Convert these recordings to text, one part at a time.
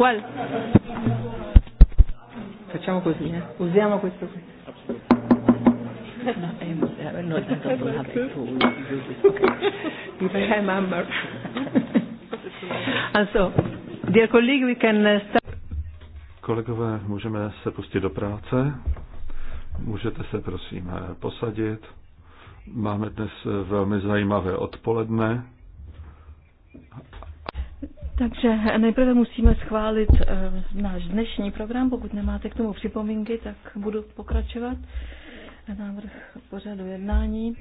Qual? Facciamo così, eh? usiamo questo qui. No, I'm, eh, no, I don't have it to dear colleague, we can uh, start. Kolegové, můžeme se pustit do práce. Můžete se prosím eh, posadit. Máme dnes eh, velmi zajímavé odpoledne takže nejprve musíme schválit uh, náš dnešní program. Pokud nemáte k tomu připomínky, tak budu pokračovat. Návrh pořadu jednání.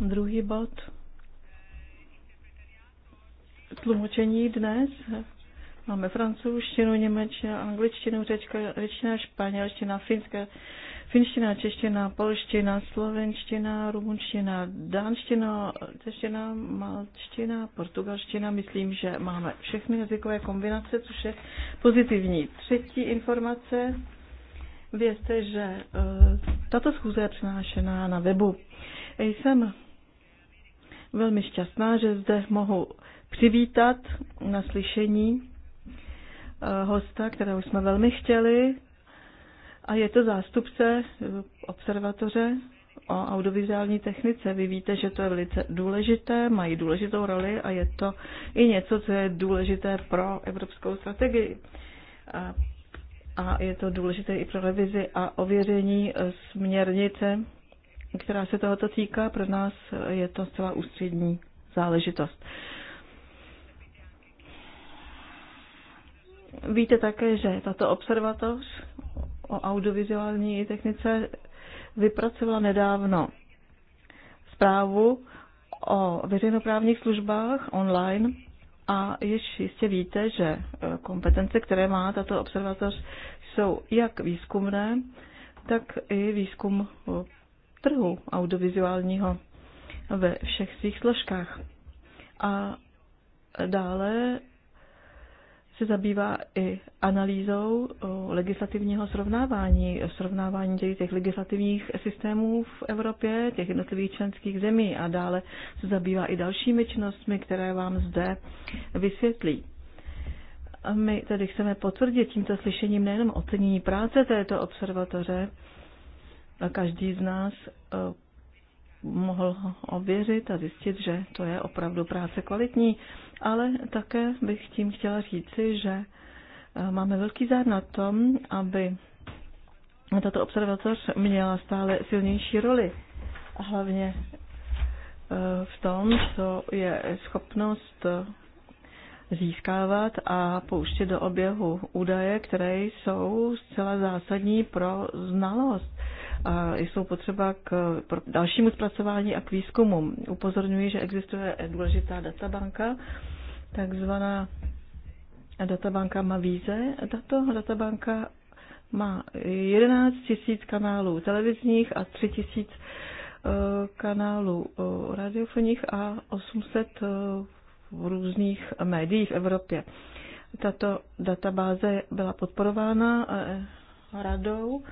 Druhý bod. Tlumočení dnes. Máme francouzštinu, němečtinu, angličtinu, řečka, řečtina, španělština, finská, finština, čeština, polština, slovenština, rumunština, dánština, čeština, malčtina, portugalština. Myslím, že máme všechny jazykové kombinace, což je pozitivní. Třetí informace. Vězte, že e, tato schůze je přinášená na webu. Jsem velmi šťastná, že zde mohu přivítat na slyšení e, hosta, kterého jsme velmi chtěli, a je to zástupce eh, observatoře o audiovizuální technice. Vy víte, že to je velice důležité, mají důležitou roli a je to i něco, co je důležité pro evropskou strategii. A, a je to důležité i pro revizi a ověření eh, směrnice, která se tohoto týká. Pro nás eh, je to zcela ústřední záležitost. Víte také, že tato observatoř o audiovizuální technice vypracovala nedávno zprávu o veřejnoprávních službách online a již jistě víte, že e, kompetence, které má tato observatoř, jsou jak výzkumné, tak i výzkum e, trhu audiovizuálního ve všech svých složkách. A dále se zabývá i analýzou legislativního srovnávání, srovnávání těch legislativních systémů v Evropě, těch jednotlivých členských zemí a dále se zabývá i dalšími činnostmi, které vám zde vysvětlí. A my tedy chceme potvrdit tímto slyšením nejenom ocenění práce této observatoře, a každý z nás mohl ověřit a zjistit, že to je opravdu práce kvalitní, ale také bych tím chtěla říci, že eh, máme velký zájem na tom, aby tato observatoř měla stále silnější roli. A hlavně eh, v tom, co je schopnost eh, získávat a pouštět do oběhu údaje, které jsou zcela zásadní pro znalost a jsou potřeba k dalšímu zpracování a k výzkumu. Upozorňuji, že existuje důležitá databanka, takzvaná databanka Mavize. Tato databanka má 11 tisíc kanálů televizních a 3 tisíc eh, kanálů eh, radiofoních a 800 eh, v různých médií v Evropě. Tato databáze byla podporována radou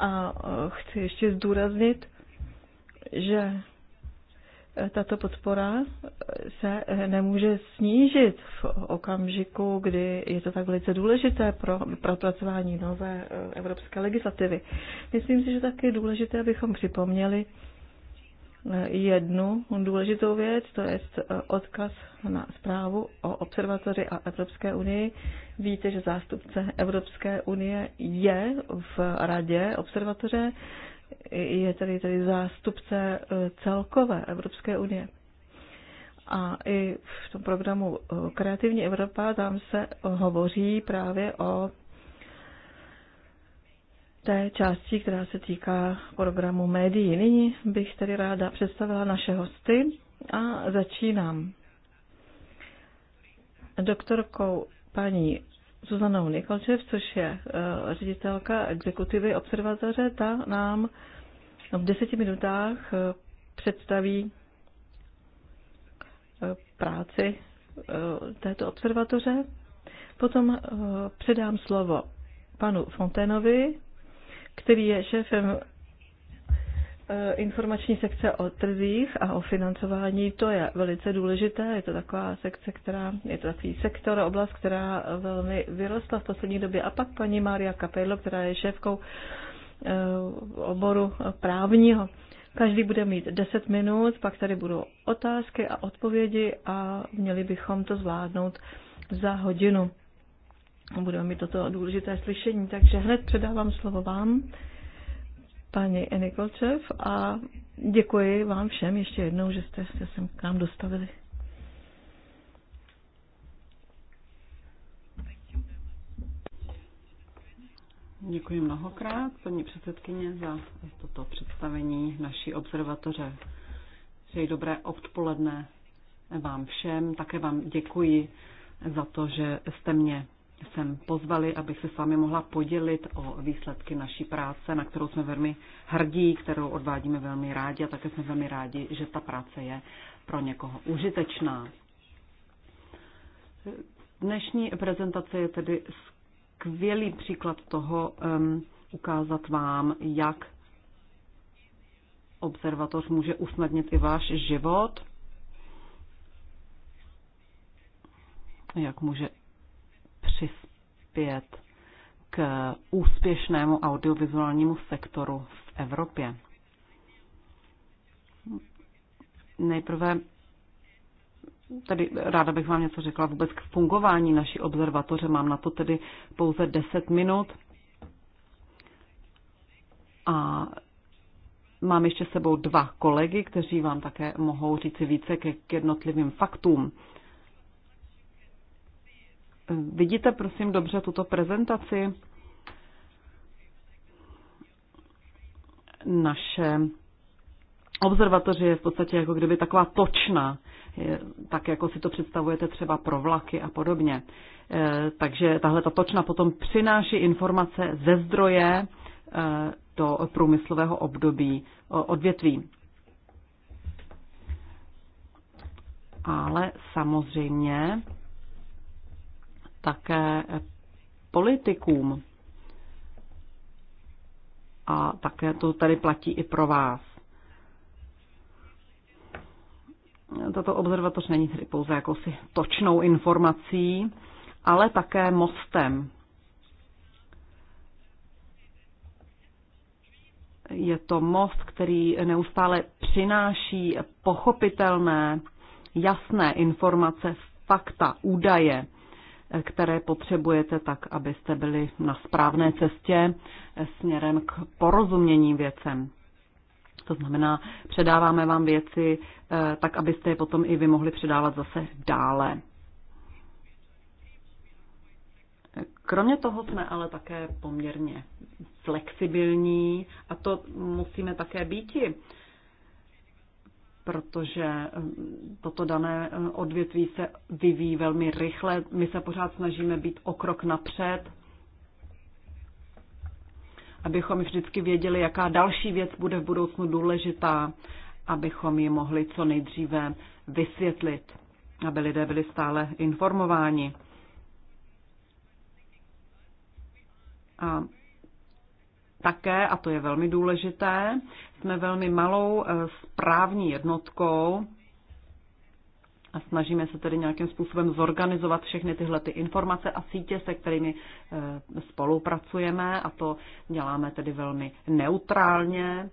a e, chci ještě zdůraznit, že tato podpora se nemůže snížit v okamžiku, kdy je to tak velice důležité pro propracování nové e, evropské legislativy. Myslím si, že taky je důležité, abychom připomněli e, jednu důležitou věc, to je odkaz na zprávu o observatoři a Evropské unii, Víte, že zástupce Evropské unie je v radě observatoře, je tady, tady zástupce e, celkové Evropské unie. A i v tom programu e, Kreativní Evropa tam se hovoří právě o té části, která se týká programu médií. Nyní bych tedy ráda představila naše hosty a začínám doktorkou paní Zuzanou Nikolčev, což je eh, ředitelka exekutivy observatoře, ta nám v deseti minutách eh, představí eh, práci této observatoře. Potom předám slovo panu Fonténovi, který je šéfem E, informační sekce o trzích a o financování, to je velice důležité. Je to taková sekce, která, je to takový sektor, oblast, která velmi vyrostla v poslední době. A pak paní Maria Capello, která je šéfkou e, oboru právního. Každý bude mít 10 minut, pak tady budou otázky a odpovědi a měli bychom to zvládnout za hodinu. Budeme mít toto důležité slyšení, takže hned předávám slovo vám paní Enikolčev a děkuji vám všem ještě jednou, že jste se sem k nám dostavili. Děkuji mnohokrát, paní předsedkyně, za toto představení naší observatoře. Přeji dobré odpoledne vám všem. Také vám děkuji za to, že jste mě sem pozvali, abych se s vámi mohla podělit o výsledky naší práce, na kterou jsme velmi hrdí, kterou odvádíme velmi rádi a také jsme velmi rádi, že ta práce je pro někoho užitečná. Dnešní prezentace je tedy skvělý příklad toho um, ukázat vám, jak observatoř může usnadnit i váš život, jak může přispět k úspěšnému audiovizuálnímu sektoru v Evropě. Nejprve tady ráda bych vám něco řekla vůbec k fungování naší observatoře. Mám na to tedy pouze 10 minut. A mám ještě sebou dva kolegy, kteří vám také mohou říci více k jednotlivým faktům. Vidíte, prosím, dobře tuto prezentaci? Naše observatoře je v podstatě jako kdyby taková točna, tak jako si to představujete třeba pro vlaky a podobně. E, takže tahle ta točna potom přináší informace ze zdroje e, do průmyslového období odvětví. Ale samozřejmě také politikům. A také to tady platí i pro vás. Tato observatoř není tedy pouze jakousi točnou informací, ale také mostem. Je to most, který neustále přináší pochopitelné, jasné informace, fakta, údaje které potřebujete tak, abyste byli na správné cestě směrem k porozumění věcem. To znamená, předáváme vám věci eh, tak, abyste je potom i vy mohli předávat zase dále. Kromě toho jsme ale také poměrně flexibilní a to musíme také býti protože eh, toto dané eh, odvětví se vyvíjí velmi rychle. My se pořád snažíme být o krok napřed, abychom vždycky věděli, jaká další věc bude v budoucnu důležitá, abychom ji mohli co nejdříve vysvětlit, aby lidé byli stále informováni. A také, a to je velmi důležité, jsme velmi malou eh, správní jednotkou a snažíme se tedy nějakým způsobem zorganizovat všechny tyhle ty informace a sítě, se kterými eh, spolupracujeme a to děláme tedy velmi neutrálně.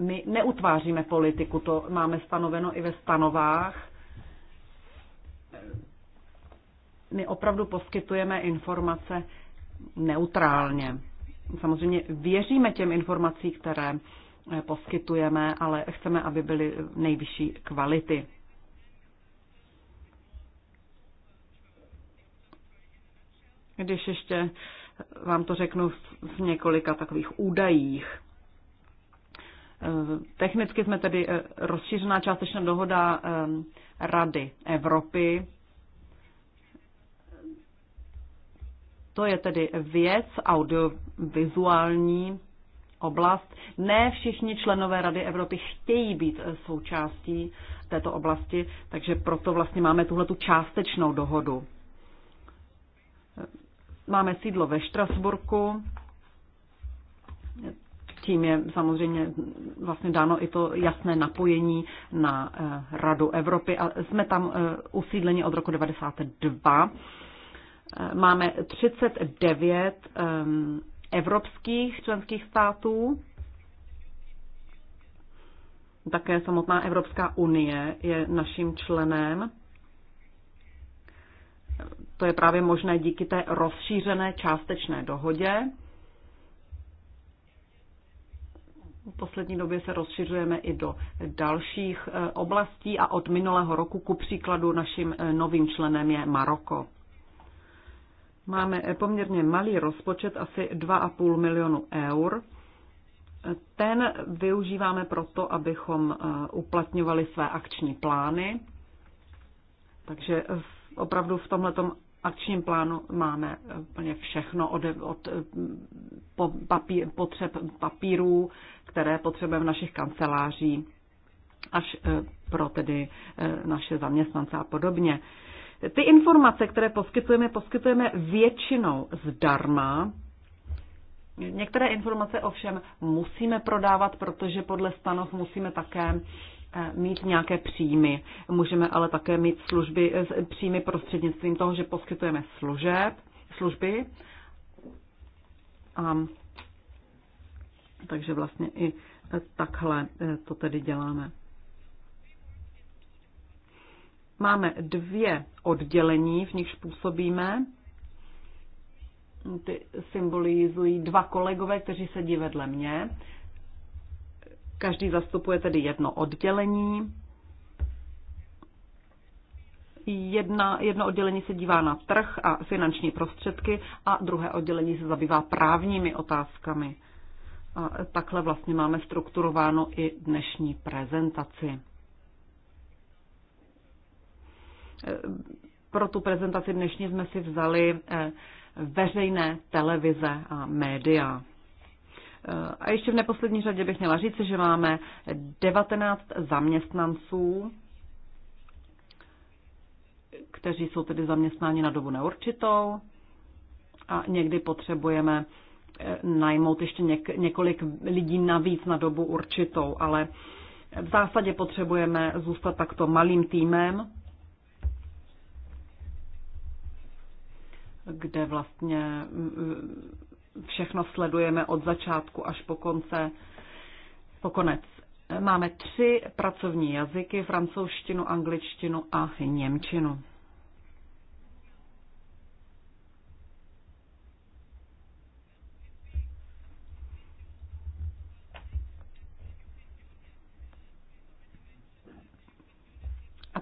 My neutváříme politiku, to máme stanoveno i ve stanovách. My opravdu poskytujeme informace neutrálně. Samozřejmě věříme těm informacím, které Eh, poskytujeme, ale chceme, aby byly nejvyšší kvality. Když ještě vám to řeknu v několika takových údajích. Eh, technicky jsme tedy eh, rozšířená částečná dohoda Rady Evropy. To je tedy věc audiovizuální, oblast. Ne všichni členové Rady Evropy chtějí být eh, součástí této oblasti, takže proto vlastně máme tuhle tu částečnou dohodu. Eh, máme sídlo ve Štrasburku, tím je samozřejmě vlastně dáno i to jasné napojení na eh, Radu Evropy a jsme tam usídleni od roku 1992. Máme 39 evropských členských států. Také samotná Evropská unie je naším členem. To je právě možné díky té rozšířené částečné dohodě. V poslední době se rozšiřujeme i do dalších eh, oblastí a od minulého roku ku příkladu naším eh, novým členem je Maroko. Máme eh, poměrně malý rozpočet, asi 2,5 milionu eur. Ten využíváme proto, abychom eh, uplatňovali své akční plány. Takže opravdu v tomto akčním plánu máme eh, úplně všechno od, od po, papí, potřeb papírů, které potřebujeme v našich kancelářích, až pro tedy naše zaměstnance a podobně. Ty informace, které poskytujeme, poskytujeme většinou zdarma. Některé informace ovšem musíme prodávat, protože podle stanov musíme také eh, mít nějaké příjmy. Můžeme ale také mít služby, eh, příjmy prostřednictvím toho, že poskytujeme služeb, služby. A, takže vlastně i takhle eh, to tedy děláme máme dvě oddělení, v nichž působíme. Ty symbolizují dva kolegové, kteří sedí vedle mě. Každý zastupuje tedy jedno oddělení. Jedna, jedno oddělení se dívá na trh a finanční prostředky a druhé oddělení se zabývá právními otázkami. A takhle vlastně máme strukturováno i dnešní prezentaci. Pro tu prezentaci dnešní jsme si vzali eh, veřejné televize a média. Eh, a ještě v neposlední řadě bych měla říct, že máme 19 zaměstnanců, kteří jsou tedy zaměstnáni na dobu neurčitou a někdy potřebujeme eh, najmout ještě něk- několik lidí navíc na dobu určitou, ale v zásadě potřebujeme zůstat takto malým týmem, kde vlastně mm, mm, všechno sledujeme od začátku až po konce, po konec. Máme tři pracovní jazyky, francouzštinu, angličtinu a němčinu.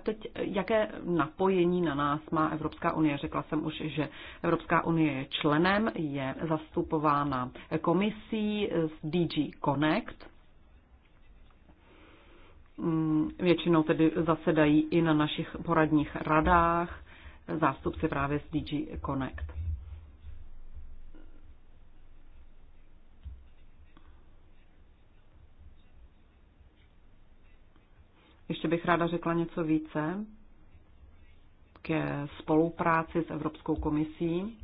teď, jaké napojení na nás má Evropská unie? Řekla jsem už, že Evropská unie je členem, je zastupována komisí z DG Connect. Mm, většinou tedy zasedají i na našich poradních radách zástupci právě z DG Connect. Ještě bych ráda řekla něco více ke spolupráci s Evropskou komisí.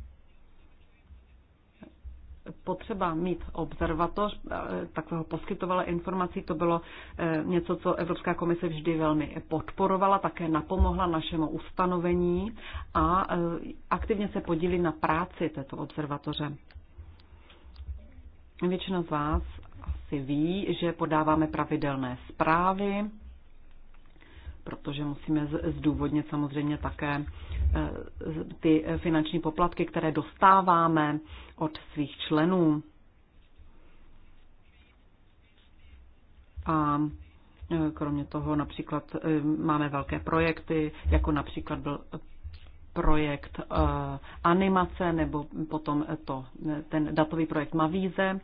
Potřeba mít observatoř, eh, takového poskytovala informací, to bylo eh, něco, co Evropská komise vždy velmi podporovala, také napomohla našemu ustanovení a eh, aktivně se podílí na práci této observatoře. Většina z vás asi ví, že podáváme pravidelné zprávy protože musíme zdůvodnit samozřejmě také eh, ty finanční poplatky, které dostáváme od svých členů. A eh, kromě toho například eh, máme velké projekty, jako například byl projekt animace nebo potom to, ten datový projekt Mavíze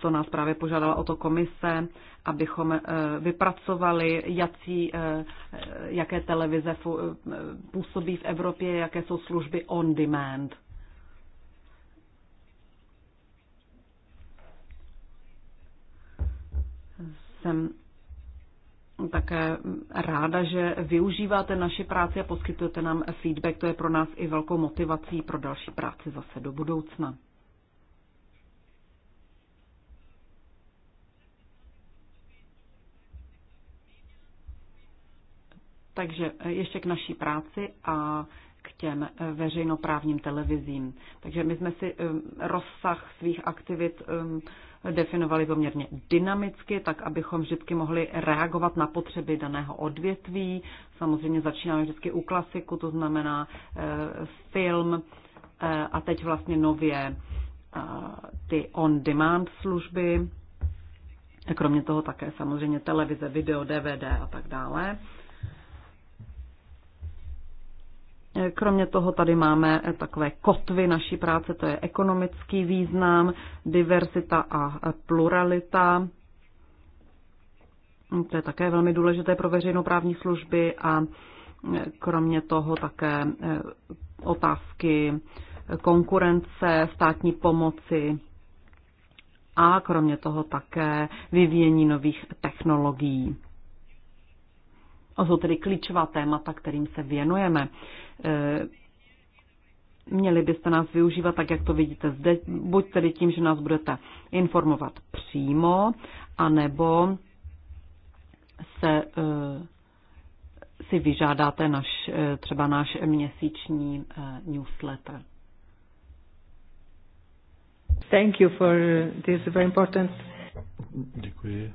co nás právě požádala o to komise, abychom eh, vypracovali, jací, eh, jaké televize eh, působí v Evropě, jaké jsou služby on demand. Jsem také ráda, že využíváte naši práci a poskytujete nám feedback. To je pro nás i velkou motivací pro další práci zase do budoucna. Takže eh, ještě k naší práci a k těm eh, veřejnoprávním televizím. Takže my jsme si eh, rozsah svých aktivit ehm, definovali poměrně dynamicky, tak abychom vždycky mohli reagovat na potřeby daného odvětví. Samozřejmě začínáme vždycky u klasiku, to znamená film a teď vlastně nově ty on-demand služby, kromě toho také samozřejmě televize, video, DVD a tak dále. Kromě toho tady máme takové kotvy naší práce, to je ekonomický význam, diverzita a pluralita. To je také velmi důležité pro veřejnoprávní služby a kromě toho také eh, otázky konkurence, státní pomoci a kromě toho také vyvíjení nových technologií. To jsou tedy klíčová témata, kterým se věnujeme. Eh, měli byste nás využívat tak, jak to vidíte zde, buď tedy tím, že nás budete informovat přímo, anebo se, eh, si vyžádáte naš, eh, třeba náš měsíční newsletter. Thank you for this very important. Děkuji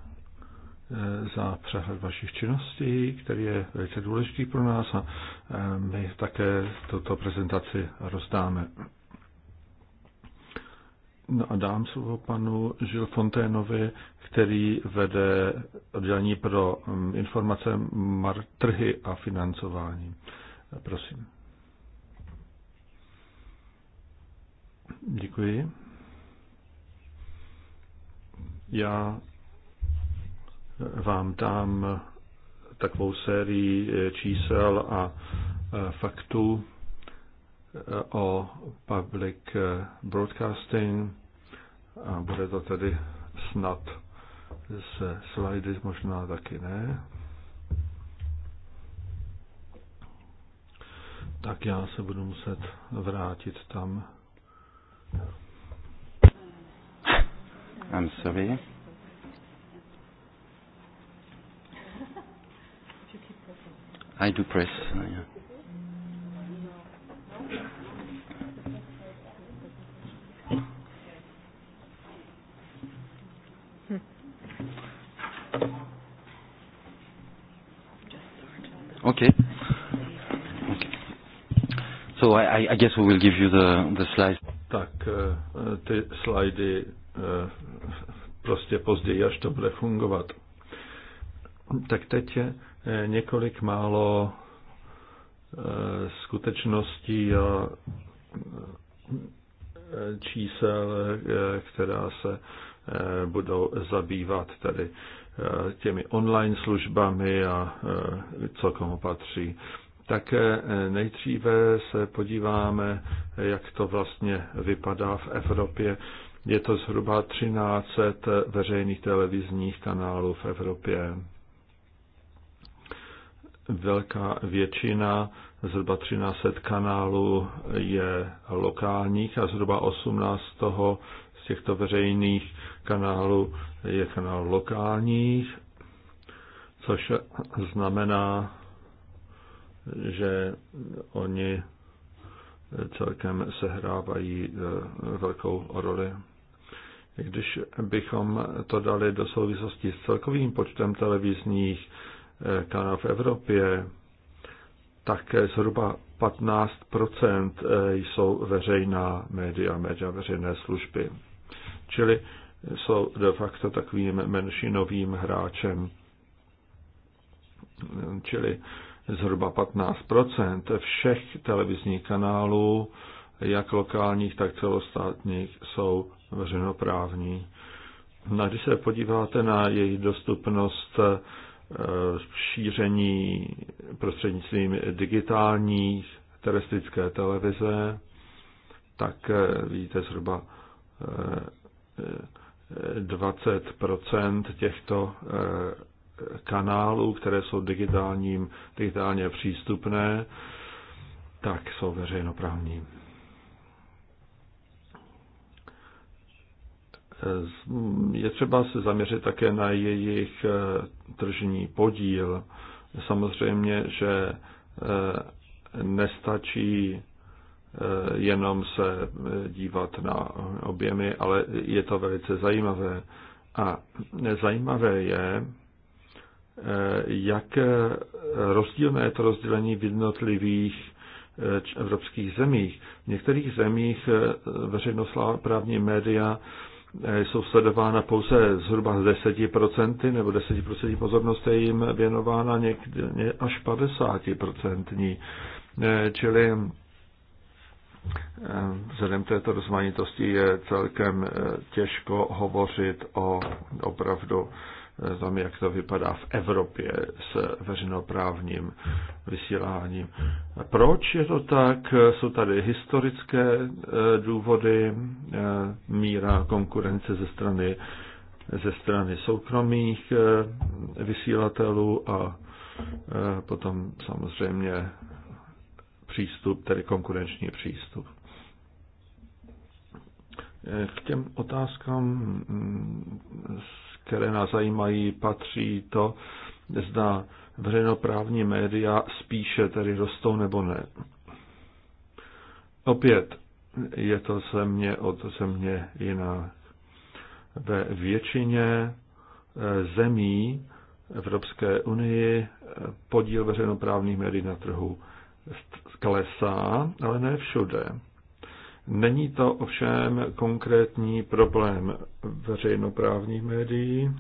Eh, za přehled vašich činností, který je velice důležitý pro nás a eh, my také tuto prezentaci rozdáme. No a dám slovo panu Žil Fonténovi, který vede oddělení pro mm, informace, trhy a financování. Prosím. Děkuji. Já vám dám takovou sérii čísel a faktů e, o public broadcasting a bude to tedy snad se slajdy, možná taky ne. Tak já se budu muset vrátit tam. I'm sorry. I do press. Uh, yeah. Okay. okay. So I, I guess we will give you the, the slides. Tak eh, ty slajdy eh, prostě později, až to bude fungovat. Tak teď je několik málo eh, skutečností a eh, čísel, eh, která se budou zabývat tedy těmi online službami a co komu patří. Tak nejdříve se podíváme, jak to vlastně vypadá v Evropě. Je to zhruba 1300 veřejných televizních kanálů v Evropě velká většina, zhruba 13 kanálů je lokálních a zhruba 18 toho z těchto veřejných kanálů je kanál lokálních, což znamená, že oni celkem sehrávají eh, velkou roli. Když bychom to dali do souvislosti s celkovým počtem televizních Eh, kanál v Evropě, tak eh, zhruba 15 eh, jsou veřejná média, média veřejné služby. Čili jsou de facto takovým menšinovým hráčem. Čili zhruba 15 všech televizních kanálů, jak lokálních, tak celostátních, jsou veřejnoprávní. No když se podíváte na její dostupnost šíření prostřednictvím digitální terestrické televize, tak eh, vidíte zhruba 20 eh, těchto eh, kanálů, které jsou digitálním, digitálně přístupné, tak jsou veřejnoprávní. Je třeba se zaměřit také na jejich eh, tržní podíl. Samozřejmě, že eh, nestačí eh, jenom se dívat na objemy, ale je to velice zajímavé. A zajímavé je, jak rozdílné je to rozdělení v jednotlivých evropských zemích. V některých zemích veřejnoprávní média jsou sledována pouze zhruba z 10% nebo 10% pozornost je jim věnována někde až 50%. Eh, čili eh, vzhledem této rozmanitosti je celkem eh, těžko hovořit o opravdu Eh, tom, jak to vypadá v Evropě s veřejnoprávním vysíláním. Proč je to tak? Jsou tady historické eh, důvody, eh, míra konkurence ze strany, ze strany soukromých vysílatelů a potom samozřejmě přístup, tedy konkurenční přístup. K těm otázkám mm, které nás zajímají, patří to, zda veřejnoprávní média spíše tedy rostou nebo ne. Opět je to země od země jiná. Ve většině eh, zemí Evropské unii eh, podíl veřejnoprávních médií na trhu klesá, ale ne všude. Není to ovšem konkrétní problém veřejnoprávních médií.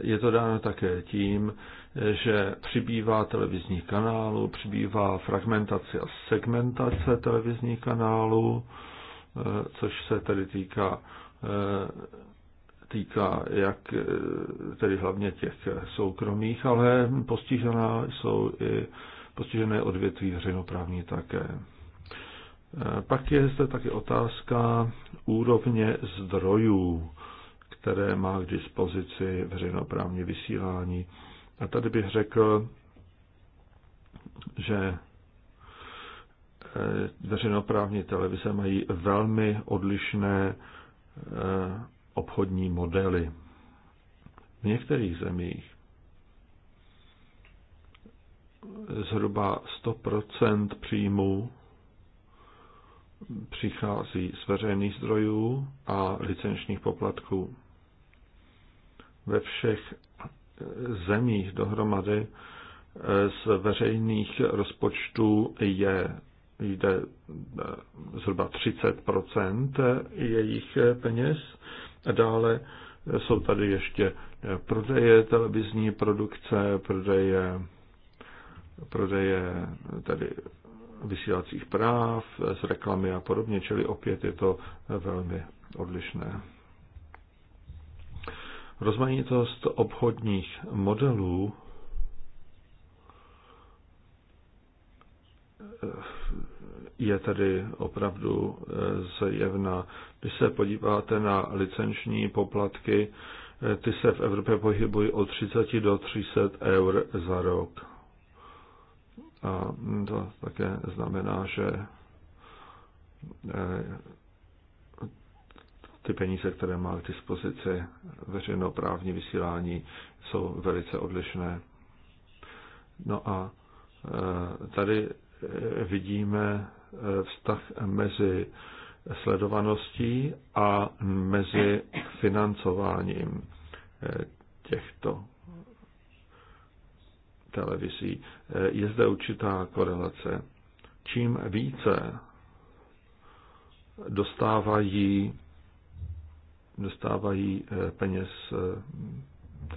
Je to dáno také tím, že přibývá televizních kanálů, přibývá fragmentace a segmentace televizních kanálů, eh, což se tedy týká, eh, týká jak eh, tedy hlavně těch soukromých, ale postižená jsou i postižené odvětví veřejnoprávní také. Eh, pak je zde taky otázka úrovně zdrojů, které má k dispozici veřejnoprávní vysílání. A tady bych řekl, že eh, veřejnoprávní televize mají velmi odlišné eh, obchodní modely. V některých zemích zhruba 100 příjmů přichází z veřejných zdrojů a licenčních poplatků. Ve všech zemích dohromady eh, z veřejných rozpočtů je, jde eh, zhruba 30 jejich peněz. Dále jsou tady ještě prodeje televizní produkce, prodeje, prodeje tady vysílacích práv, z reklamy a podobně, čili opět je to velmi odlišné. Rozmanitost obchodních modelů eh, je tedy opravdu eh, zjevná. Když se podíváte na licenční poplatky, eh, ty se v Evropě pohybují od 30 do 300 eur za rok. A to také znamená, že eh, ty peníze, které má k dispozici veřejnoprávní vysílání, jsou velice odlišné. No a eh, tady eh, vidíme vztah mezi sledovaností a mezi financováním těchto televizí. Eh, je zde určitá korelace. Čím více dostávají, dostávají eh, peněz eh,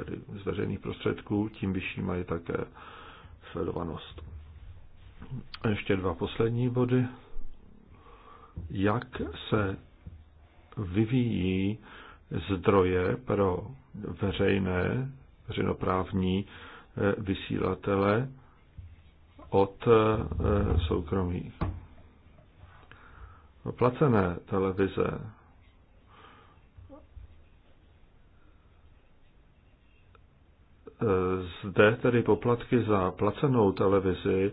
tedy z veřejných prostředků, tím vyšší mají také sledovanost. A ještě dva poslední body. Jak se vyvíjí zdroje pro veřejné, veřejnoprávní Eh, vysílatele od eh, soukromých. Placené televize eh, Zde tedy poplatky za placenou televizi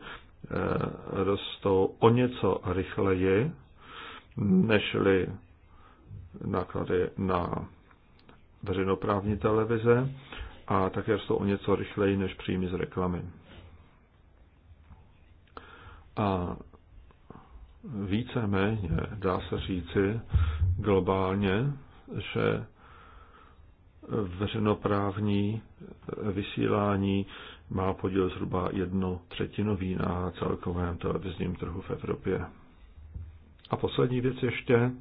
rostou o něco rychleji, nežli náklady na veřejnoprávní televize a také jsou o něco rychleji než příjmy z reklamy. A víceméně dá se říci globálně, že veřejnoprávní vysílání má podíl zhruba jednu třetinový na celkovém televizním trhu v Evropě. A poslední věc ještě,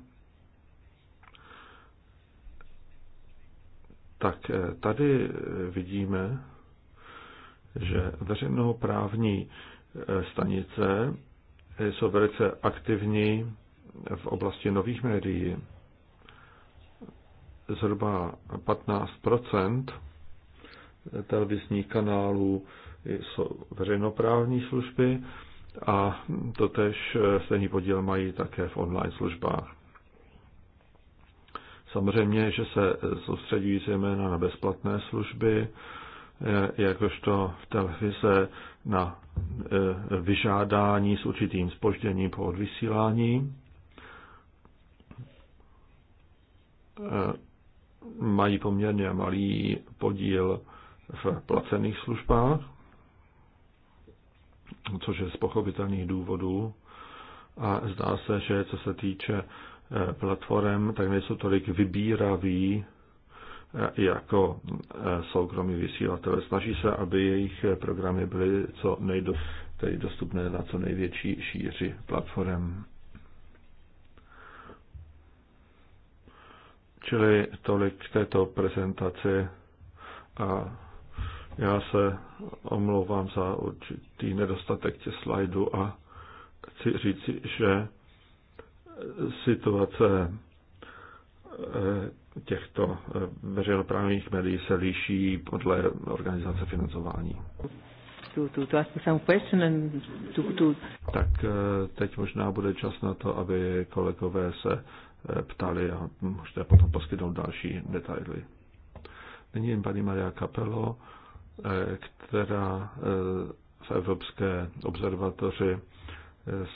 tak eh, tady eh, vidíme, že veřejnoprávní eh, stanice jsou velice aktivní v oblasti nových médií. Zhruba 15 televizních kanálů jsou veřejnoprávní služby a totež stejný podíl mají také v online službách. Samozřejmě, že se soustředí zejména na bezplatné služby, eh, jakožto v televize na eh, vyžádání s určitým spožděním po odvysílání. Eh, mají poměrně malý podíl v placených službách, což je z pochopitelných důvodů. A zdá se, že co se týče platform, tak nejsou tolik vybíraví eh, jako eh, soukromí vysílatele. Snaží se, aby jejich programy byly co nejdostupné na co největší šíři platform. Čili tolik k této prezentaci a já se omlouvám za určitý nedostatek těch slajdu a chci říci, že situace eh, těchto eh, veřejnoprávních médií se liší podle organizace financování. tak eh, teď možná bude čas na to, aby kolegové se ptali a možná potom poskytnout další detaily. Nyní paní Maria Capello, která v Evropské observatoři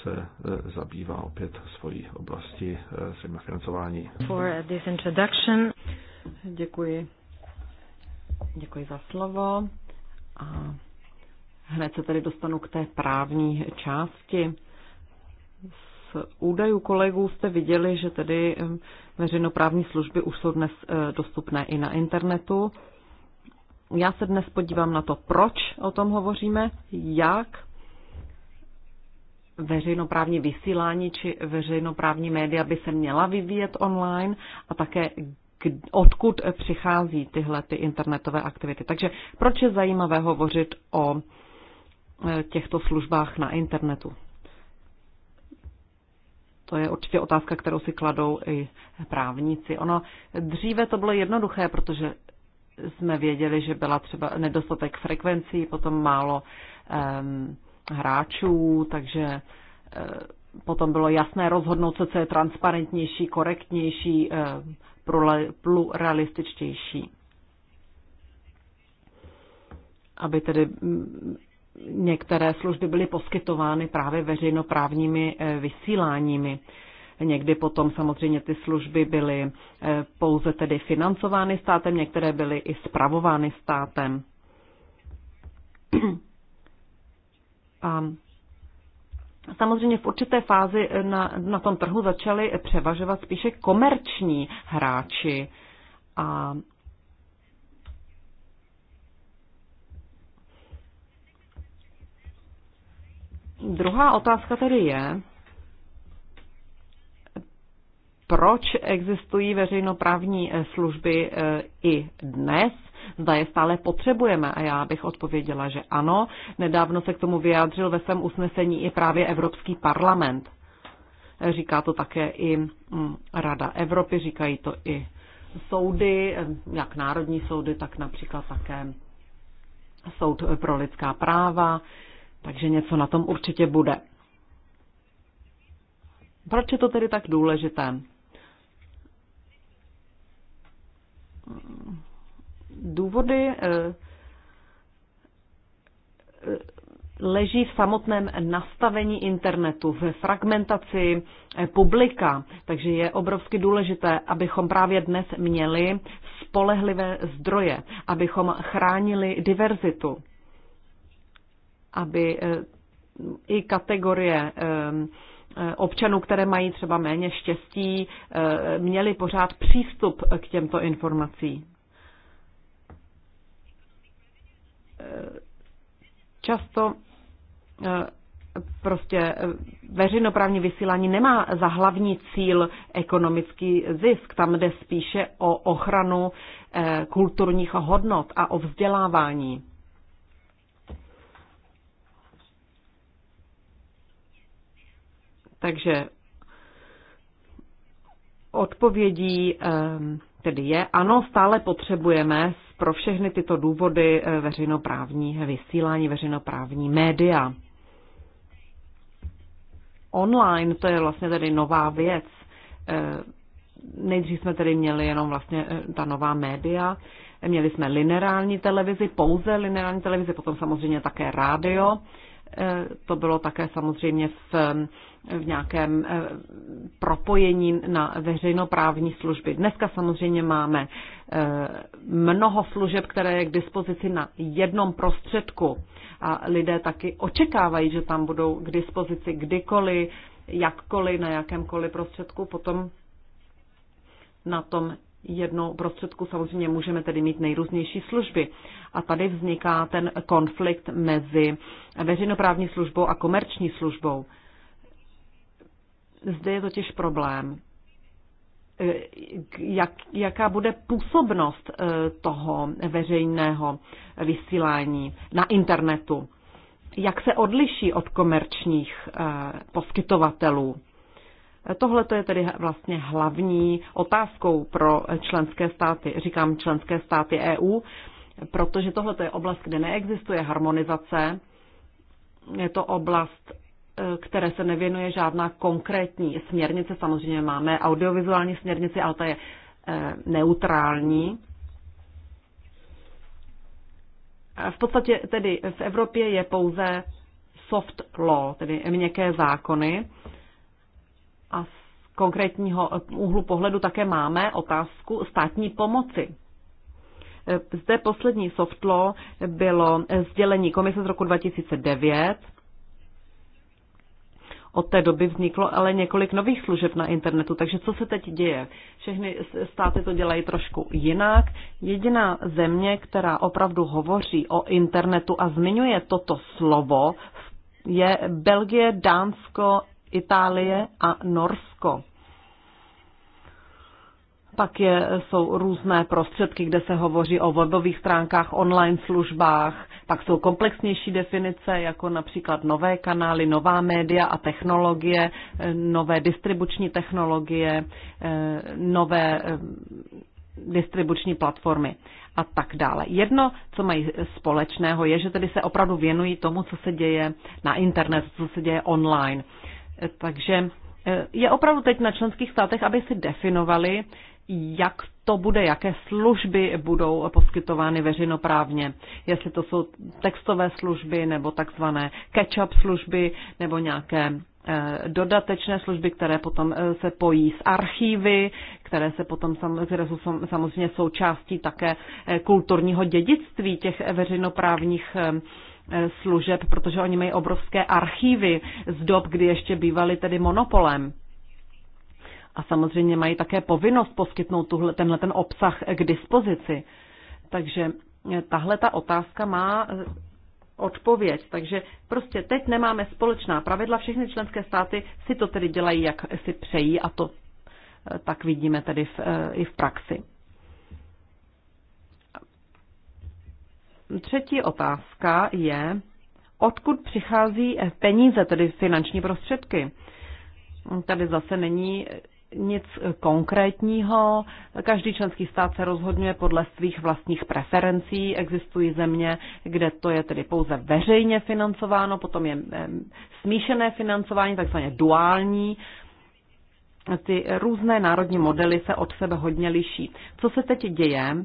se e, zabývá opět svojí oblasti e, svým financování. For this introduction. Děkuji. Děkuji za slovo. A hned se tedy dostanu k té právní části. Z údajů kolegů jste viděli, že tedy e, veřejnoprávní služby už jsou dnes dostupné i na internetu. Já se dnes podívám na to, proč o tom hovoříme, jak veřejnoprávní vysílání či veřejnoprávní média by se měla vyvíjet online a také odkud přichází tyhle ty internetové aktivity. Takže proč je zajímavé hovořit o e, těchto službách na internetu? To je určitě otázka, kterou si kladou i právníci. Ono dříve to bylo jednoduché, protože jsme věděli, že byla třeba nedostatek frekvencí, potom málo um, hráčů, takže eh, potom bylo jasné rozhodnout se, co je transparentnější, korektnější, eh, pluralističtější. Aby tedy mm, některé služby byly poskytovány právě veřejnoprávními eh, vysíláními. Někdy potom samozřejmě ty služby byly pouze tedy financovány státem, některé byly i spravovány státem. A Samozřejmě v určité fázi na, na tom trhu začaly převažovat spíše komerční hráči. A druhá otázka tedy je, proč existují veřejnoprávní eh, služby eh, i dnes zda je stále potřebujeme. A já bych odpověděla, že ano. Nedávno se k tomu vyjádřil ve svém usnesení i právě Evropský parlament. Říká to také i mm, Rada Evropy, říkají to i soudy, jak národní soudy, tak například také soud pro lidská práva, takže něco na tom určitě bude. Proč je to tedy tak důležité? důvody eh, eh, leží v samotném nastavení internetu, ve fragmentaci eh, publika. Takže je obrovsky důležité, abychom právě dnes měli spolehlivé zdroje, abychom chránili diverzitu, aby i kategorie občanů, které mají třeba méně štěstí, měli pořád přístup k těmto informacím. často eh, prostě eh, veřejnoprávní vysílání nemá za hlavní cíl ekonomický zisk. Tam jde spíše o ochranu eh, kulturních hodnot a o vzdělávání. Takže odpovědí tedy je, ano, stále potřebujeme pro všechny tyto důvody eh, veřejnoprávní vysílání, veřejnoprávní média. Online to je vlastně tedy nová věc. Eh, nejdřív jsme tedy měli jenom vlastně eh, ta nová média. Měli jsme lineární televizi, pouze lineární televizi, potom samozřejmě také rádio. To bylo také samozřejmě v v nějakém eh, propojení na veřejnoprávní služby. Dneska samozřejmě máme eh, mnoho služeb, které je k dispozici na jednom prostředku a lidé taky očekávají, že tam budou k dispozici kdykoliv, jakkoliv, na jakémkoliv prostředku. Potom na tom jednou prostředku samozřejmě můžeme tedy mít nejrůznější služby. A tady vzniká ten konflikt mezi veřejnoprávní službou a komerční službou. Zde je totiž problém. E, jak, jaká bude působnost e, toho veřejného vysílání na internetu? Jak se odliší od komerčních e, poskytovatelů? Tohle je tedy vlastně hlavní otázkou pro členské státy. Říkám členské státy EU, protože tohle je oblast, kde neexistuje harmonizace. Je to oblast, které se nevěnuje žádná konkrétní směrnice. Samozřejmě máme audiovizuální směrnici, ale ta je eh, neutrální. V podstatě tedy v Evropě je pouze soft law, tedy měkké zákony. A z konkrétního eh, úhlu pohledu také máme otázku státní pomoci. Eh, zde poslední soft law bylo sdělení komise z roku 2009, od té doby vzniklo ale několik nových služeb na internetu, takže co se teď děje? Všechny státy to dělají trošku jinak. Jediná země, která opravdu hovoří o internetu a zmiňuje toto slovo, je Belgie, Dánsko, Itálie a Norsko. Pak je, jsou různé prostředky, kde se hovoří o webových stránkách, online službách. Pak jsou komplexnější definice, jako například nové kanály, nová média a technologie, nové distribuční technologie, eh, nové eh, distribuční platformy a tak dále. Jedno, co mají společného, je, že tedy se opravdu věnují tomu, co se děje na internetu, co se děje online. Eh, takže je opravdu teď na členských státech, aby si definovali, jak to bude, jaké služby budou poskytovány veřejnoprávně. Jestli to jsou textové služby nebo takzvané catch-up služby nebo nějaké eh, dodatečné služby, které potom eh, se pojí s archívy, které, se potom, které jsou samozřejmě součástí také eh, kulturního dědictví těch veřejnoprávních služeb, protože oni mají obrovské archívy z dob, kdy ještě bývaly tedy monopolem a samozřejmě mají také povinnost poskytnout tuhle, tenhle ten obsah k dispozici. Takže eh, tahle ta otázka má eh, odpověď. Takže prostě teď nemáme společná pravidla, všechny členské státy si to tedy dělají, jak si přejí a to eh, tak vidíme tedy v, i v praxi. Třetí otázka je, odkud přichází peníze, tedy finanční prostředky. Tady zase není nic konkrétního. Každý členský stát se rozhodňuje podle svých vlastních preferencí. Existují země, kde to je tedy pouze veřejně financováno, potom je smíšené financování, takzvaně duální. Ty různé národní modely se od sebe hodně liší. Co se teď děje?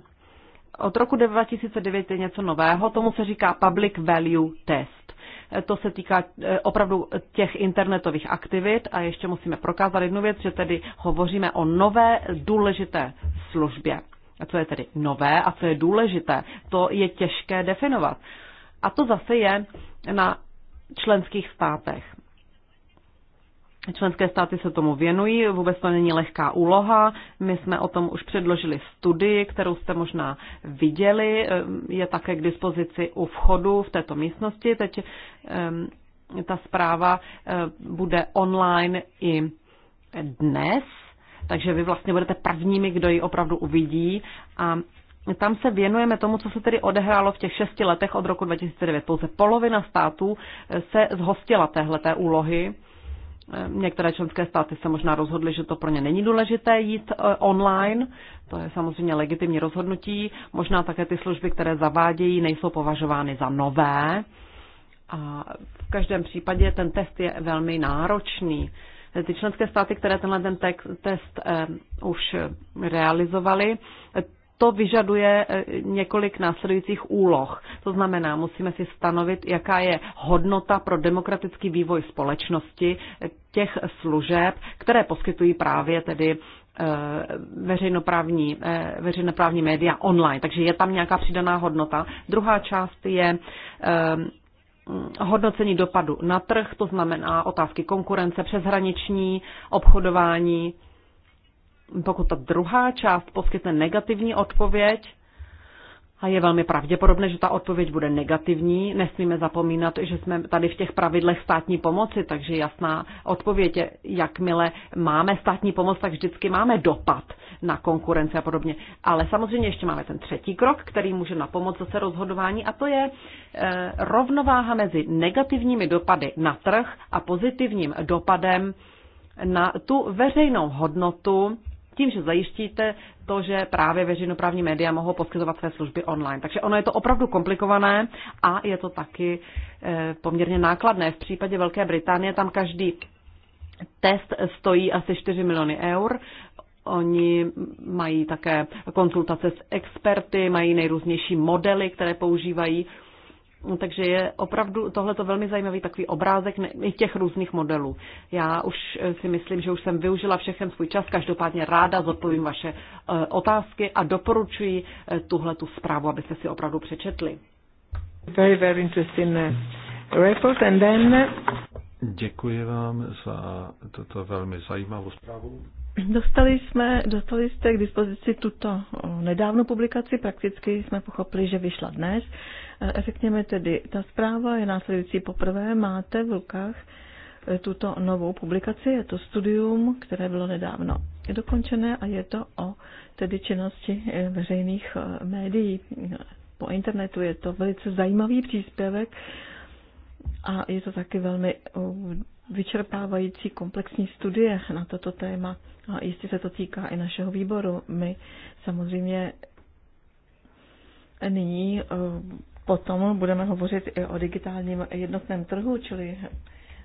Od roku 2009 je něco nového, tomu se říká Public Value Test. To se týká eh, opravdu těch internetových aktivit a ještě musíme prokázat jednu věc, že tedy hovoříme o nové důležité službě. A co je tedy nové a co je důležité, to je těžké definovat. A to zase je na členských státech. Členské státy se tomu věnují, vůbec to není lehká úloha. My jsme o tom už předložili studii, kterou jste možná viděli. Je také k dispozici u vchodu v této místnosti. Teď ta zpráva eh, bude online i dnes, takže vy vlastně budete prvními, kdo ji opravdu uvidí. A tam se věnujeme tomu, co se tedy odehrálo v těch šesti letech od roku 2009. Pouze polovina států eh, se zhostila téhleté úlohy Eh, některé členské státy se možná rozhodly, že to pro ně není důležité jít eh, online. To je samozřejmě legitimní rozhodnutí. Možná také ty služby, které zavádějí, nejsou považovány za nové. A v každém případě ten test je velmi náročný. Ty členské státy, které tenhle ten text, test eh, už realizovaly, to vyžaduje e, několik následujících úloh. To znamená, musíme si stanovit, jaká je hodnota pro demokratický vývoj společnosti e, těch služeb, které poskytují právě tedy e, veřejnoprávní, veřejnoprávní média online. Takže je tam nějaká přidaná hodnota. Druhá část je mm, hodnocení dopadu na trh, to znamená otázky konkurence, přeshraniční obchodování, pokud ta druhá část poskytne negativní odpověď, a je velmi pravděpodobné, že ta odpověď bude negativní. Nesmíme zapomínat, že jsme tady v těch pravidlech státní pomoci, takže jasná odpověď je, jakmile máme státní pomoc, tak vždycky máme dopad na konkurenci a podobně. Ale samozřejmě ještě máme ten třetí krok, který může na pomoc zase rozhodování, a to je e, rovnováha mezi negativními dopady na trh a pozitivním dopadem na tu veřejnou hodnotu, tím, že zajištíte to, že právě veřejnoprávní média mohou poskytovat své služby online. Takže ono je to opravdu komplikované a je to taky eh, poměrně nákladné. V případě Velké Británie tam každý test stojí asi 4 miliony eur. Oni mají také konzultace s experty, mají nejrůznější modely, které používají. No, takže je opravdu tohleto velmi zajímavý takový obrázek i těch různých modelů. Já už eh, si myslím, že už jsem využila všechen svůj čas, každopádně ráda zodpovím vaše eh, otázky a doporučuji eh, tuhle tu zprávu, abyste si opravdu přečetli. Very, very interesting report and then... Děkuji vám za toto velmi zajímavou zprávu. Dostali, jsme, dostali jste k dispozici tuto nedávnou publikaci, prakticky jsme pochopili, že vyšla dnes. Řekněme tedy, ta zpráva je následující. Poprvé máte v rukách e, tuto novou publikaci, je to studium, které bylo nedávno dokončené a je to o tedy činnosti e, veřejných e, médií. Po internetu je to velice zajímavý příspěvek a je to taky velmi vyčerpávající komplexní studie na toto téma. A jistě se to týká i našeho výboru. My samozřejmě nyní Potom budeme hovořit i o digitálním jednotném trhu, čili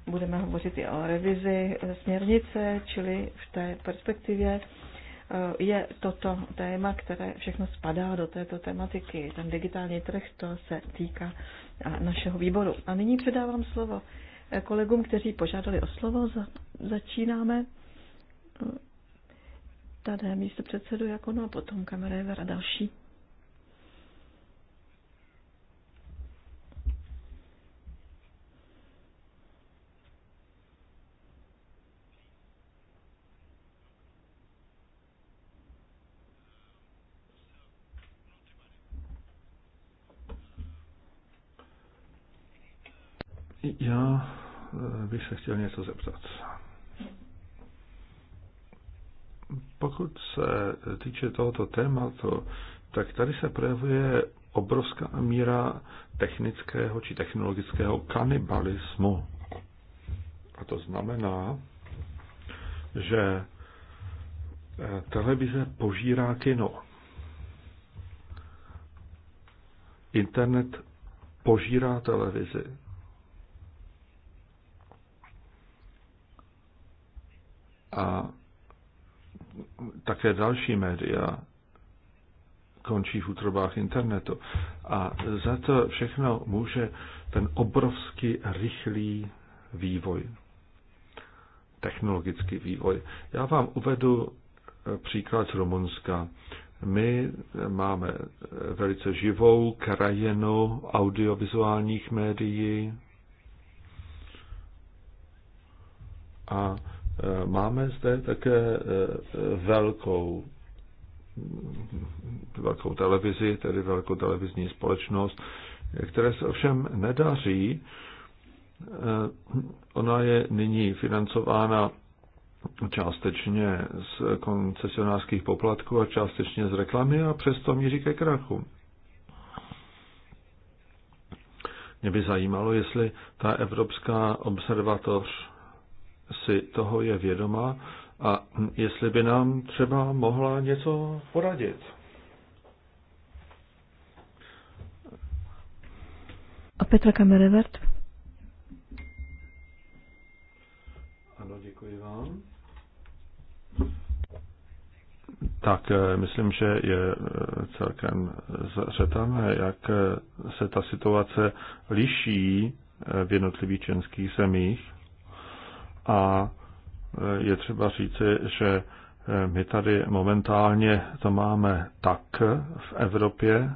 budeme hovořit i o revizi směrnice, čili v té perspektivě e, je toto téma, které všechno spadá do této tematiky. Ten digitální trh, to se týká našeho výboru. A nyní předávám slovo e, kolegům, kteří požádali o slovo. začínáme e, tady místo předsedu Jakonu a potom kameréver a další. bych se chtěl něco zeptat. Pokud se týče tohoto tématu, tak tady se projevuje obrovská míra technického či technologického kanibalismu. A to znamená, že eh, televize požírá kino. Internet požírá televizi. a také další média končí v útrobách internetu. A za to všechno může ten obrovský rychlý vývoj, technologický vývoj. Já vám uvedu eh, příklad z Rumunska. My máme eh, velice živou krajinu audiovizuálních médií a Eh, máme zde také eh, velkou velkou televizi, tedy velkou televizní společnost, které se ovšem nedaří. Eh, ona je nyní financována částečně z koncesionářských poplatků a částečně z reklamy a přesto míří ke krachu. Mě by zajímalo, jestli ta Evropská observatoř si toho je vědoma a jestli by nám třeba mohla něco poradit. A Petra Kamerevert? Ano, děkuji vám. Tak eh, myslím, že je eh, celkem zřetelné, jak eh, se ta situace liší v jednotlivých členských zemích a e, je třeba říci, že e, my tady momentálně to máme tak v Evropě,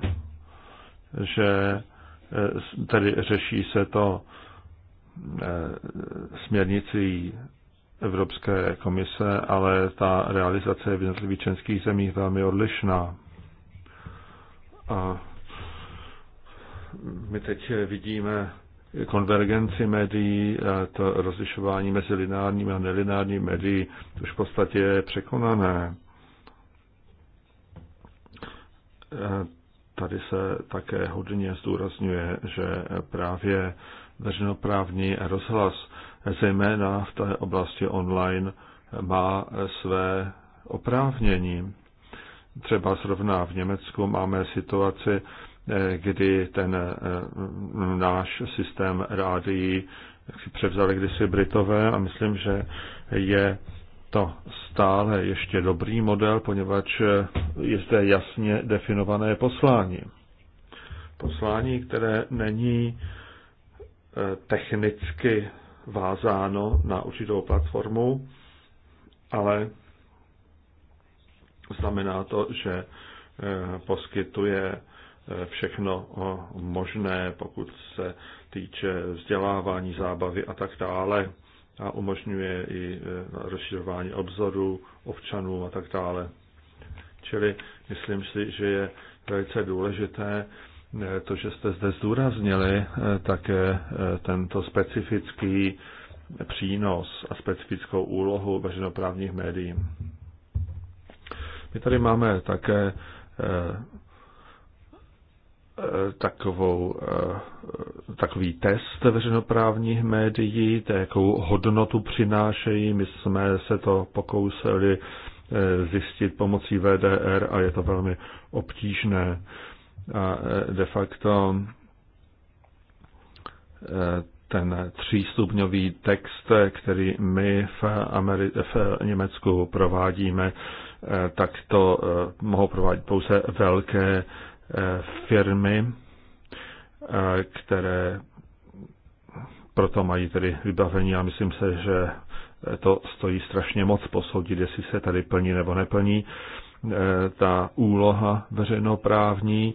že e, tady řeší se to směrnicí Evropské komise, ale ta realizace je v jednotlivých členských zemích velmi odlišná. A my teď vidíme konvergenci médií, to rozlišování mezi lineárními a nelineárními médií už v podstatě je překonané. E, tady se také hodně zdůrazňuje, že právě veřejnoprávní rozhlas, zejména v té oblasti online, má své oprávnění. Třeba zrovna v Německu máme situaci, kdy ten eh, náš systém rádií převzali kdysi Britové a myslím, že je to stále ještě dobrý model, poněvadž je zde jasně definované poslání. Poslání, které není eh, technicky vázáno na určitou platformu, ale znamená to, že eh, poskytuje všechno eh, možné, pokud se týče vzdělávání, zábavy a tak dále a umožňuje i eh, rozšiřování obzoru občanů a tak dále. Čili myslím si, že je velice důležité eh, to, že jste zde zdůraznili také tento specifický přínos a specifickou úlohu veřejnoprávních médií. My tady máme také Eh, takovou, eh, takový test veřejnoprávních médií, jakou hodnotu přinášejí. My jsme se to pokousili eh, zjistit pomocí VDR a je to velmi obtížné. A de facto ten třístupňový text, který my v, Ameri- v Německu provádíme, tak to mohou provádět pouze velké Eh, firmy, eh, které proto mají tedy vybavení a myslím se, že to stojí strašně moc posoudit, jestli se tady plní nebo neplní eh, ta úloha veřejnoprávní,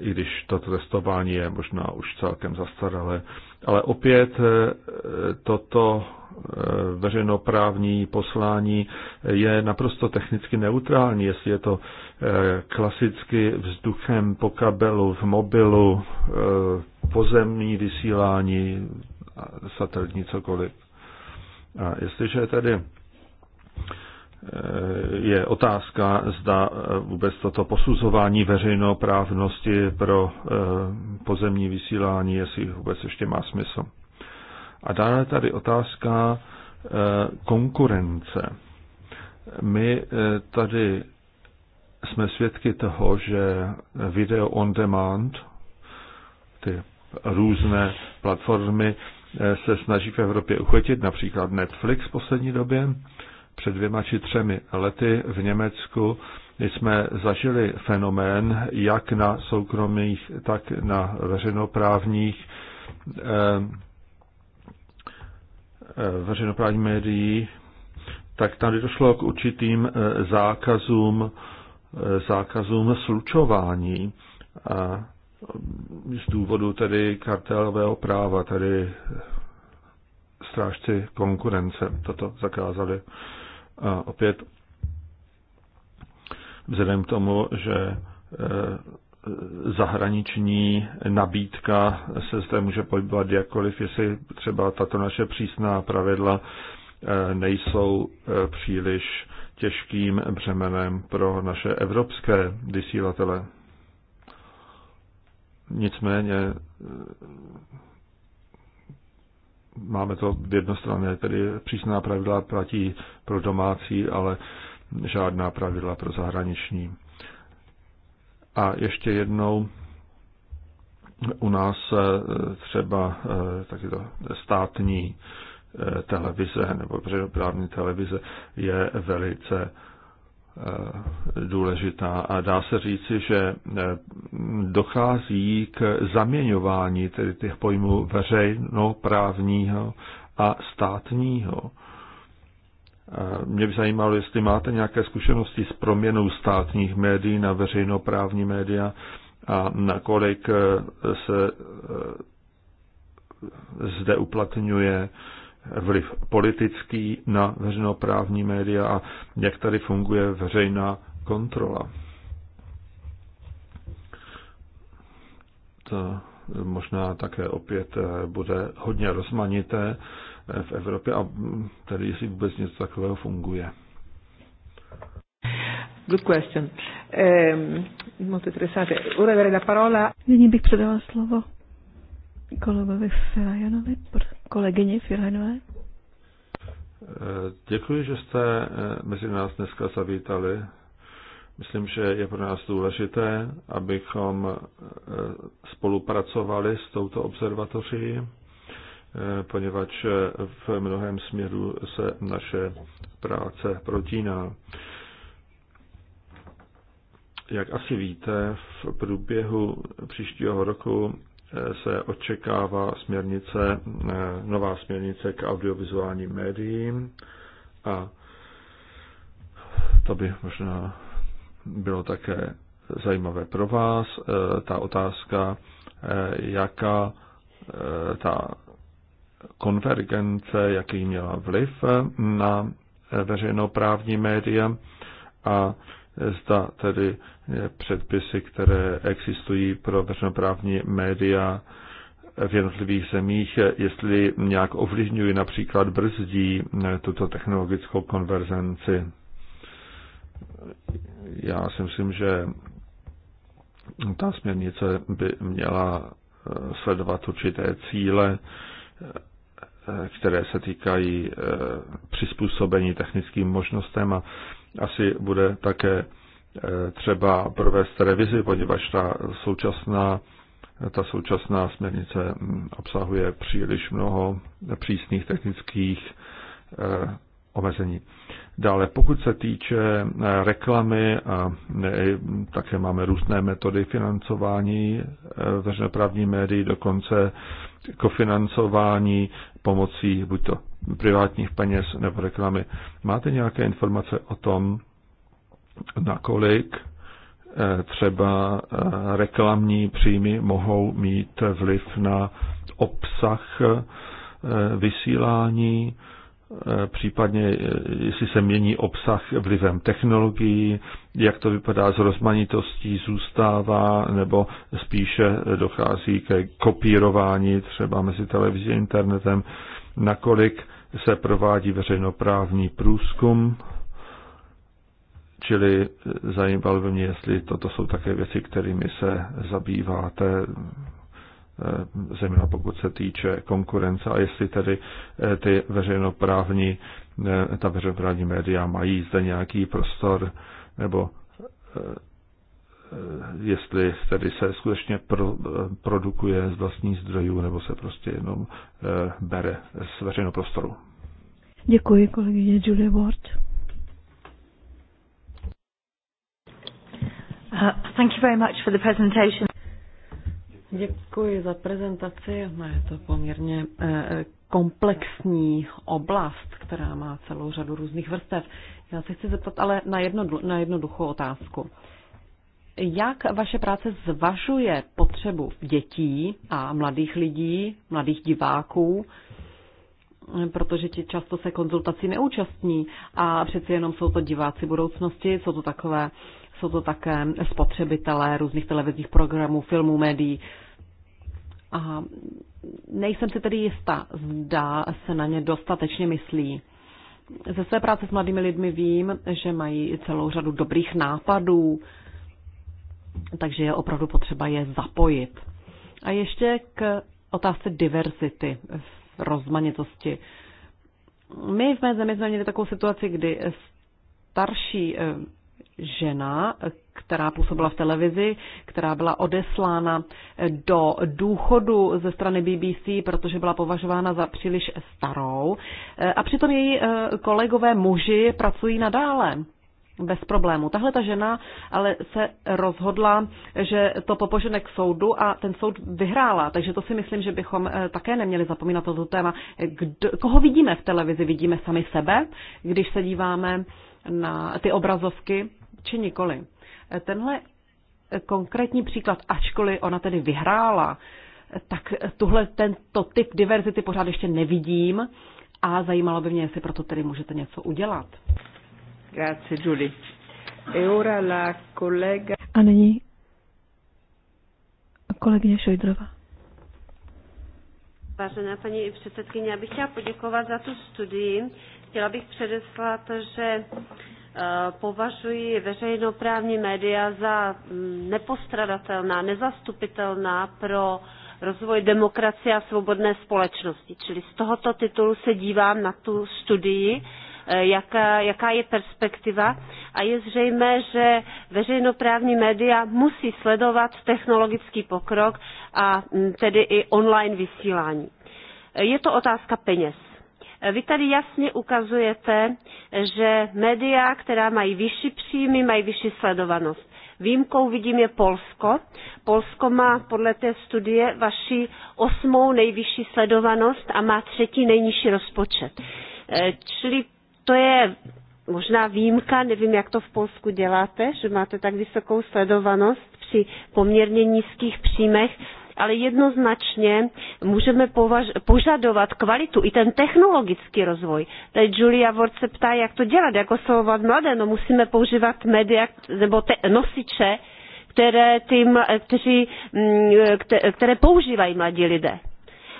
i když to testování je možná už celkem zastaralé. Ale opět toto Eh, veřejnoprávní poslání je naprosto technicky neutrální, jestli je to eh, klasicky vzduchem po kabelu, v mobilu, eh, pozemní vysílání, satelitní cokoliv. A jestliže tedy je otázka, zda vůbec toto posuzování veřejnoprávnosti pro pozemní vysílání, jestli vůbec ještě má smysl. A dále tady otázka eh, konkurence. My eh, tady jsme svědky toho, že video on demand, ty různé platformy, eh, se snaží v Evropě uchytit, například Netflix v poslední době. Před dvěma či třemi lety v Německu jsme zažili fenomén jak na soukromých, tak na veřejnoprávních veřejnoprávních médií, tak tady došlo k určitým eh, zákazům, eh, zákazům slučování a z důvodu tedy kartelového práva, tedy eh, strážci konkurence toto zakázali. A opět vzhledem k tomu, že zahraniční nabídka se zde může pohybovat jakkoliv, jestli třeba tato naše přísná pravidla eh, nejsou eh, příliš těžkým břemenem pro naše evropské vysílatele. Nicméně eh, máme to v jednostranné, tedy přísná pravidla platí pro domácí, ale žádná pravidla pro zahraniční. A ještě jednou u nás eh, třeba eh, taky to státní eh, televize nebo předoprávní televize je velice důležitá a dá se říci, že dochází k zaměňování tedy těch pojmů veřejnoprávního a státního. Mě by zajímalo, jestli máte nějaké zkušenosti s proměnou státních médií na veřejnoprávní média a nakolik e, se e, zde uplatňuje vliv politický na veřejnoprávní média a jak tady funguje veřejná kontrola. To možná také opět e, bude hodně rozmanité v Evropě a mm, tedy jestli vůbec něco takového funguje. Good question. Um, ehm, molto interessante. Ora darei la parola. Nyní bych předala slovo kolegovi Firajanovi, kolegyně Firajanové. Eh, děkuji, že jste eh, mezi nás dneska zavítali. Myslím, že je pro nás důležité, abychom eh, spolupracovali s touto observatoří Eh, poněvadž eh, v mnohem směru se naše práce protíná. Jak asi víte, v průběhu příštího roku eh, se očekává směrnice, nová směrnice k audiovizuálním médiím a to by možná bylo také zajímavé pro vás. Ta otázka, jaká ta konvergence, jaký měla vliv na veřejnoprávní média a zda tedy předpisy, které existují pro veřejnoprávní média v jednotlivých zemích, jestli nějak ovlivňují například brzdí tuto technologickou konverzenci. Já si myslím, že ta směrnice by měla sledovat určité cíle Eh, které se týkají eh, přizpůsobení technickým možnostem a asi bude také eh, třeba provést revizi, poněvadž ta současná, ta současná směrnice hm, obsahuje příliš mnoho přísných technických omezení. Dále, pokud se týče eh, reklamy a také máme různé metody financování eh, veřejnoprávní médií, dokonce kofinancování pomocí buď to privátních peněz nebo reklamy. Máte nějaké informace o tom, nakolik eh, třeba reklamní příjmy mohou mít vliv na obsah vysílání, E, případně e, jestli se mění obsah vlivem technologií, jak to vypadá s rozmanitostí, zůstává nebo spíše dochází ke kopírování třeba mezi televizí a internetem, nakolik se provádí veřejnoprávní průzkum, čili e, zajímalo by mě, jestli toto jsou také věci, kterými se zabýváte, Eh, zejména pokud se týče konkurence a jestli tedy eh, ty veřejnoprávní, eh, ta veřejnoprávní média mají zde nějaký prostor nebo jestli tedy se skutečně pro, produkuje z vlastních zdrojů nebo se prostě jenom bere z veřejného prostoru. Děkuji kolegyně Julie Ward. Uh, thank you very much for the presentation. Děkuji za prezentaci. No, je to poměrně eh, komplexní oblast, která má celou řadu různých vrstev. Já se chci zeptat ale na, jedno, na jednoduchou otázku. Jak vaše práce zvažuje potřebu dětí a mladých lidí, mladých diváků, protože ti často se konzultací neúčastní a přeci jenom jsou to diváci budoucnosti, jsou to takové jsou to také spotřebitelé různých televizních programů, filmů, médií. A nejsem si tedy jistá, zda se na ně dostatečně myslí. Ze své práce s mladými lidmi vím, že mají celou řadu dobrých nápadů, takže je opravdu potřeba je zapojit. A ještě k otázce diverzity, rozmanitosti. My v mé zemi jsme měli takovou situaci, kdy starší eh, žena, která působila v televizi, která byla odeslána do důchodu ze strany BBC, protože byla považována za příliš starou. Eh, a přitom její eh, kolegové muži pracují nadále bez problému. Tahle ta žena ale se rozhodla, že to popožene k soudu a ten soud vyhrála. Takže to si myslím, že bychom eh, také neměli zapomínat toto téma. Kdo, koho vidíme v televizi? Vidíme sami sebe, když se díváme na ty obrazovky, či nikoli. Tenhle konkrétní příklad, ačkoliv ona tedy vyhrála, tak tuhle tento typ diverzity pořád ještě nevidím a zajímalo by mě, jestli proto tedy můžete něco udělat. Grazie, Julie. E ora la collega... A nyní kolegyně Šojdrova. Vážená paní předsedkyně, já bych chtěla poděkovat za tu studii. Chtěla bych předeslat, že eh, považuji veřejnoprávní média za mm, nepostradatelná, nezastupitelná pro rozvoj demokracie a svobodné společnosti. Čili z tohoto titulu se dívám na tu studii, eh, jaká, jaká je perspektiva a je zřejmé, že veřejnoprávní média musí sledovat technologický pokrok a mm, tedy i online vysílání. Eh, je to otázka peněz vy tady jasně ukazujete, že média, která mají vyšší příjmy, mají vyšší sledovanost. Výjimkou vidím je Polsko. Polsko má podle té studie vaši osmou nejvyšší sledovanost a má třetí nejnižší rozpočet. E, čili to je možná výjimka, nevím, jak to v Polsku děláte, že máte tak vysokou sledovanost při poměrně nízkých příjmech, ale jednoznačně můžeme považ- požadovat kvalitu i ten technologický rozvoj. Tady Julia Ward se ptá, jak to dělat, jak oslovovat mladé. No musíme používat média nebo te- nosiče, které, tým, kteří, mm, které používají mladí lidé.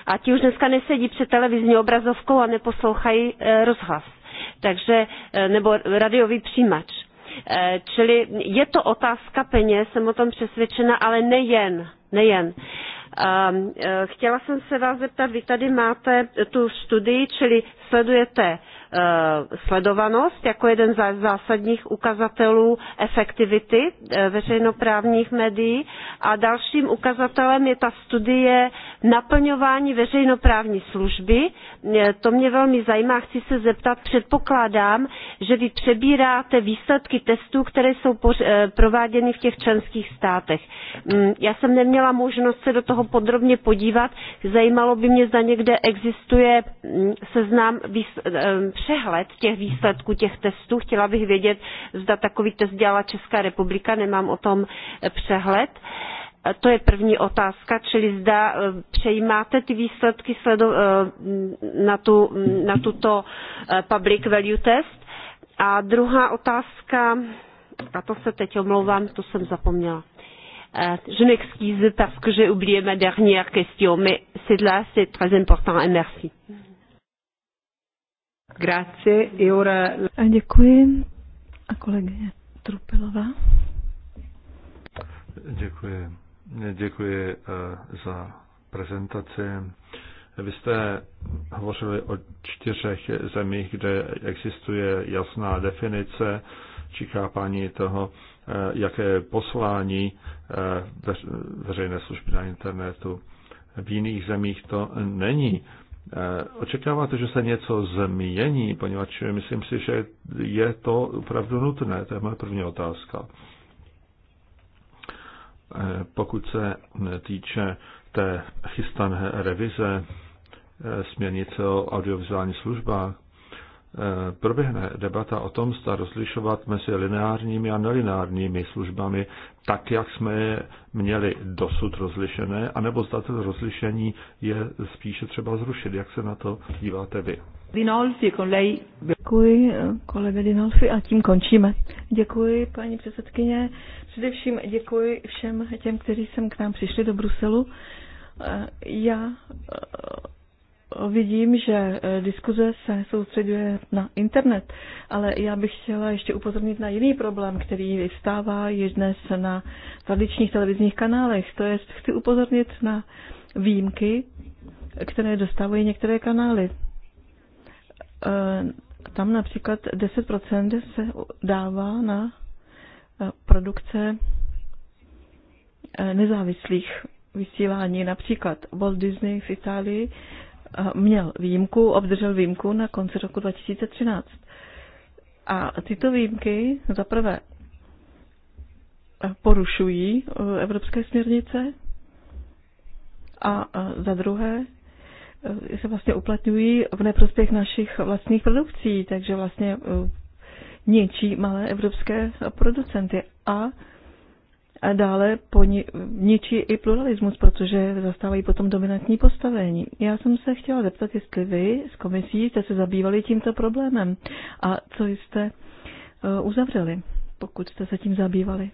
A ti už dneska nesedí před televizní obrazovkou a neposlouchají eh, rozhlas. Takže, eh, nebo radiový přijímač Eh, čili je to otázka peněz, jsem o tom přesvědčena, ale nejen. nejen. Ehm, eh, chtěla jsem se vás zeptat, vy tady máte tu studii, čili sledujete Eh, sledovanost jako jeden z zásadních ukazatelů efektivity eh, veřejnoprávních médií a dalším ukazatelem je ta studie naplňování veřejnoprávní služby. Eh, to mě velmi zajímá, chci se zeptat, předpokládám, že vy přebíráte výsledky testů, které jsou prováděny v těch členských státech. Mm, já jsem neměla možnost se do toho podrobně podívat, zajímalo by mě, zda někde existuje mm, seznam přehled těch výsledků těch testů. Chtěla bych vědět, zda takový test dělala Česká republika, nemám o tom eh, přehled. Eh, to je první otázka, čili zda eh, přejímáte ty výsledky na, tu, na tuto public value test. A druhá otázka, a to se teď omlouvám, to jsem zapomněla. Je m'excuse parce que j'ai oublié ma dernière question, mais c'est là, c'est très important et merci. Mm -hmm. Grazie. E ora... A děkuji. A kolegyně Trupilová. Děkuji. Děkuji eh, za prezentaci. Vy jste hovořili o čtyřech zemích, kde existuje jasná definice či chápání toho, eh, jaké poslání eh, veřejné služby na internetu. V jiných zemích to není. Eh, očekáváte, že se něco změní, poněvadž myslím si, že je to opravdu nutné. To je moje první otázka. Eh, pokud se týče té chystané revize eh, směrnice o audiovizuálních službách, proběhne debata o tom, zda rozlišovat mezi lineárními a nelineárními službami, tak jak jsme je měli dosud rozlišené, anebo zda to rozlišení je spíše třeba zrušit. Jak se na to díváte vy? Dinolfi, jako Děkuji, kolega Dinolfi, a tím končíme. Děkuji, paní předsedkyně. Především děkuji všem těm, kteří sem k nám přišli do Bruselu. Já vidím, že eh, diskuze se soustředuje na internet, ale já bych chtěla ještě upozornit na jiný problém, který vystává, již dnes na tradičních televizních kanálech. To je, chci upozornit na výjimky, které dostávají některé kanály. Eh, tam například 10% se dává na eh, produkce nezávislých vysílání. Například Walt Disney v Itálii Eh, měl výjimku, obdržel výjimku na konci roku 2013. A tyto výjimky zaprvé eh, porušují eh, evropské směrnice a za druhé se vlastně uplatňují v neprospěch našich vlastních produkcí, takže vlastně ničí malé evropské producenty. A a dále poni- ničí i pluralismus, protože zastávají potom dominantní postavení. Já jsem se chtěla zeptat, jestli vy z komisí jste se zabývali tímto problémem a co jste e, uzavřeli, pokud jste se tím zabývali.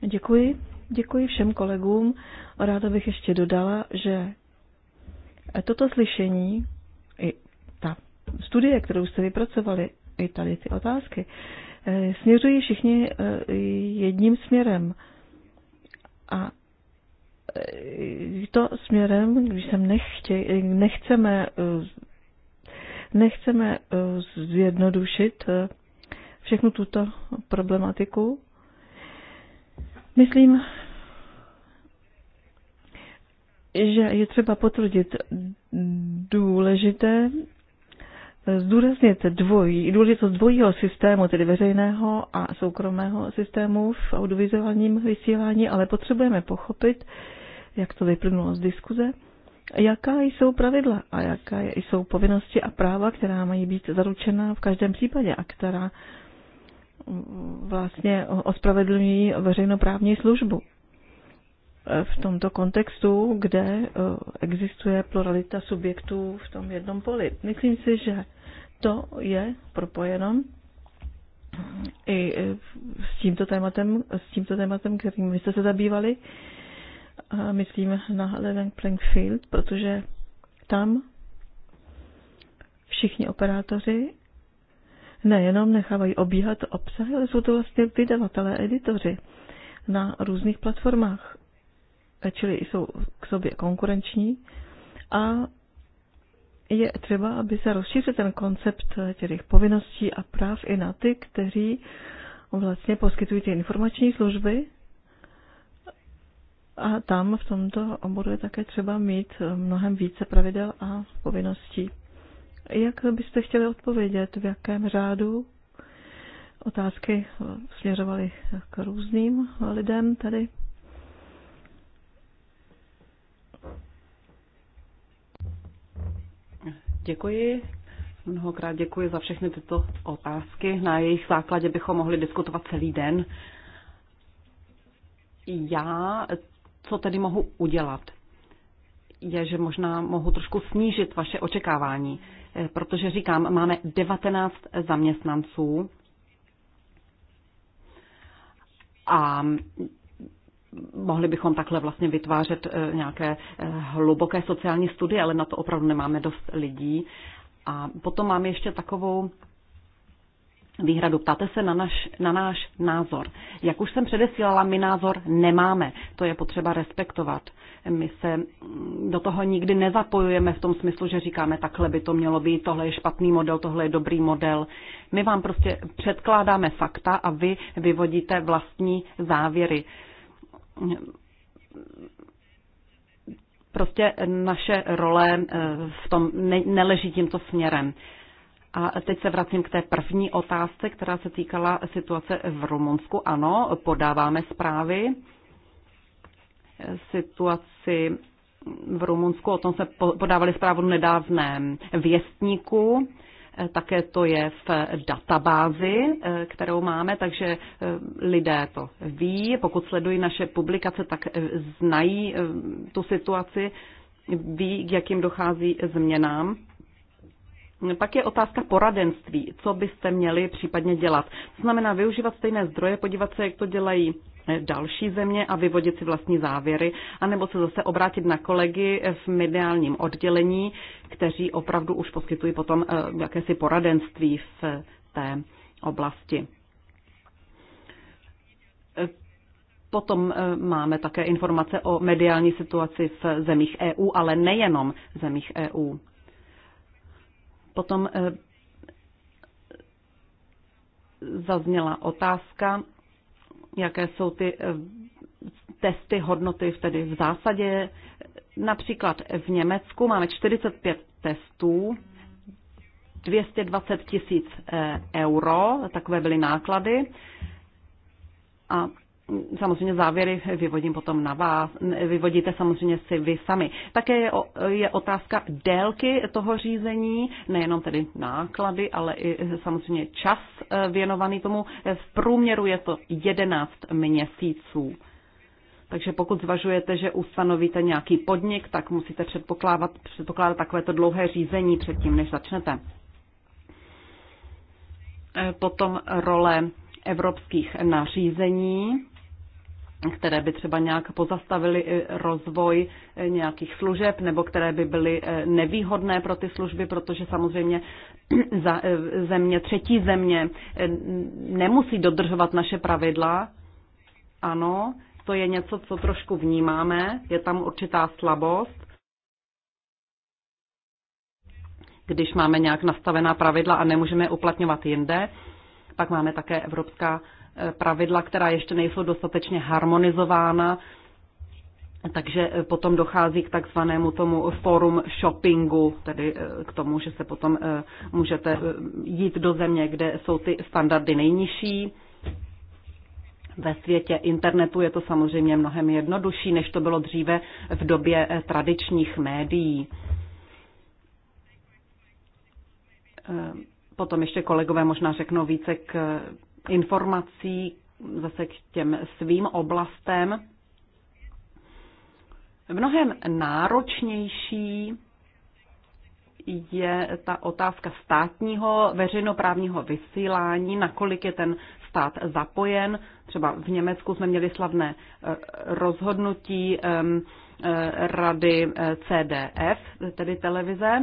Děkuji. Děkuji všem kolegům. Ráda bych ještě dodala, že toto slyšení i ta studie, kterou jste vypracovali, i tady ty otázky, Eh, směřují všichni eh, jedním směrem. A eh, to směrem, když sem nechceme, nechceme zjednodušit všechnu tuto problematiku, myslím, že je třeba potvrdit důležité zdůraznit dvojí, důležitost dvojího systému, tedy veřejného a soukromého systému v audiovizuálním vysílání, ale potřebujeme pochopit, jak to vyplynulo z diskuze, jaká jsou pravidla a jaká jsou povinnosti a práva, která mají být zaručena v každém případě a která mm, vlastně ospravedlňují veřejnoprávní službu v tomto kontextu, kde eh, existuje pluralita subjektů v tom jednom poli. Myslím si, že to je propojeno i eh, s tímto tématem, s tímto tématem, kterým vy jste se zabývali, myslím na Leven Playing Field, protože tam všichni operátoři nejenom nechávají obíhat obsah, ale jsou to vlastně vydavatelé, editoři na různých platformách čili jsou k sobě konkurenční a je třeba, aby se rozšířil ten koncept těch povinností a práv i na ty, kteří vlastně poskytují ty informační služby. A tam v tomto oboru je také třeba mít mnohem více pravidel a povinností. Jak byste chtěli odpovědět, v jakém řádu otázky směřovaly k různým lidem tady Děkuji. Mnohokrát děkuji za všechny tyto otázky. Na jejich základě bychom mohli diskutovat celý den. Já, co tedy mohu udělat, je, že možná mohu trošku snížit vaše očekávání, eh, protože říkám, máme 19 zaměstnanců a mohli bychom takhle vlastně vytvářet eh, nějaké eh, hluboké sociální studie, ale na to opravdu nemáme dost lidí. A potom máme ještě takovou výhradu. Ptáte se na, naš, na náš názor. Jak už jsem předesílala, my názor nemáme. To je potřeba respektovat. My se mm, do toho nikdy nezapojujeme v tom smyslu, že říkáme, takhle by to mělo být, tohle je špatný model, tohle je dobrý model. My vám prostě předkládáme fakta a vy vyvodíte vlastní závěry prostě naše role eh, v tom ne, neleží tímto směrem. A teď se vracím k té první otázce, která se týkala situace v Rumunsku. Ano, podáváme zprávy. Situaci v Rumunsku, o tom se podávali zprávu nedávném věstníku. Eh, také to je v databázi, eh, kterou máme, takže eh, lidé to ví. Pokud sledují naše publikace, tak znají tu situaci, ví, k jakým dochází změnám. Pak je otázka poradenství. Co byste měli případně dělat? To znamená využívat stejné zdroje, podívat se, jak to dělají Vlastně další země a vyvodit si vlastní závěry, anebo se zase obrátit na kolegy v mediálním oddělení, kteří opravdu už poskytují potom eh, jakési poradenství v té oblasti. Eh, potom eh, máme také informace o mediální situaci v zemích EU, ale nejenom zemích EU. Potom zazněla otázka jaké jsou ty eh, testy hodnoty tedy v zásadě. Například v Německu máme 45 testů, 220 tisíc eh, euro, takové byly náklady. A Samozřejmě závěry vyvodím potom na vás, vyvodíte samozřejmě si vy sami. Také je, je otázka délky toho řízení, nejenom tedy náklady, ale i samozřejmě čas eh, věnovaný tomu. V průměru je to 11 měsíců. Takže pokud zvažujete, že ustanovíte nějaký podnik, tak musíte předpokládat, předpokládat takovéto dlouhé řízení předtím, než začnete. Eh, potom role evropských nařízení které by třeba nějak pozastavily rozvoj eh, nějakých služeb nebo které by byly eh, nevýhodné pro ty služby, protože samozřejmě za eh, země, třetí země nemusí dodržovat naše pravidla. Ano, to je něco, co trošku vnímáme, je tam určitá slabost. Když máme nějak nastavená pravidla a nemůžeme uplatňovat jinde, pak máme také Evropská pravidla, která ještě nejsou dostatečně harmonizována, takže potom dochází k takzvanému tomu forum shoppingu, tedy eh, k tomu, že se potom eh, můžete eh, jít do země, kde jsou ty standardy nejnižší. Ve světě internetu je to samozřejmě mnohem jednodušší, než to bylo dříve v době tradičních médií. Potom ještě kolegové možná řeknou více k informací zase k těm svým oblastem. Mnohem náročnější je ta otázka státního veřejnoprávního vysílání, nakolik je ten stát zapojen. Třeba v Německu jsme měli slavné eh, rozhodnutí eh, rady eh, CDF, tedy televize,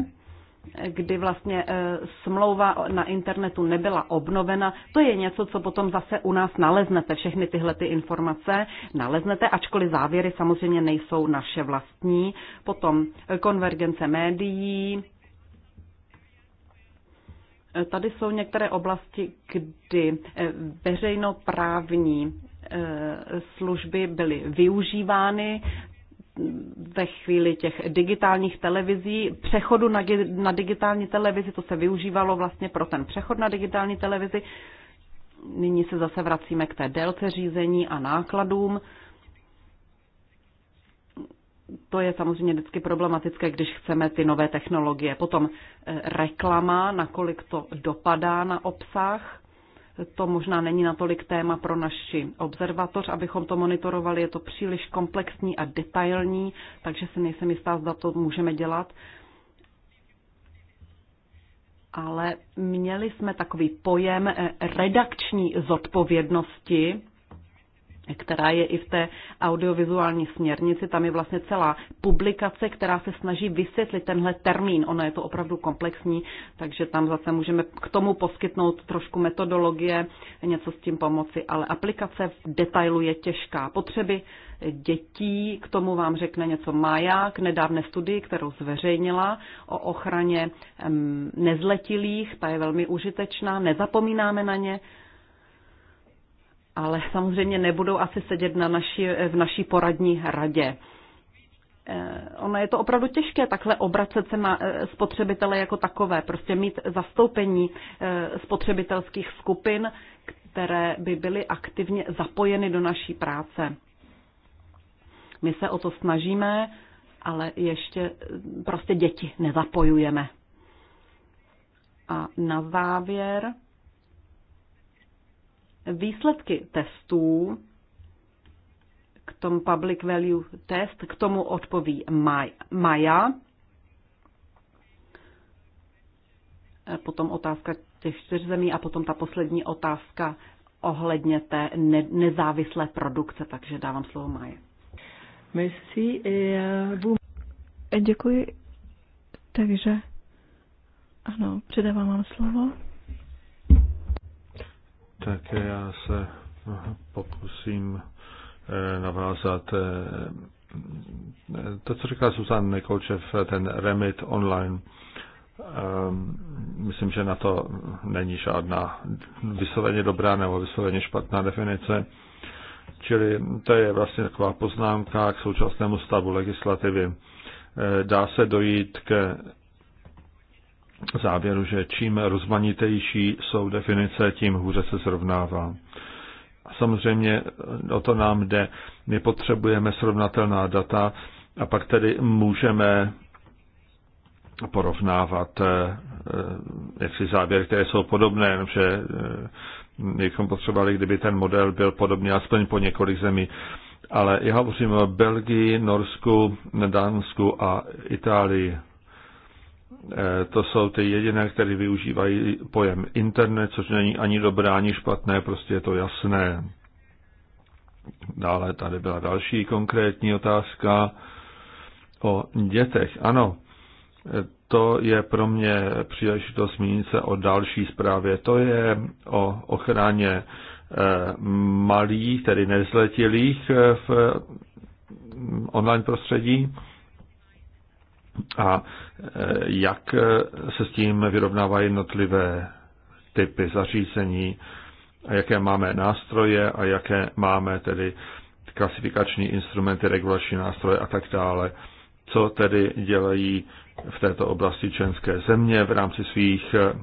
kdy vlastně e, smlouva na internetu nebyla obnovena. To je něco, co potom zase u nás naleznete. Všechny tyhle ty informace naleznete, ačkoliv závěry samozřejmě nejsou naše vlastní. Potom e, konvergence médií. E, tady jsou některé oblasti, kdy veřejnoprávní služby byly využívány ve chvíli těch digitálních televizí, přechodu na, na digitální televizi, to se využívalo vlastně pro ten přechod na digitální televizi. Nyní se zase vracíme k té délce řízení a nákladům. To je samozřejmě vždycky problematické, když chceme ty nové technologie. Potom eh, reklama, nakolik to dopadá na obsah to možná není natolik téma pro naši observatoř, abychom to monitorovali. Je to příliš komplexní a detailní, takže si nejsem jistá, zda to můžeme dělat. Ale měli jsme takový pojem eh, redakční zodpovědnosti, která je i v té audiovizuální směrnici. Tam je vlastně celá publikace, která se snaží vysvětlit tenhle termín. Ono je to opravdu komplexní, takže tam zase můžeme k tomu poskytnout trošku metodologie, něco s tím pomoci, ale aplikace v detailu je těžká. Potřeby dětí, k tomu vám řekne něco Maja k nedávné studii, kterou zveřejnila o ochraně nezletilých, ta je velmi užitečná, nezapomínáme na ně, ale samozřejmě nebudou asi sedět na naší, v naší poradní radě. Eh, ono je to opravdu těžké takhle obracet se na eh, spotřebitele jako takové, prostě mít zastoupení eh, spotřebitelských skupin, které by byly aktivně zapojeny do naší práce. My se o to snažíme, ale ještě prostě děti nezapojujeme. A na závěr Výsledky testů k tomu Public Value Test, k tomu odpoví Maja. Potom otázka těch čtyř zemí a potom ta poslední otázka ohledně té nezávislé produkce, takže dávám slovo Maje. Merci. Eh, Děkuji. Takže ano, předávám vám slovo. Tak já se pokusím eh, navázat eh, to, co říká Susan Nekolčev, ten remit online, eh, myslím, že na to není žádná vysloveně dobrá nebo vysloveně špatná definice. Čili to je vlastně taková poznámka k současnému stavu legislativy. Dá se dojít k závěru, že čím rozmanitější jsou definice, tím hůře se srovnává. Samozřejmě o to nám jde. My potřebujeme srovnatelná data a pak tedy můžeme porovnávat eh, eh, jaksi závěry, které jsou podobné, že eh, bychom potřebovali, kdyby ten model byl podobný aspoň po několik zemí. Ale já hovořím o Belgii, Norsku, Dánsku a Itálii. Eh, to jsou ty jediné, které využívají pojem internet, což není ani dobré, ani špatné, prostě je to jasné. Dále tady byla další konkrétní otázka o dětech. Ano, eh, to je pro mě příležitost zmínit se o další zprávě. To je o ochraně eh, malých, tedy nezletilých v online prostředí a e, jak e, se s tím vyrovnávají jednotlivé typy zařízení a jaké máme nástroje a jaké máme tedy klasifikační instrumenty, regulační nástroje a tak dále. Co tedy dělají v této oblasti členské země v rámci svých e,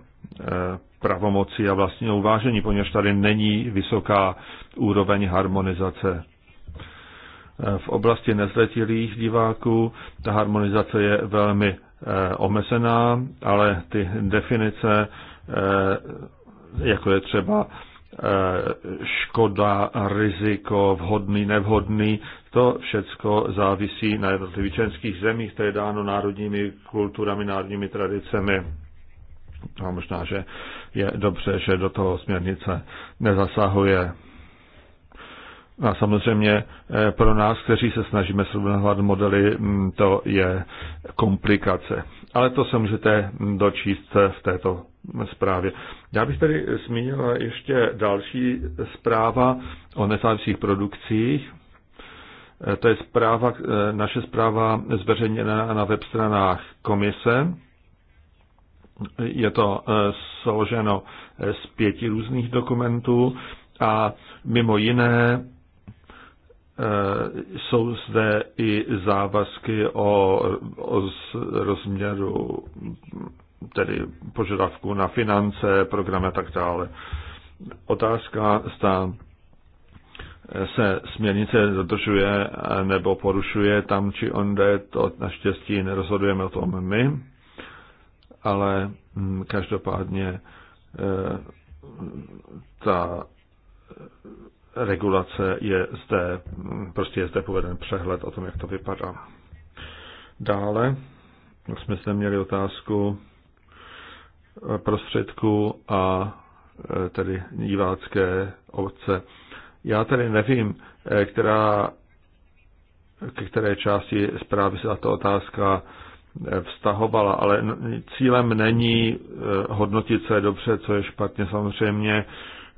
pravomocí a vlastního uvážení, poněvadž tady není vysoká úroveň harmonizace v oblasti nezletilých diváků ta harmonizace je velmi eh, omezená, ale ty definice, eh, jako je třeba eh, škoda, riziko, vhodný, nevhodný, to všecko závisí na jednotlivých členských zemích, to je dáno národními kulturami, národními tradicemi. A možná, že je dobře, že do toho směrnice nezasahuje. A samozřejmě eh, pro nás, kteří se snažíme srovnávat modely, mm, to je komplikace. Ale to se můžete dočíst v této zprávě. Já bych tady zmínil ještě další zpráva o nezávislých produkcích. Eh, to je zpráva, eh, naše zpráva zveřejněná na web stranách komise. Je to složeno z pěti různých dokumentů a mimo jiné Eh, jsou zde i závazky o, o rozměru tedy požadavku na finance, programy a tak dále. Otázka zda eh, se směrnice dodržuje nebo porušuje tam či onde, to naštěstí nerozhodujeme o tom my, ale hm, každopádně eh, ta regulace je zde, prostě je zde poveden přehled o tom, jak to vypadá. Dále jsme zde měli otázku prostředku a e, tedy divácké obce. Já tedy nevím, e, která, ke které části zprávy se tato otázka e, vztahovala, ale cílem není hodnotit, co je dobře, co je špatně. Samozřejmě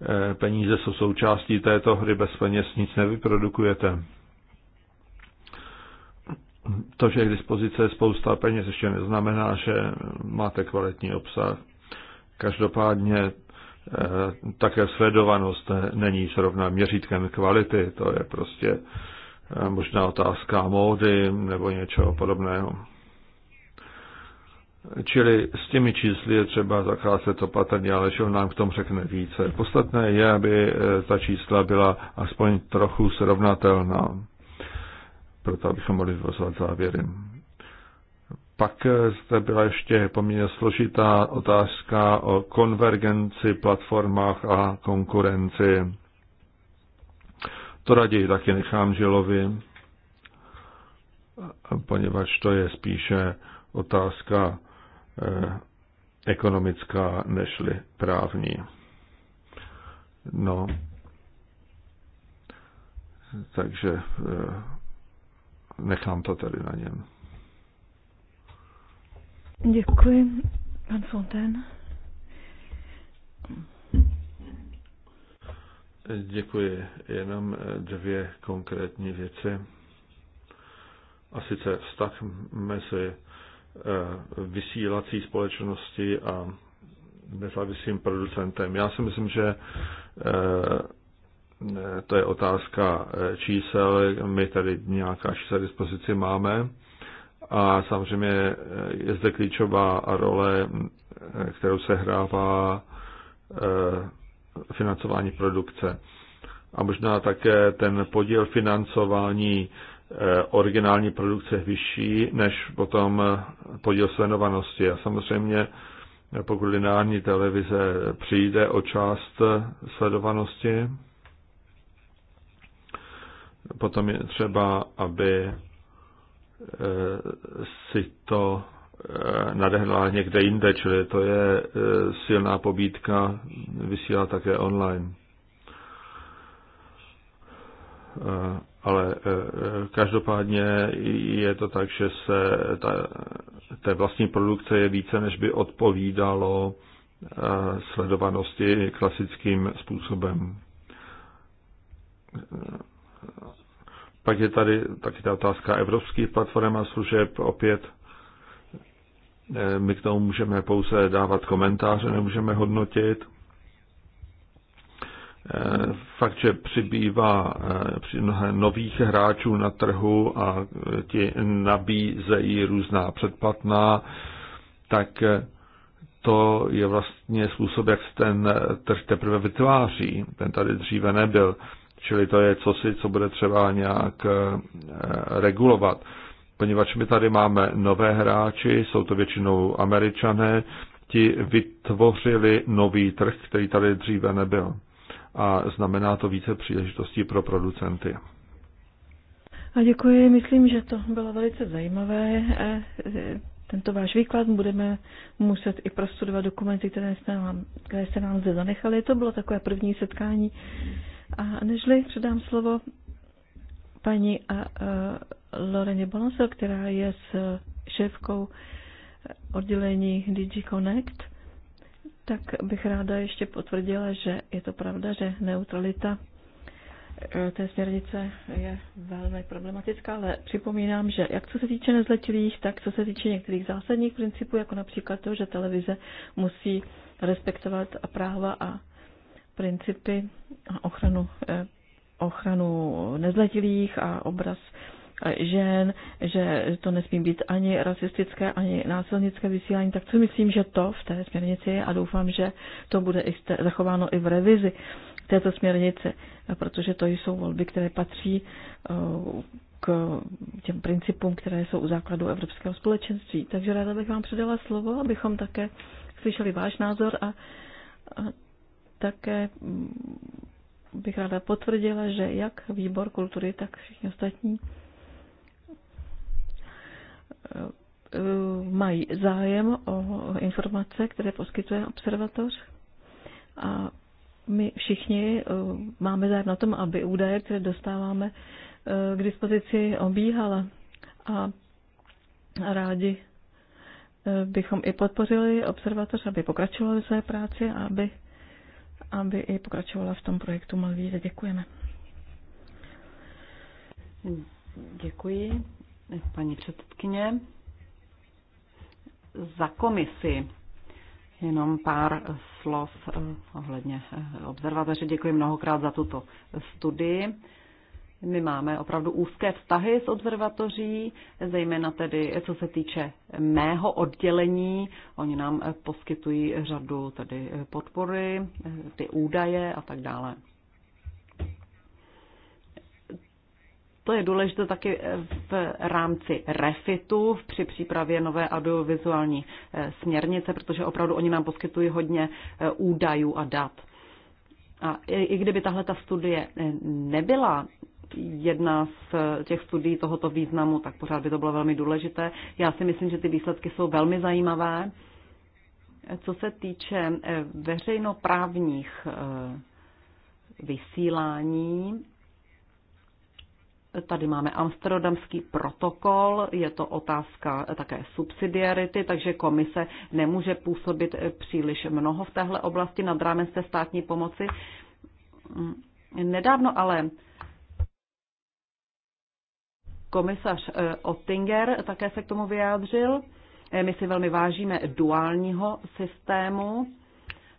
Eh, peníze jsou součástí této hry, bez peněz nic nevyprodukujete. To, že je k dispozici je spousta peněz, ještě neznamená, že máte kvalitní obsah. Každopádně eh, také sledovanost není zrovna měřítkem kvality, to je prostě eh, možná otázka módy nebo něčeho podobného. Čili s těmi čísly je třeba zacházet opatrně, ale že on nám k tomu řekne více. Podstatné je, aby eh, ta čísla byla aspoň trochu srovnatelná, proto abychom mohli vyvozovat závěry. Pak eh, zde byla ještě poměrně složitá otázka o konvergenci, platformách a konkurenci. To raději taky nechám Žilovi, poněvadž to je spíše otázka Eh, ekonomická nešli právní. No, takže eh, nechám to tady na něm. Děkuji, pan Fonten. Děkuji. Jenom eh, dvě konkrétní věci. A sice vztah mezi Eh, vysílací společnosti a nezávislým producentem. Já si myslím, že eh, to je otázka eh, čísel. My tady nějaká čísla dispozici máme. A samozřejmě je zde klíčová role, kterou se hrává financování produkce. A možná také ten podíl financování Eh, originální produkce vyšší než potom eh, podíl sledovanosti. A samozřejmě eh, pokud lineární televize přijde o část sledovanosti, potom je třeba, aby si to nadehnala někde jinde, čili to je silná pobídka vysílat také online. Eh, ale eh, každopádně je to tak, že se ta, té vlastní produkce je více, než by odpovídalo eh, sledovanosti klasickým způsobem. Pak je tady taky ta otázka evropských platform a služeb. Opět my k tomu můžeme pouze dávat komentáře, nemůžeme hodnotit fakt, že přibývá eh, nových hráčů na trhu a eh, ti nabízejí různá předplatná, tak eh, to je vlastně způsob, jak se ten trh teprve vytváří. Ten tady dříve nebyl. Čili to je cosi, co bude třeba nějak regulovat. Poněvadž my tady máme nové hráči, jsou to většinou američané, ti vytvořili nový trh, který tady dříve nebyl a znamená to více příležitostí pro producenty. A děkuji, myslím, že to bylo velice zajímavé. E, e, tento váš výklad budeme muset i prostudovat dokumenty, které jste nám, které jste nám zde zanechali. To bylo takové první setkání. A nežli předám slovo paní a, a, e, Loreně Bonosel, která je s šéfkou oddělení DG Connect tak bych ráda ještě potvrdila, že je to pravda, že neutralita e, té směrnice je velmi problematická, ale připomínám, že jak co se týče nezletilých, tak co se týče některých zásadních principů, jako například to, že televize musí respektovat práva a principy a ochranu, e, ochranu nezletilých a obraz žen, že to nesmí být ani rasistické, ani násilnické vysílání, tak co myslím, že to v té směrnici je a doufám, že to bude i zachováno i v revizi této směrnice, protože to jsou volby, které patří eh, k těm principům, které jsou u základu Evropského společenství. Takže ráda bych vám předala slovo, abychom také slyšeli váš názor a, a také mm, bych ráda potvrdila, že jak výbor kultury, tak všichni ostatní Eh, mají zájem o informace, které poskytuje observatoř. A my všichni eh, máme zájem na tom, aby údaje, které dostáváme eh, k dispozici, obíhala. A rádi bychom i podpořili observatoř, aby pokračovala ve své práci a aby, aby i pokračovala v tom projektu Malvíze. Děkujeme. Děkuji paní předsedkyně. Za komisi jenom pár slov eh, ohledně eh, observatoře. Děkuji mnohokrát za tuto studii. My máme opravdu úzké vztahy s observatoří, zejména tedy co se týče mého oddělení. Oni nám eh, poskytují řadu tedy podpory, ty údaje a tak dále. To je důležité taky eh, v rámci refitu při přípravě nové audiovizuální eh, směrnice, protože opravdu oni nám poskytují hodně eh, údajů a dat. A i kdyby tahle ta studie nebyla jedna z těch studií tohoto významu, tak pořád by to bylo velmi důležité. Já si myslím, že ty výsledky jsou velmi zajímavé. Co se týče veřejnoprávních vysílání, Tady máme amsterdamský protokol, je to otázka také subsidiarity, takže komise nemůže působit příliš mnoho v téhle oblasti nad rámec té státní pomoci. Nedávno ale komisař eh, Ottinger také se k tomu vyjádřil. Eh, my si velmi vážíme duálního systému,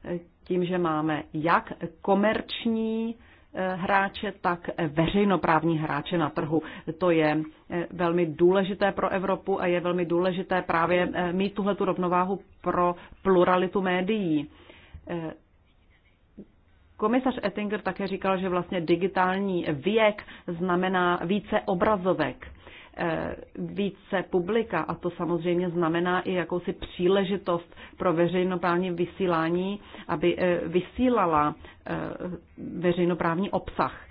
eh, tím, že máme jak komerční Eh, hráče, tak veřejnoprávní hráče na trhu. To je eh, velmi důležité pro Evropu a je velmi důležité právě eh, mít tuhle tu rovnováhu pro pluralitu médií. Komisař Ettinger také říkal, že vlastně digitální věk znamená více obrazovek. Eh, více publika a to samozřejmě znamená i jakousi příležitost pro veřejnoprávní vysílání, aby eh, vysílala eh, veřejnoprávní obsah.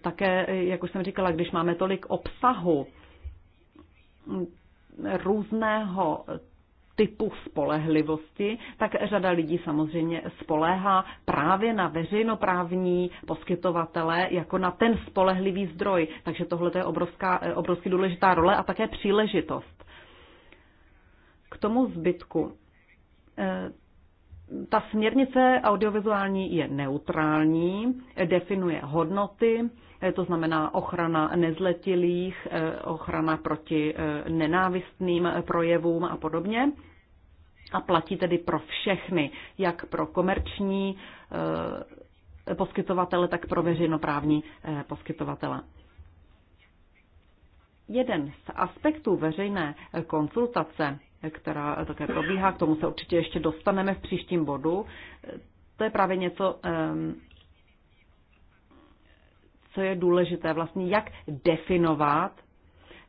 Také, jak už jsem říkala, když máme tolik obsahu mm, různého typu spolehlivosti, tak řada lidí samozřejmě spoléhá právě na veřejnoprávní poskytovatele jako na ten spolehlivý zdroj. Takže tohle je obrovská, obrovsky důležitá role a také příležitost. K tomu zbytku. Eh, ta směrnice audiovizuální je neutrální, definuje hodnoty, Eh, to znamená ochrana nezletilých, eh, ochrana proti eh, nenávistným projevům a podobně. A platí tedy pro všechny, jak pro komerční poskytovatele, tak pro veřejnoprávní poskytovatele. Jeden z aspektů veřejné konsultace, která také probíhá, k tomu se určitě ještě dostaneme v příštím bodu, to je právě něco, co je důležité, vlastně jak definovat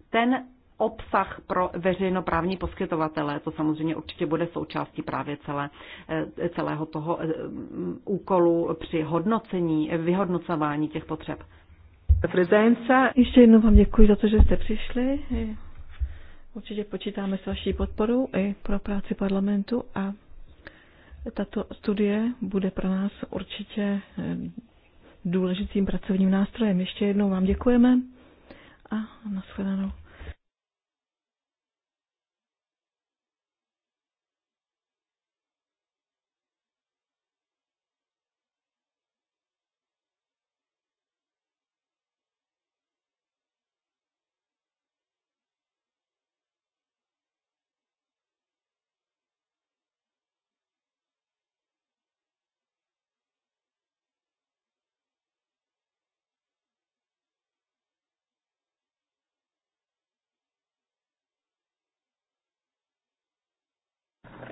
ten obsah pro veřejnoprávní poskytovatele. To samozřejmě určitě bude součástí právě celé, eh, celého toho eh, mm, úkolu při hodnocení, vyhodnocování těch potřeb. Prezence. Ještě jednou vám děkuji za to, že jste přišli. Určitě počítáme s vaší podporou i pro práci parlamentu a tato studie bude pro nás určitě eh, důležitým pracovním nástrojem. Ještě jednou vám děkujeme a naschledanou.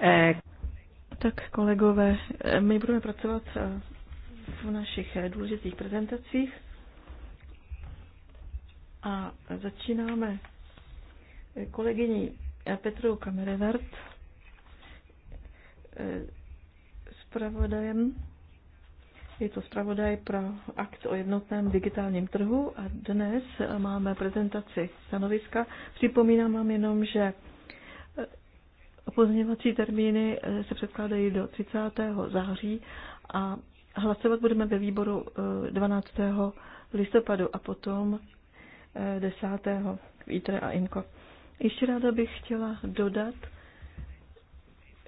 Eh, tak kolegové, eh, my budeme pracovat eh, v našich důležitých prezentacích a začínáme kolegyní Petrou Kamerevert s pravodajem. Je to zpravodaj pro akt o jednotném digitálním trhu a dnes máme prezentaci stanoviska. Připomínám vám jenom, že Pozměňovací termíny eh, se předkládají do 30. září a hlasovat budeme ve výboru 12. Eh, listopadu a potom 10. Eh, Vítre a inko. Ještě ráda bych chtěla dodat,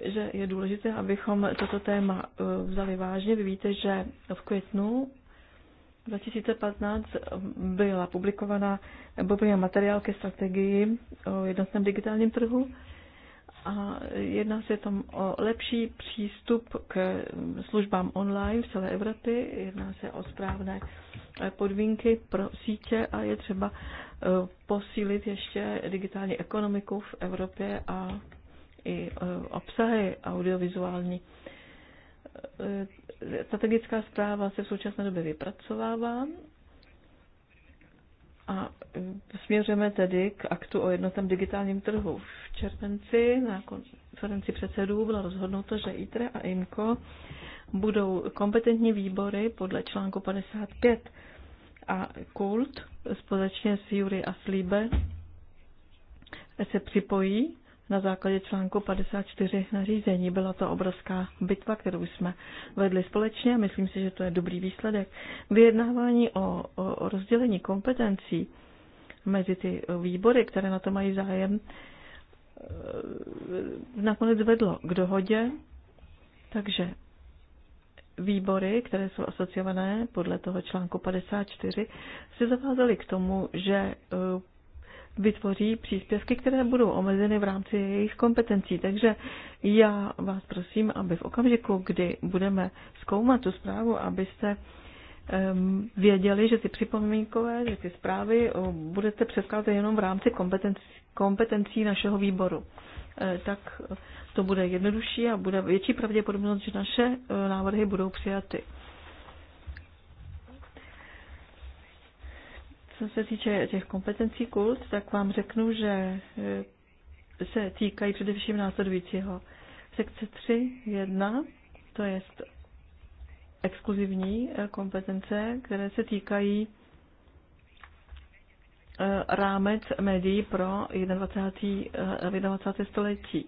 že je důležité, abychom toto téma vzali vážně. Vy víte, že v květnu 2015 byla publikovaná Bobia materiál ke strategii o jednotném digitálním trhu a jedná se tam o lepší přístup k službám online v celé Evropě, jedná se o správné eh, podmínky pro sítě a je třeba eh, posílit ještě digitální ekonomiku v Evropě a i eh, obsahy audiovizuální. Strategická zpráva se v současné době vypracovává a e, směřujeme tedy k aktu o jednotném digitálním trhu. V červenci na konferenci předsedů bylo rozhodnuto, že ITRE a IMCO budou kompetentní výbory podle článku 55 a KULT společně s Jury a Slíbe se připojí na základě článku 54 nařízení. Byla to obrovská bitva, kterou jsme vedli společně a myslím si, že to je dobrý výsledek. Vyjednávání o, o, o rozdělení kompetencí mezi ty výbory, které na to mají zájem, eh, nakonec vedlo k dohodě, takže výbory, které jsou asociované podle toho článku 54, se zavázaly k tomu, že eh, vytvoří příspěvky, které budou omezeny v rámci jejich kompetencí. Takže já vás prosím, aby v okamžiku, kdy budeme zkoumat tu zprávu, abyste um, věděli, že ty připomínkové, že ty zprávy budete předkládat jenom v rámci kompetencí, kompetencí našeho výboru. E, tak to bude jednodušší a bude větší pravděpodobnost, že naše e, návrhy budou přijaty. Co se týče těch kompetencí kult, tak vám řeknu, že eh, se týkají především následujícího. Sekce 3.1, to je exkluzivní eh, kompetence, které se týkají eh, rámec médií pro 21. 21. století.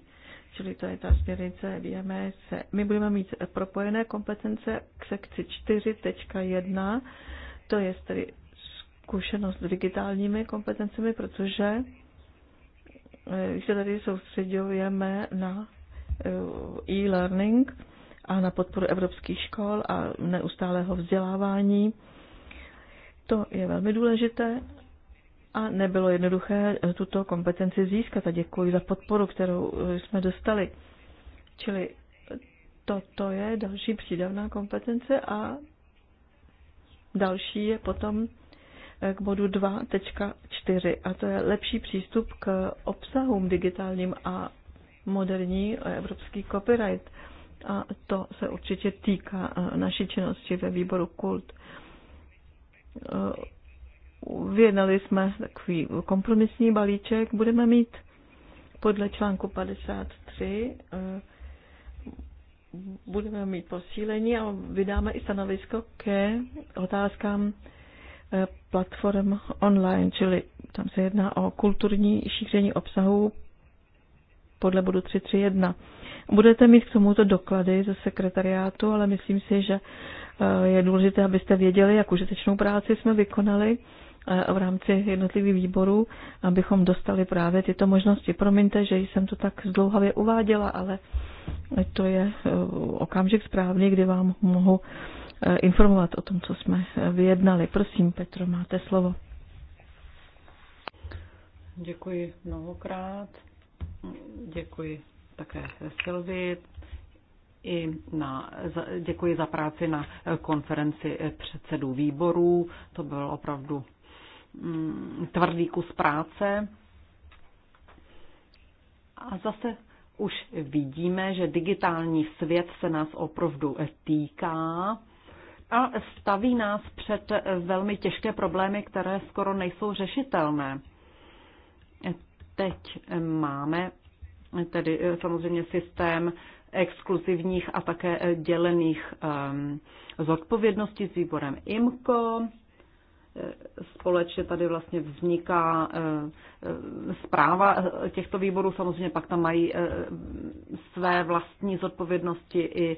Čili to je ta směrnice BMS. E My budeme mít propojené kompetence k sekci 4.1, to je tedy zkušenost s digitálními kompetencemi, protože eh, se tady soustředujeme na eh, e-learning a na podporu evropských škol a neustálého vzdělávání. To je velmi důležité a nebylo jednoduché eh, tuto kompetenci získat a děkuji za podporu, kterou jsme dostali. Čili toto je další přídavná kompetence a další je potom k bodu 2.4 a to je lepší přístup k obsahům digitálním a moderní evropský copyright. A to se určitě týká e, naší činnosti ve výboru KULT. Vyjednali e, jsme takový kompromisní balíček. Budeme mít podle článku 53 e, budeme mít posílení a vydáme i stanovisko ke otázkám Eh, platform online, čili tam se jedná o kulturní šíření obsahu podle bodu 331. Budete mít k tomuto doklady ze sekretariátu, ale myslím si, že eh, je důležité, abyste věděli, jak užitečnou práci jsme vykonali eh, v rámci jednotlivých výborů, abychom dostali právě tyto možnosti. Promiňte, že jsem to tak zdlouhavě uváděla, ale to je okamžik správný, kdy vám mohu Eh, informovat o tom, co jsme eh, vyjednali. Prosím, Petro, máte slovo. Děkuji mnohokrát. Děkuji také Silvi. I na, děkuji za práci na konferenci předsedů výborů. To byl opravdu mm, tvrdý kus práce. A zase už vidíme, že digitální svět se nás opravdu týká a staví nás před velmi těžké problémy, které skoro nejsou řešitelné. Teď máme tedy eh, samozřejmě systém exkluzivních a také dělených um, zodpovědností s výborem IMCO, společně tady vlastně vzniká eh, eh, zpráva těchto výborů. Samozřejmě pak tam mají eh, své vlastní zodpovědnosti i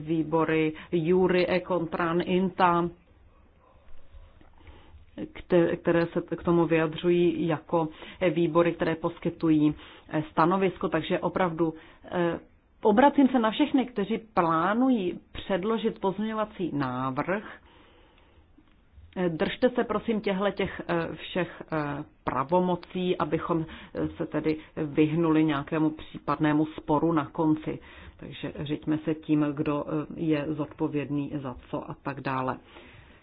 výbory Jury, Ekontran, Inta, které se k tomu vyjadřují jako výbory, které poskytují stanovisko. Takže opravdu obracím se na všechny, kteří plánují předložit pozměňovací návrh, Držte se prosím těchto těch eh, všech eh, pravomocí, abychom eh, se tedy vyhnuli nějakému případnému sporu na konci. Takže řiďme se tím, kdo je zodpovědný za co a tak dále.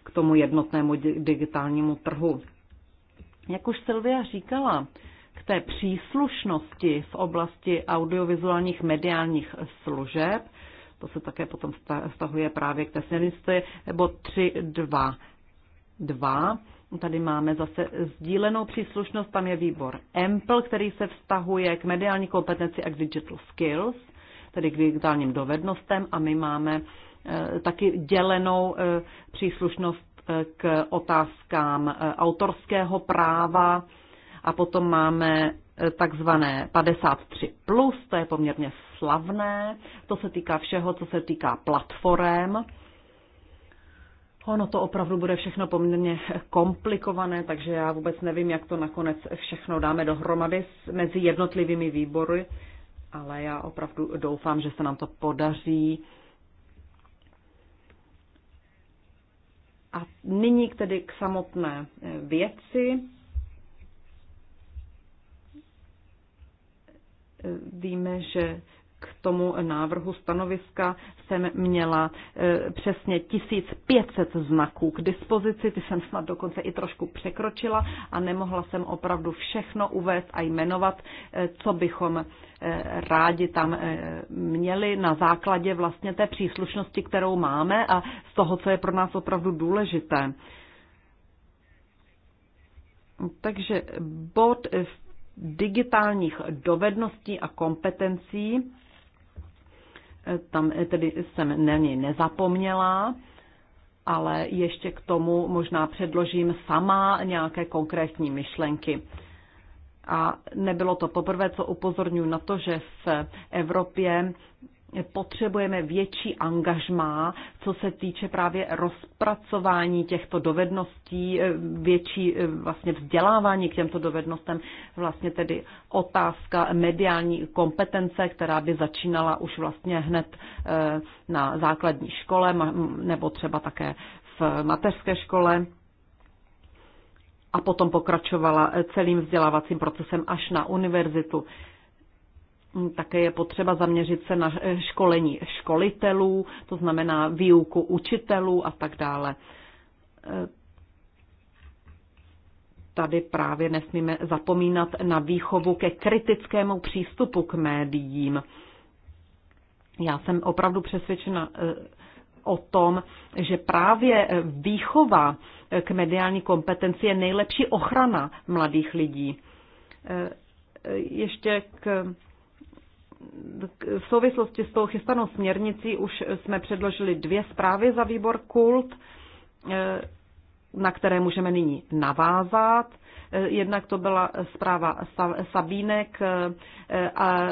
K tomu jednotnému digitálnímu trhu. Jak už Silvia říkala, k té příslušnosti v oblasti audiovizuálních mediálních služeb, to se také potom vztahuje právě k té směrnici, nebo 3.2 2. Tady máme zase sdílenou příslušnost, tam je výbor EMPL, který se vztahuje k mediální kompetenci a k digital skills, tedy k digitálním dovednostem a my máme eh, taky dělenou eh, příslušnost eh, k otázkám autorského práva a potom máme takzvané 53+, plus, to je poměrně slavné, to se týká všeho, co se týká platform, Ono to opravdu bude všechno poměrně komplikované, takže já vůbec nevím, jak to nakonec všechno dáme dohromady mezi jednotlivými výbory, ale já opravdu doufám, že se nám to podaří. A nyní k tedy k samotné eh, věci. Eh, víme, že k tomu návrhu stanoviska jsem měla e, přesně 1500 znaků k dispozici, ty jsem snad dokonce i trošku překročila a nemohla jsem opravdu všechno uvést a jmenovat, e, co bychom e, rádi tam měli na základě vlastně té příslušnosti, kterou máme a z toho, co je pro nás opravdu důležité. Takže bod digitálních dovedností a kompetencí tam eh, tedy jsem na něj nezapomněla, ale ještě k tomu možná předložím sama nějaké konkrétní myšlenky. A nebylo to poprvé, co upozorňuji na to, že v Evropě potřebujeme větší angažmá, co se týče právě rozpracování těchto dovedností, eh, větší eh, vlastně vzdělávání k těmto dovednostem, vlastně tedy otázka mediální kompetence, která by začínala už vlastně hned eh, na základní škole nebo třeba také v mateřské škole a potom pokračovala celým vzdělávacím procesem až na univerzitu. Mm, také je potřeba zaměřit se na eh, školení školitelů, to znamená výuku učitelů a tak dále. Eh, tady právě nesmíme zapomínat na výchovu ke kritickému přístupu k médiím. Já jsem opravdu přesvědčena eh, o tom, že právě výchova k mediální kompetenci je nejlepší ochrana mladých lidí. Ještě k v souvislosti s tou chystanou směrnicí už jsme předložili dvě zprávy za výbor KULT, eh, na které můžeme nyní navázat. Eh, jednak to byla zpráva Sabínek eh, a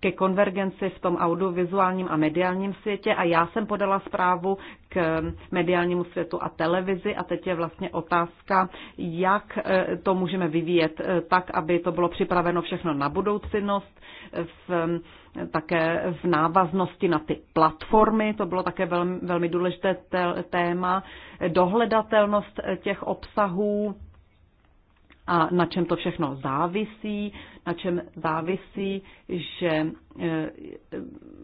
ke konvergenci v tom audiovizuálním a mediálním světě a já jsem podala zprávu k mediálnímu světu a televizi a teď je vlastně otázka, jak eh, to můžeme vyvíjet tak, aby to bylo připraveno všechno na budoucnost, v, také v návaznosti na ty platformy, to bylo také velmi, velmi důležité téma, dohledatelnost těch obsahů, a na čem to všechno závisí, na čem závisí, že e,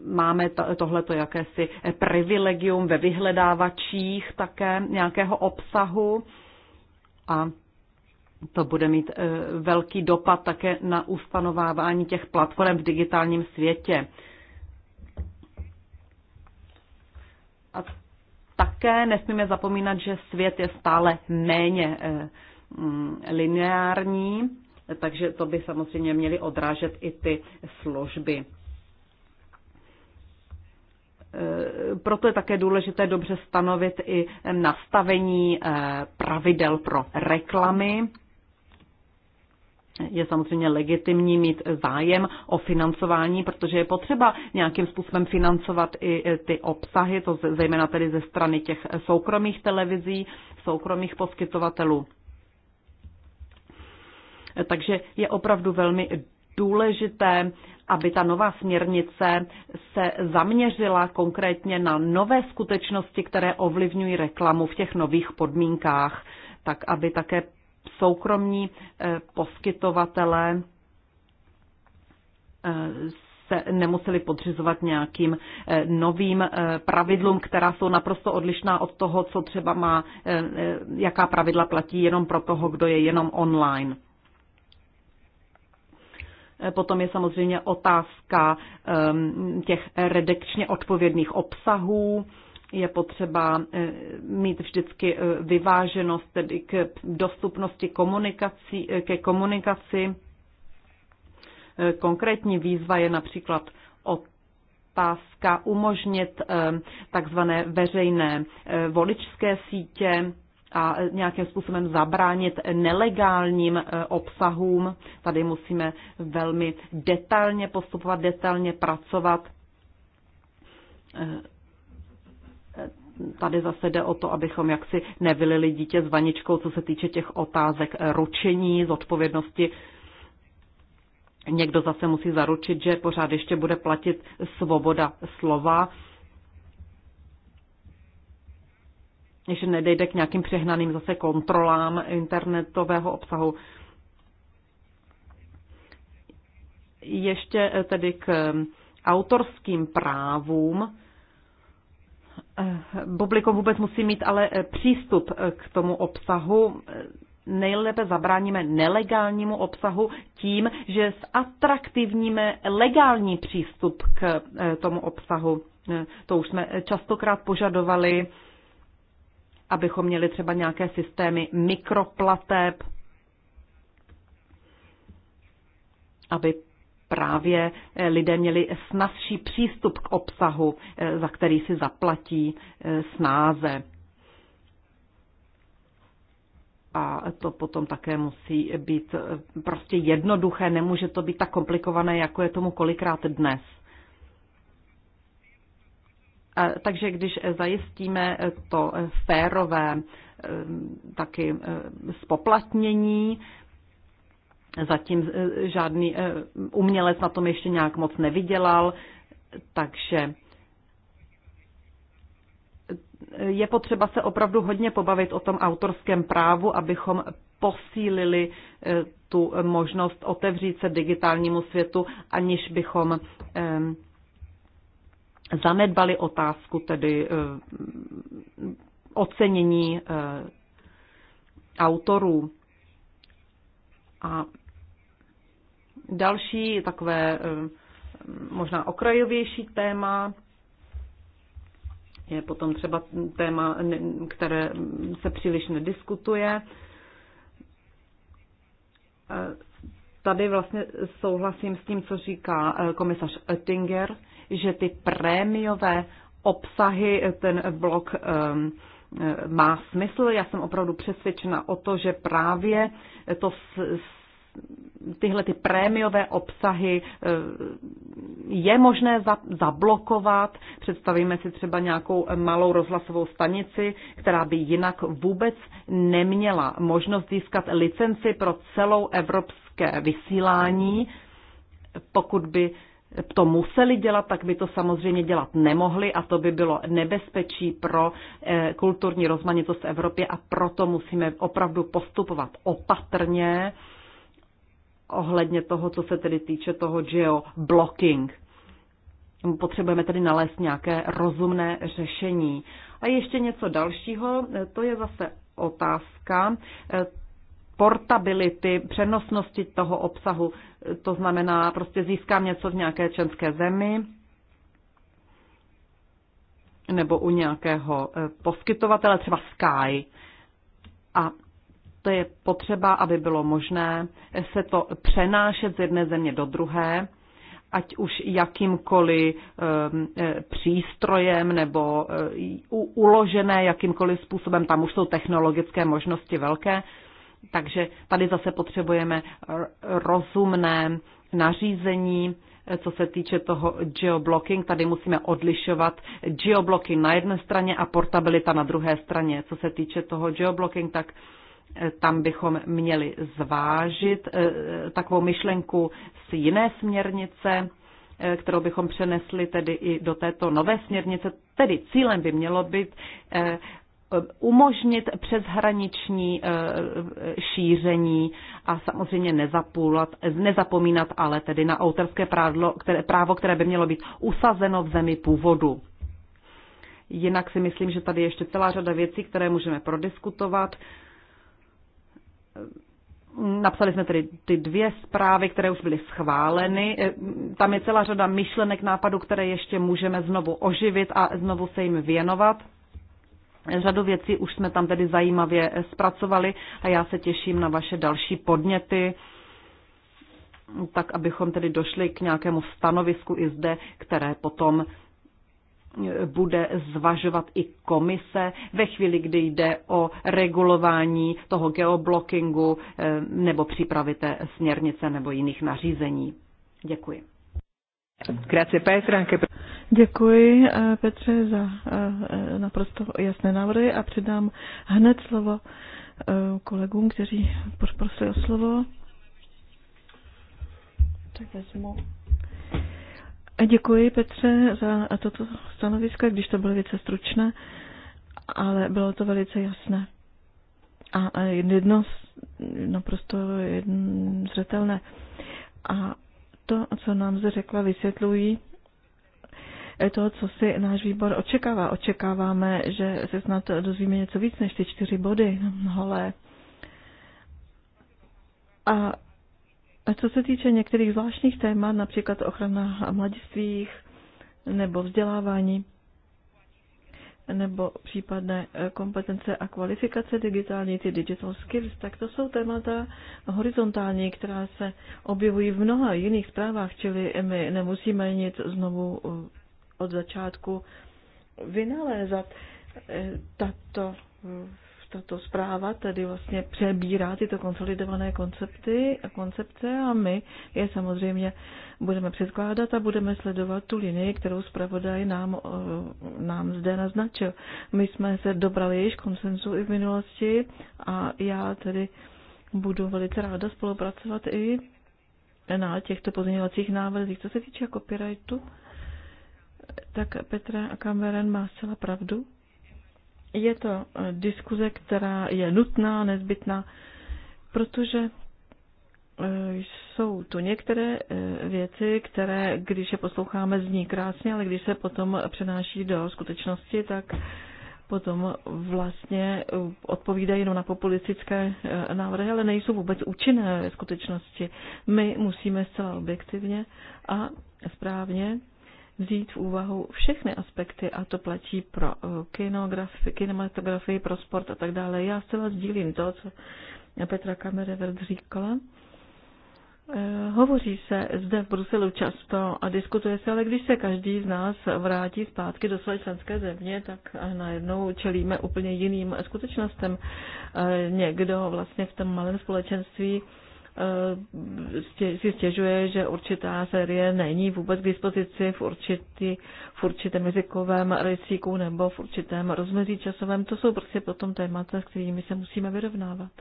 máme tohleto jakési e, privilegium ve vyhledávačích také nějakého obsahu a to bude mít e, velký dopad také na ustanovávání těch platform v digitálním světě. A také nesmíme zapomínat, že svět je stále méně Mm, lineární, takže to by samozřejmě měly odrážet i ty služby. E, proto je také důležité dobře stanovit i nastavení e, pravidel pro reklamy. Je samozřejmě legitimní mít zájem o financování, protože je potřeba nějakým způsobem financovat i e, ty obsahy, to zejména tedy ze strany těch soukromých televizí, soukromých poskytovatelů takže je opravdu velmi důležité, aby ta nová směrnice se zaměřila konkrétně na nové skutečnosti, které ovlivňují reklamu v těch nových podmínkách, tak aby také soukromní eh, poskytovatele eh, se nemuseli podřizovat nějakým eh, novým pravidlům, která jsou naprosto odlišná od toho, co třeba má, jaká pravidla platí jenom pro toho, kdo je jenom online. Potom je samozřejmě otázka ehm, těch redekčně odpovědných obsahů. Je potřeba eh, mít vždycky eh, vyváženost tedy k dostupnosti komunikací, eh, ke komunikaci. Konkrétní výzva je například o otázka umožnit ehm, takzvané veřejné voličské sítě a nějakým způsobem zabránit nelegálním e, obsahům. Tady musíme velmi detailně postupovat, detailně pracovat. E, e, tady zase jde o to, abychom jaksi nevylili dítě s vaničkou, co se týče těch otázek ručení, zodpovědnosti. Někdo zase musí zaručit, že pořád ještě bude platit svoboda slova že nedejde k nějakým přehnaným zase kontrolám internetového obsahu. Ještě eh, tedy k eh, autorským právům. Eh, publikum vůbec musí mít ale přístup k tomu obsahu. Nejlépe zabráníme nelegálnímu obsahu tím, že zatraktivníme legální přístup k tomu obsahu. To už jsme častokrát požadovali abychom měli třeba nějaké systémy mikroplateb, aby právě eh, lidé měli snazší přístup k obsahu, eh, za který si zaplatí eh, snáze. A to potom také musí být prostě jednoduché, nemůže to být tak komplikované, jako je tomu kolikrát dnes. A, takže když zajistíme to férové eh, taky spoplatnění, eh, zatím eh, žádný umělec na tom ještě nějak moc nevydělal, takže je potřeba se opravdu hodně pobavit o tom autorském právu, abychom posílili tu možnost otevřít se digitálnímu světu, aniž bychom zanedbali otázku tedy eh, ocenění eh, autorů. A další takové eh, možná okrajovější téma je potom třeba téma, které se příliš nediskutuje. Tady vlastně souhlasím s tím, co říká komisař Oettinger že ty prémiové obsahy, ten blok um, má smysl. Já jsem opravdu přesvědčena o to, že právě to s, tyhle ty prémiové obsahy ehm, je možné zablokovat. Představíme si třeba nějakou malou rozhlasovou stanici, která by jinak vůbec neměla možnost získat licenci pro celou evropské vysílání, pokud by to museli dělat, tak by to samozřejmě dělat nemohli a to by bylo nebezpečí pro eh, kulturní rozmanitost v Evropě a proto musíme opravdu postupovat opatrně ohledně toho, co se tedy týče toho geoblocking. Potřebujeme tedy nalézt nějaké rozumné řešení. A ještě něco dalšího, eh, to je zase otázka eh, portability, přenosnosti toho obsahu. To znamená, prostě získám něco v nějaké členské zemi nebo u nějakého eh, poskytovatele, třeba Sky. A to je potřeba, aby bylo možné se to přenášet z jedné země do druhé, ať už jakýmkoliv ehm, eh, přístrojem nebo eh, uložené jakýmkoliv způsobem, tam už jsou technologické možnosti velké, takže tady zase potřebujeme rozumné nařízení, co se týče toho geoblocking, tady musíme odlišovat geoblocking na jedné straně a portabilita na druhé straně. Co se týče toho geoblocking, tak eh, tam bychom měli zvážit eh, takovou myšlenku z jiné směrnice, eh, kterou bychom přenesli tedy i do této nové směrnice. Tedy cílem by mělo být Eh, umožnit přeshraniční eh, eh, šíření a samozřejmě nezapůlat, nezapomínat ale tedy na autorské právo které, právo, které by mělo být usazeno v zemi původu. Jinak si myslím, že tady je ještě celá řada věcí, které můžeme prodiskutovat. Napsali jsme tedy ty dvě zprávy, které už byly schváleny. Tam je celá řada myšlenek, nápadů, které ještě můžeme znovu oživit a znovu se jim věnovat. Řadu věcí už jsme tam tedy zajímavě eh, zpracovali a já se těším na vaše další podněty, tak abychom tedy došli k nějakému stanovisku i zde, které potom eh, bude zvažovat i komise ve chvíli, kdy jde o regulování toho geoblockingu eh, nebo přípravy té směrnice nebo jiných nařízení. Děkuji. Grazie Petra, anche per... Děkuji eh, Petře za eh, eh, naprosto jasné návrhy a předám hned slovo kolegům, kteří prosili o slovo. Tak vezmu. Děkuji Petře za toto stanovisko, když to bylo velice stručné, ale bylo to velice jasné. A jedno naprosto jedn, zřetelné. A to, co nám zde řekla, vysvětlují eh, to, co si náš výbor očekává. Očekáváme, že se snad dozvíme něco víc než ty čtyři body holé. A co se týče některých zvláštních témat, například ochrana mladistvých nebo vzdělávání, nebo případné eh, kompetence a kvalifikace digitální, ty digital skills, tak to jsou témata horizontální, která se objevují v mnoha jiných zprávách, čili my nemusíme nic znovu eh, od začátku vynalézat. Eh, tato tato zpráva tedy vlastně přebírá tyto konsolidované koncepty a koncepce a my je samozřejmě budeme předkládat a budeme sledovat tu linii, kterou zpravodaj nám, eh, nám zde naznačil. My jsme se dobrali již konsenzu i v minulosti a já tedy budu velice ráda spolupracovat i na těchto pozměňovacích návrzích. Co se týče copyrightu, tak Petra Kameren má zcela pravdu je to eh, diskuze, která je nutná, nezbytná, protože eh, jsou tu některé eh, věci, které, když je posloucháme, zní krásně, ale když se potom přenáší do skutečnosti, tak potom vlastně odpovídají jenom na populistické návrhy, ale nejsou vůbec účinné ve skutečnosti. My musíme zcela objektivně a správně vzít v úvahu všechny aspekty a to platí pro eh, kinografii, kinematografii, pro sport a tak dále. Já zcela sdílím to, co Petra Kamerevert říkala. Eh, hovoří se zde v Bruselu často a diskutuje se, ale když se každý z nás vrátí zpátky do své členské země, tak eh, najednou čelíme úplně jiným skutečnostem. Někdo vlastně v tom malém společenství Eh, si stěžuje, že určitá série není vůbec k dispozici v, určitý, v určitém jazykovém rejstříku nebo v určitém rozmezí časovém. To jsou prostě potom témata, s kterými se musíme vyrovnávat.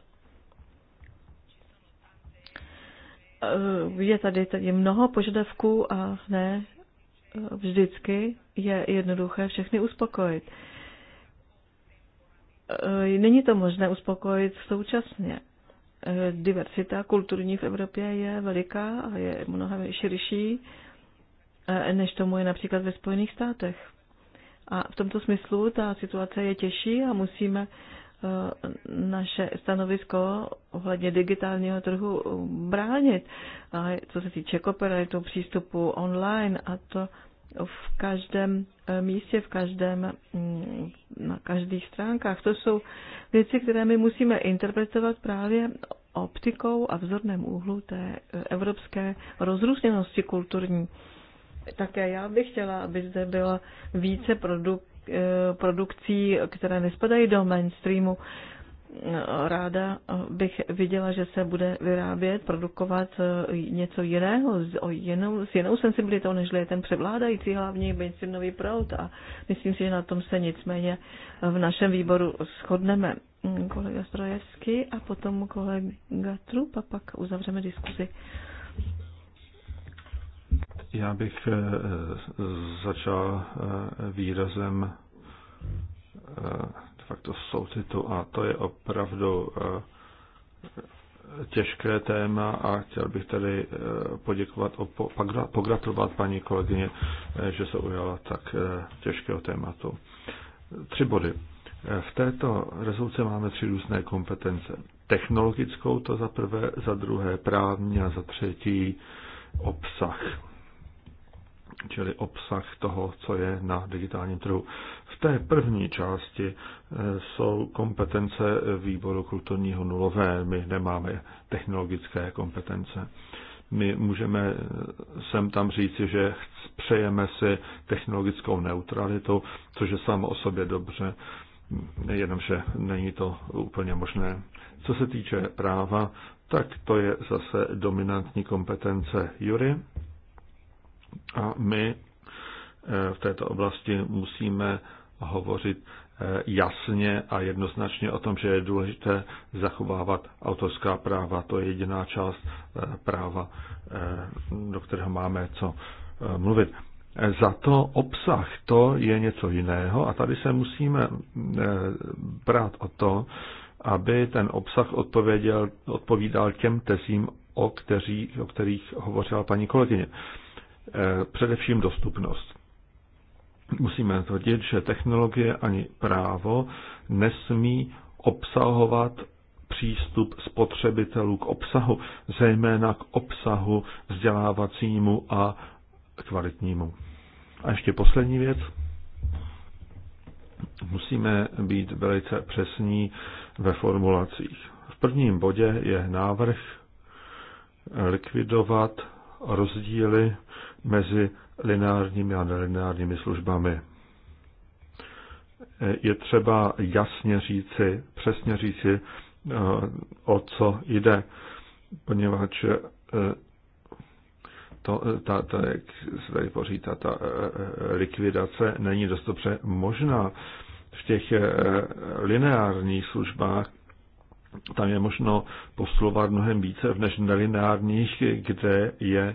Eh, je tady, tady mnoho požadavků a ne eh, vždycky je jednoduché všechny uspokojit. Není to možné uspokojit současně Eh, diversita kulturní v Evropě je veliká a je mnohem širší, eh, než tomu je například ve Spojených státech. A v tomto smyslu ta situace je těžší a musíme eh, naše stanovisko ohledně digitálního trhu bránit. A co se týče copyrightu, přístupu online a to v každém eh, místě, v každém, mm, na každých stránkách. To jsou věci, které my musíme interpretovat právě optikou a vzorném úhlu té eh, evropské rozrůzněnosti kulturní. Také já bych chtěla, aby zde byla více produk, eh, produkcí, které nespadají do mainstreamu, ráda bych viděla, že se bude vyrábět, produkovat eh, něco jiného, s, jinou, s jinou sensibilitou, než je ten převládající hlavní benzinový proud. A myslím si, že na tom se nicméně v našem výboru shodneme. Mm, kolega Strojevský a potom kolega Trup a pak uzavřeme diskuzi. Já bych eh, eh, začal výrazem facto soucitu a to je opravdu eh, těžké téma a chtěl bych tady eh, poděkovat, pogratulovat paní kolegyně, eh, že se ujala tak těžkého tématu. Tři body. V této rezoluci máme tři různé kompetence. Technologickou to za prvé, za druhé právní a za třetí obsah. Čili obsah toho, co je na digitálním trhu. V té první části eh, jsou kompetence výboru kulturního nulové. My nemáme technologické kompetence. My můžeme eh, sem tam říci, že přejeme si technologickou neutralitu, což je samo o sobě dobře, jenomže není to úplně možné. Co se týče práva, tak to je zase dominantní kompetence jury a my eh, v této oblasti musíme hovořit eh, jasně a jednoznačně o tom, že je důležité zachovávat autorská práva. To je jediná část eh, práva, eh, do kterého máme co mluvit. Za to obsah, to je něco jiného a tady se musíme brát o to, aby ten obsah odpověděl, odpovídal těm tezím, o, kteří, o kterých hovořila paní kolegyně. Především dostupnost musíme tvrdit, že technologie ani právo nesmí obsahovat přístup spotřebitelů k obsahu, zejména k obsahu vzdělávacímu a kvalitnímu. A ještě poslední věc. Musíme být velice přesní ve formulacích. V prvním bodě je návrh likvidovat rozdíly mezi lineárními a nelineárními službami. Je třeba jasně říci, přesně říci, eh, o co jde, poněvadž eh, to, eh, ta, ta, jak se tady poříta, ta likvidace není dost dobře možná. V těch lineárních službách tam je možno posluvat mnohem více než nelineárních, kde je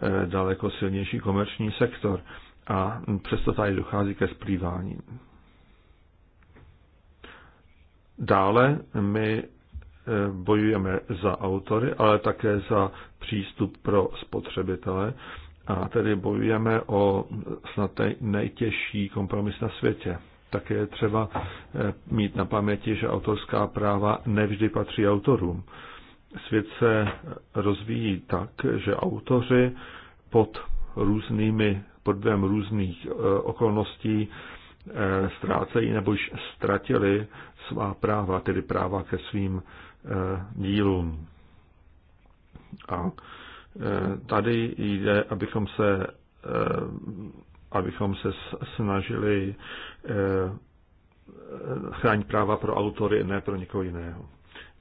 Eh, daleko silnější komerční sektor a přesto tady dochází ke splývání. Dále my eh, bojujeme za autory, ale také za přístup pro spotřebitele a tedy bojujeme o snad nejtěžší kompromis na světě. Také je třeba eh, mít na paměti, že autorská práva nevždy patří autorům. Svět se rozvíjí tak, že autoři pod různými podvem různých eh, okolností eh, ztrácejí nebo již ztratili svá práva, tedy práva ke svým eh, dílům. A tady jde, abychom se, abychom se snažili chránit práva pro autory, ne pro někoho jiného.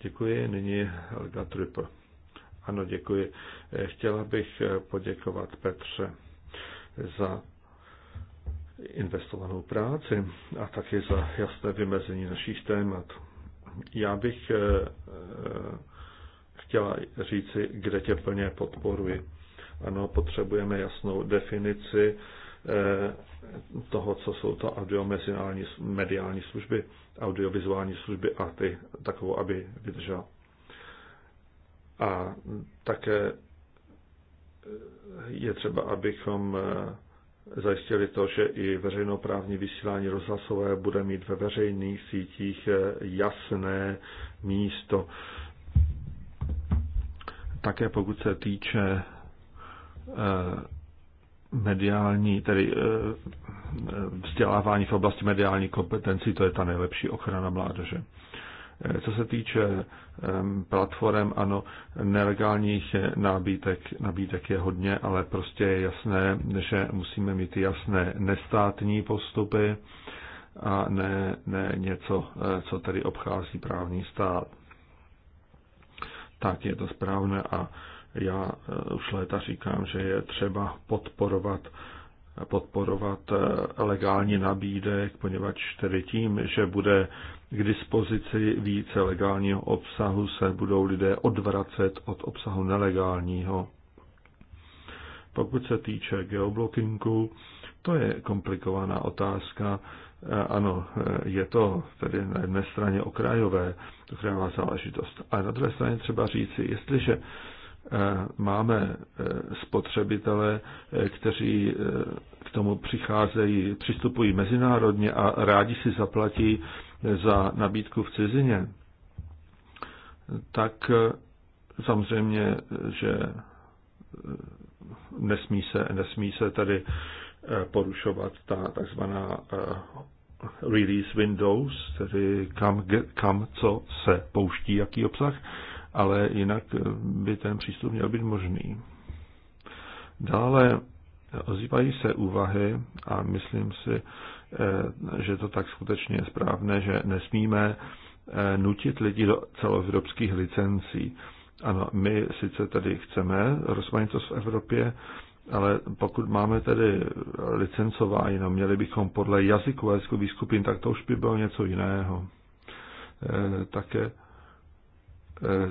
Děkuji. Nyní Helga Trüpp. Ano, děkuji. Eh, chtěla bych eh, poděkovat Petře za investovanou práci a taky za jasné vymezení našich témat. Já bych eh, chtěla říci, kde tě plně podporuji. Ano, potřebujeme jasnou definici Eh, toho, co jsou to audiomediální mediální služby, audiovizuální služby a ty takovou, aby vydržela. A také eh, je třeba, abychom eh, zajistili to, že i veřejnoprávní vysílání rozhlasové bude mít ve veřejných sítích jasné místo. Také pokud se týče mediální, tedy eh, eh, vzdělávání v oblasti mediální kompetenci, to je ta nejlepší ochrana mládeže. Eh, co se týče platform, ano, nelegálních nabídek, nabídek je hodně, ale prostě je jasné, že musíme mít jasné nestátní postupy a ne, ne něco, co tady obchází právní stát. Tak je to správné a já eh, už léta říkám, že je třeba podporovat podporovat eh, legální nabídek, poněvadž tedy tím, že bude k dispozici více legálního obsahu, se budou lidé odvracet od obsahu nelegálního. Pokud se týče geoblockingu, to je komplikovaná otázka. Eh, ano, je to tedy na jedné straně okrajové, okrajová záležitost, a na druhé straně třeba říci, jestliže Eh, máme eh, spotřebitele, eh, kteří k tomu přicházejí, přistupují mezinárodně a rádi si zaplatí za nabídku v cizině, tak samozřejmě, že nesmí se, nesmí se tady porušovat ta takzvaná release windows, tedy kam, kam co se pouští, jaký obsah ale jinak by ten přístup měl být možný. Dále ozývají se úvahy a myslím si, eh, že to tak skutečně je správné, že nesmíme eh, nutit lidi do celoevropských licencí. Ano, my sice tedy chceme rozmanitost v Evropě, ale pokud máme tedy licencování, no měli bychom podle jazykové skupin, tak to už by bylo něco jiného. Eh, také Eh,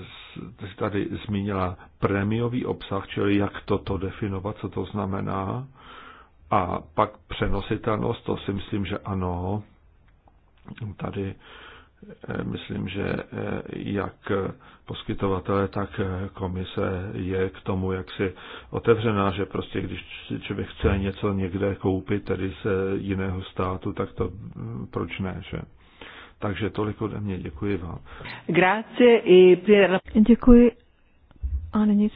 tady zmínila prémiový obsah, čili jak toto definovat, co to znamená. A pak přenositelnost, to si myslím, že ano. Tady eh, myslím, že eh, jak poskytovatele, tak komise je k tomu jaksi otevřená, že prostě když člověk chce něco někde koupit, tedy z jiného státu, tak to mm, proč ne, že? Takže toliko ode mě, děkuji vám. Grazie i per... Děkuji. A není,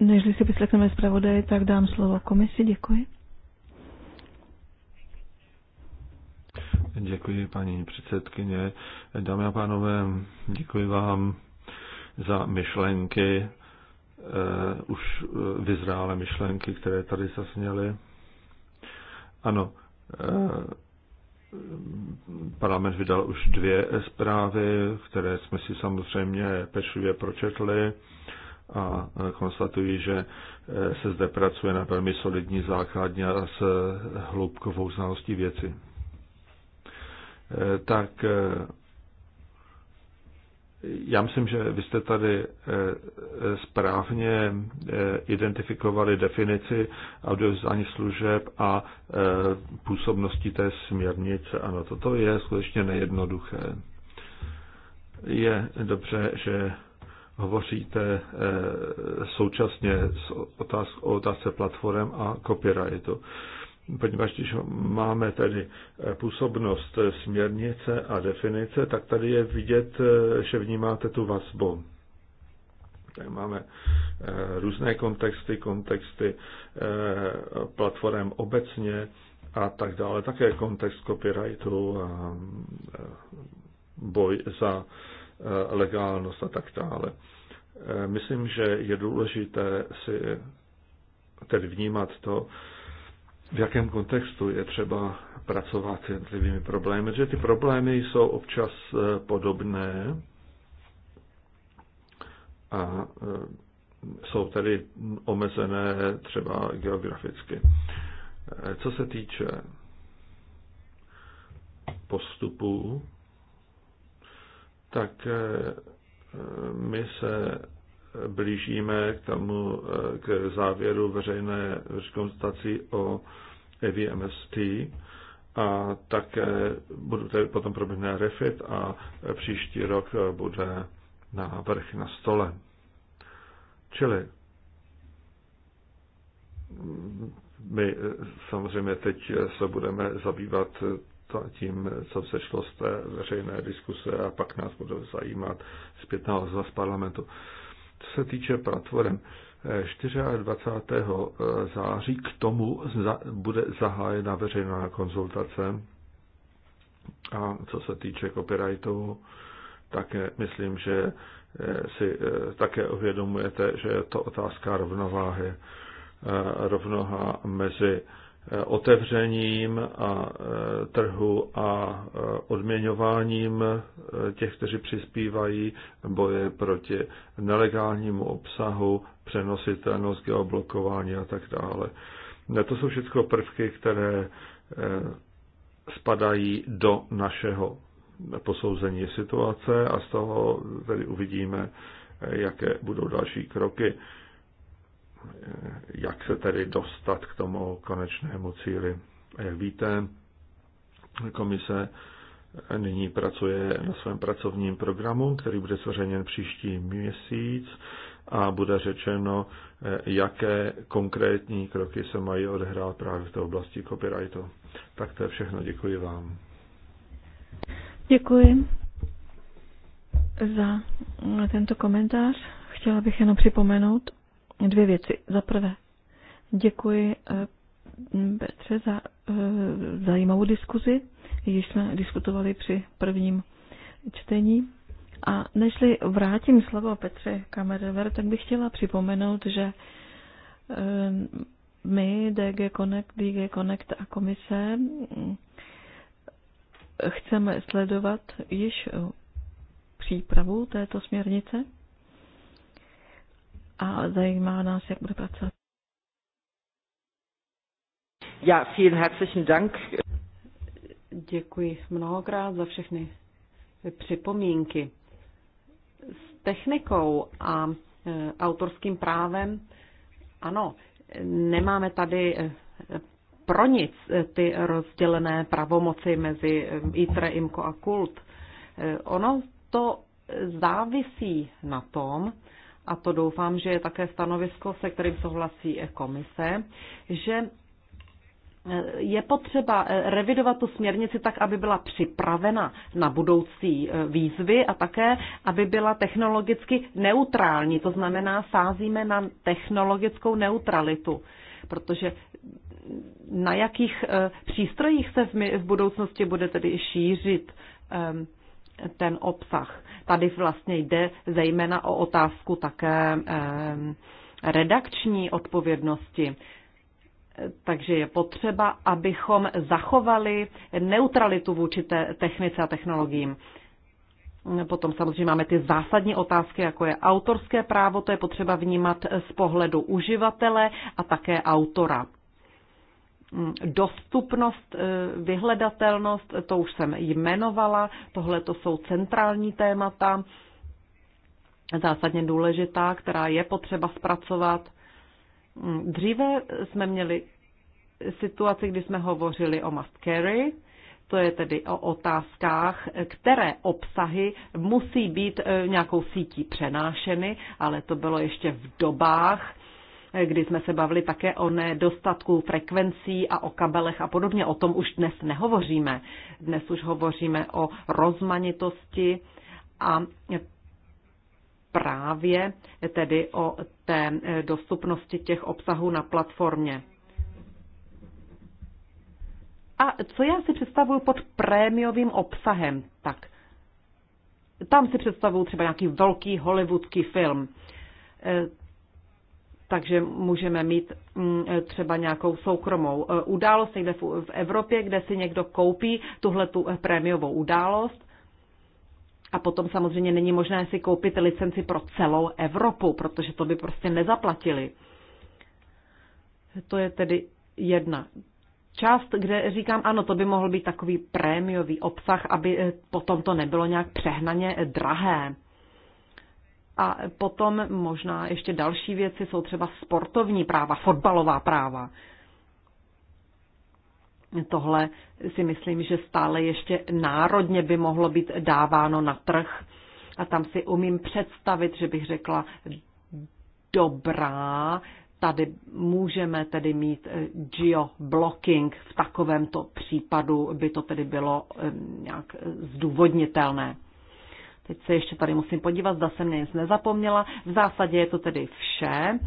než si vyslechneme zpravodaje, tak dám slovo komisi, děkuji. Děkuji, paní předsedkyně. Dámy a pánové, děkuji vám za myšlenky, eh, už eh, vyzrále myšlenky, které tady zasněly. Ano, eh, Parlament vydal už dvě zprávy, které jsme si samozřejmě pečlivě pročetli a konstatují, že eh, se zde pracuje na velmi solidní základně a s hloubkovou znalostí věci. Eh, tak eh, já myslím, že vy jste tady eh, eh, správně eh, identifikovali definici audiovizuálních služeb a působnosti té směrnice. Ano, toto je skutečně nejednoduché. Je dobře, že hovoříte současně o otázce platform a copyrightu poněvadž když máme tedy eh, působnost eh, směrnice a definice, tak tady je vidět, eh, že vnímáte tu vazbu. Tady máme různé kontexty, kontexty platform obecně a tak dále, také kontext copyrightu a boj za legálnost a tak dále. Myslím, že je důležité si tedy vnímat to, v jakém kontextu je třeba pracovat s jednotlivými problémy, protože ty problémy jsou občas eh, podobné a eh, jsou tedy omezené třeba geograficky. Eh, co se týče postupů, tak my se blížíme k tomu, eh, k závěru veřejné konstací o EVMST a také budu tady potom proběhne refit a příští rok bude návrh na stole. Čili mm, my eh, samozřejmě teď se budeme zabývat tím, co šlo z té veřejné diskuse a pak nás budou zajímat zpětná z parlamentu. Co se týče pratvorem, 24. Eh, eh, září k tomu bude zahájena veřejná konzultace. A co se týče copyrightu, tak myslím, že eh, si také uvědomujete, že je to otázka rovnováhy. Rovnoha mezi Eh, otevřením a eh, trhu a eh, odměňováním těch, kteří přispívají boje proti nelegálnímu obsahu, přenositelnost, geoblokování a tak dále. To jsou všechno prvky, které spadají do našeho posouzení situace a z toho tedy uvidíme, jaké budou další kroky jak se tedy dostat k tomu konečnému cíli. A jak víte, komise nyní pracuje na svém pracovním programu, který bude zveřejněn příští měsíc a bude řečeno, jaké konkrétní kroky se mají odehrát právě v té oblasti copyrightu. Tak to je všechno. Děkuji vám. Děkuji za tento komentář. Chtěla bych jenom připomenout, dvě věci. Za prvé, děkuji eh, Petře za eh, zajímavou diskuzi, když jsme diskutovali při prvním čtení. A nežli vrátím slovo Petře Kamerever, tak bych chtěla připomenout, že eh, my, DG Connect, DG Connect a komise chceme sledovat již přípravu této směrnice a zajímá nás, jak bude pracovat. Ja, vielen herzlichen Dank. Děkuji mnohokrát za všechny připomínky. S technikou a e, autorským právem, ano, nemáme tady e, pro nic e, ty rozdělené pravomoci mezi ITRE, IMCO a KULT. Ono to závisí na tom, a to doufám, že je také stanovisko, se kterým souhlasí komise, že e, je potřeba e, revidovat tu směrnici tak, aby byla připravena na budoucí e, výzvy a také, aby byla technologicky neutrální. To znamená, sázíme na technologickou neutralitu, protože na jakých přístrojích se v, budoucnosti bude tedy šířit ten obsah. Tady vlastně jde zejména o otázku také redakční odpovědnosti. Takže je potřeba, abychom zachovali neutralitu vůči technice a technologiím. Potom samozřejmě máme ty zásadní otázky, jako je autorské právo, to je potřeba vnímat z pohledu uživatele a také autora. Mm, dostupnost, eh, vyhledatelnost, to už jsem jmenovala, tohle to jsou centrální témata, zásadně důležitá, která je potřeba zpracovat. Mm, dříve jsme měli situaci, kdy jsme hovořili o must carry, to je tedy o otázkách, které obsahy musí být eh, nějakou sítí přenášeny, ale to bylo ještě v dobách, kdy jsme se bavili také o nedostatku frekvencí a o kabelech a podobně. O tom už dnes nehovoříme. Dnes už hovoříme o rozmanitosti a právě tedy o té dostupnosti těch obsahů na platformě. A co já si představuju pod prémiovým obsahem? Tak tam si představuju třeba nějaký velký hollywoodský film takže můžeme mít mm, eh, třeba nějakou soukromou eh, událost někde v Evropě, kde si někdo koupí tuhle tu eh, prémiovou událost. A potom samozřejmě není možné si koupit licenci pro celou Evropu, protože to by prostě nezaplatili. To je tedy jedna část, kde říkám, ano, to by mohl být takový prémiový obsah, aby potom to nebylo nějak přehnaně drahé. A potom možná ještě další věci jsou třeba sportovní práva, fotbalová práva. Tohle si myslím, že stále ještě národně by mohlo být dáváno na trh. A tam si umím představit, že bych řekla, dobrá, tady můžeme tedy mít eh, geoblocking, v takovémto případu by to tedy bylo eh, nějak eh, zdůvodnitelné. Teď se ještě tady musím podívat, zda jsem nic nezapomněla. V zásadě je to tedy vše.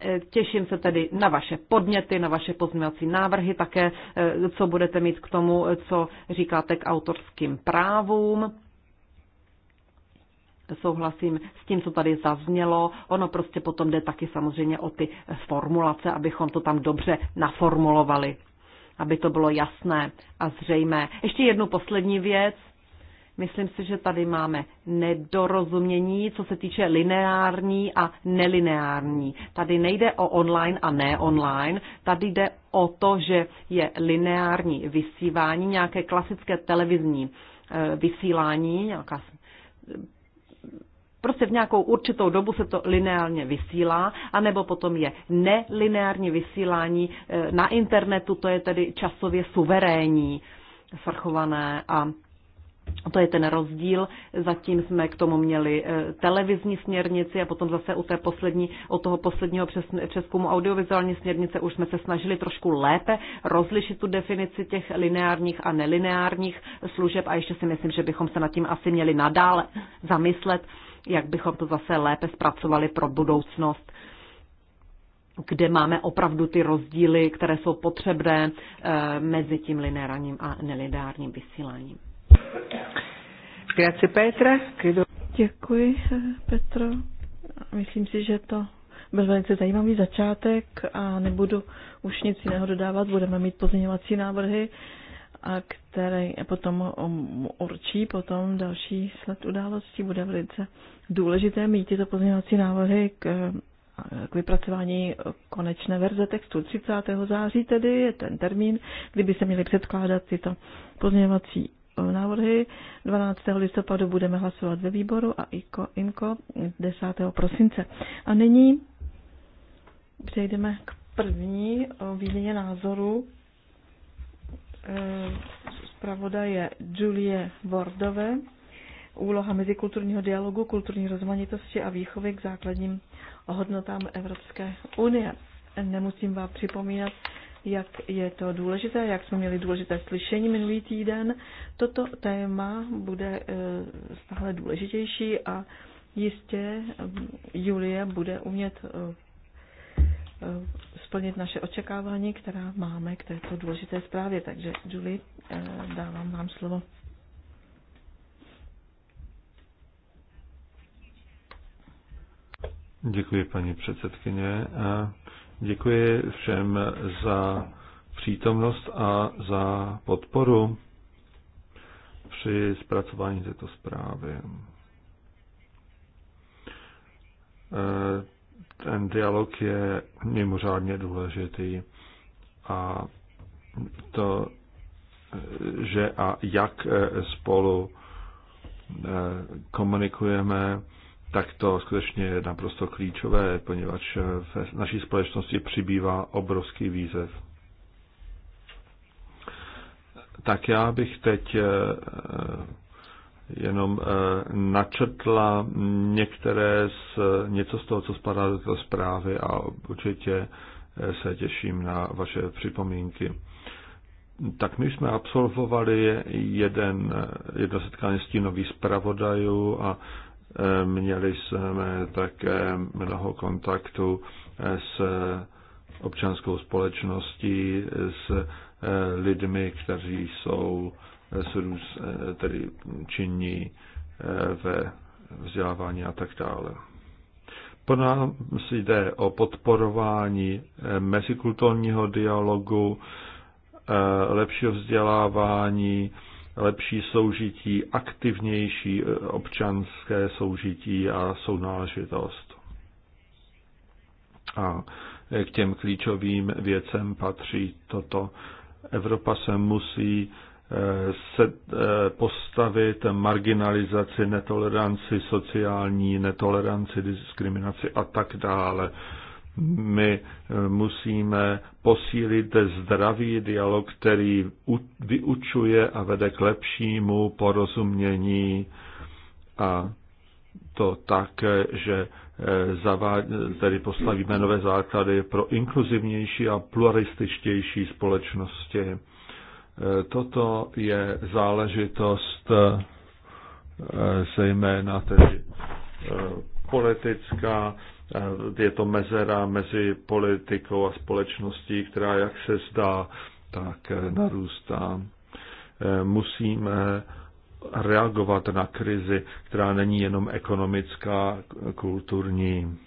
E, těším se tedy na vaše podněty, na vaše pozměňovací návrhy, také e, co budete mít k tomu, e, co říkáte k autorským právům. Souhlasím s tím, co tady zaznělo. Ono prostě potom jde taky samozřejmě o ty formulace, abychom to tam dobře naformulovali, aby to bylo jasné a zřejmé. Ještě jednu poslední věc Myslím si, že tady máme nedorozumění, co se týče lineární a nelineární. Tady nejde o online a ne online, tady jde o to, že je lineární vysílání, nějaké klasické televizní e, vysílání, nějaká prostě v nějakou určitou dobu se to lineárně vysílá, anebo potom je nelineární vysílání e, na internetu, to je tedy časově suverénní, svrchované a to je ten rozdíl. Zatím jsme k tomu měli eh, televizní směrnici a potom zase u té poslední, od toho posledního přeskumu audiovizuální směrnice už jsme se snažili trošku lépe rozlišit tu definici těch lineárních a nelineárních služeb a ještě si myslím, že bychom se nad tím asi měli nadále zamyslet, jak bychom to zase lépe zpracovali pro budoucnost kde máme opravdu ty rozdíly, které jsou potřebné eh, mezi tím lineárním a nelineárním vysíláním. Grazie Petra. Credo... Děkuji Petro. Myslím si, že to byl velice zajímavý začátek a nebudu už nic jiného dodávat. Budeme mít pozměňovací návrhy, a které potom um, určí potom další sled událostí. Bude velice důležité mít tyto pozměňovací návrhy k, k vypracování konečné verze textu. 30. září tedy je ten termín, kdyby se měly předkládat tyto pozměňovací návrhy. 12. listopadu budeme hlasovat ve výboru a IKO, IMKO 10. prosince. A nyní přejdeme k první výměně názoru eh, zpravodaje Julie Wardové úloha mezikulturního dialogu, kulturní rozmanitosti a výchovy k základním hodnotám Evropské unie. Nemusím vám připomínat, jak je to důležité, jak jsme měli důležité slyšení minulý týden. Toto téma bude eh, stále důležitější a jistě eh, Julie bude umět eh, splnit naše očekávání, která máme k této důležité zprávě. Takže Julie, dávám vám slovo. Děkuji, paní předsedkyně. A Děkuji všem za přítomnost a za podporu při zpracování této zprávy. Eh, ten dialog je mimořádně důležitý a to, že a jak eh, spolu eh, komunikujeme, tak to skutečně je naprosto klíčové, poněvadž v naší společnosti přibývá obrovský výzev. Tak já bych teď eh, jenom eh, načrtla některé z, něco z toho, co spadá do té zprávy a určitě eh, se těším na vaše připomínky. Tak my jsme absolvovali jeden, jedno setkání stínových zpravodajů a Měli jsme také mnoho kontaktu s občanskou společností, s eh, lidmi, kteří jsou eh, eh, tedy činní ve vzdělávání a tak dále. Po nás jde o podporování mezikulturního dialogu, lepšího vzdělávání, lepší soužití, aktivnější eh, občanské soužití a sounáležitost. A eh, k těm klíčovým věcem patří toto. Evropa se musí eh, se postavit marginalizaci, netoleranci, sociální netoleranci, diskriminaci a tak dále my eh, musíme posílit zdravý dialog, který vyučuje a vede k lepšímu porozumění a to tak, eh, že eh, tedy postavíme nové základy pro inkluzivnější a pluralističtější společnosti. Toto je záležitost zejména tedy politická, je to mezera mezi politikou a společností, která, jak se zdá, tak narůstá. E, musíme reagovat na krizi, která není jenom ekonomická, kulturní.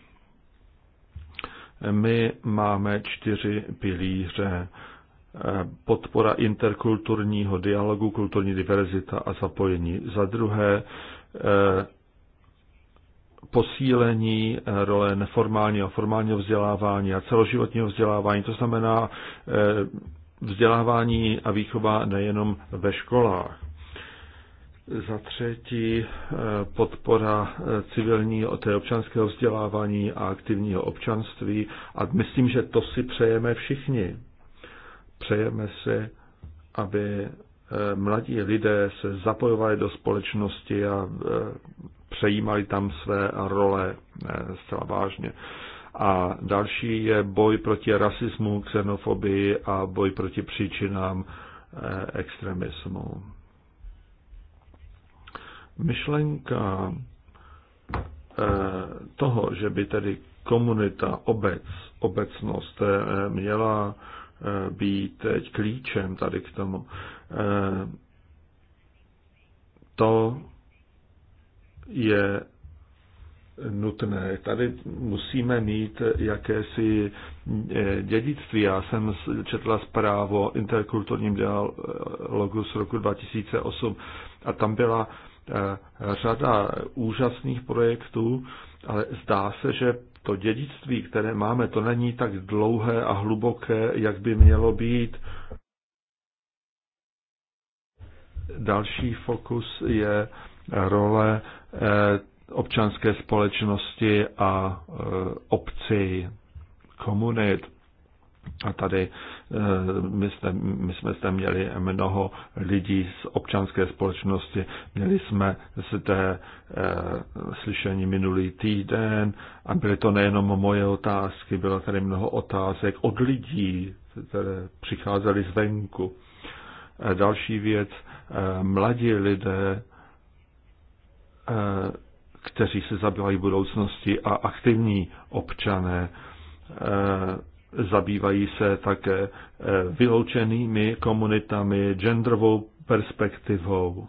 My máme čtyři pilíře. E, podpora interkulturního dialogu, kulturní diverzita a zapojení. Za druhé, e, posílení eh, role neformálního formálního vzdělávání a celoživotního vzdělávání. To znamená eh, vzdělávání a výchova nejenom ve školách. Za třetí eh, podpora civilní té občanského vzdělávání a aktivního občanství. A myslím, že to si přejeme všichni. Přejeme si, aby mladí lidé se zapojovali do společnosti a přejímali tam své role eh, zcela vážně. A další je boj proti rasismu, xenofobii a boj proti příčinám eh, extremismu. Myšlenka eh, toho, že by tedy komunita, obec, obecnost měla být klíčem tady k tomu, to je nutné. Tady musíme mít jakési dědictví. Já jsem četla zprávu o interkulturním dialogu z roku 2008 a tam byla eh, řada úžasných projektů, ale zdá se, že to dědictví, které máme, to není tak dlouhé a hluboké, jak by mělo být. Další fokus je role Eh, občanské společnosti a eh, obcí komunit. A tady eh, my jsme, my jsme zde měli mnoho lidí z občanské společnosti. Měli jsme zde slyšení minulý týden a byly to nejenom moje otázky, bylo tady mnoho otázek od lidí, které přicházeli zvenku. Další věc, mladí lidé Eh, kteří se zabývají budoucností a aktivní občané eh, zabývají se také eh, vyloučenými komunitami, genderovou perspektivou.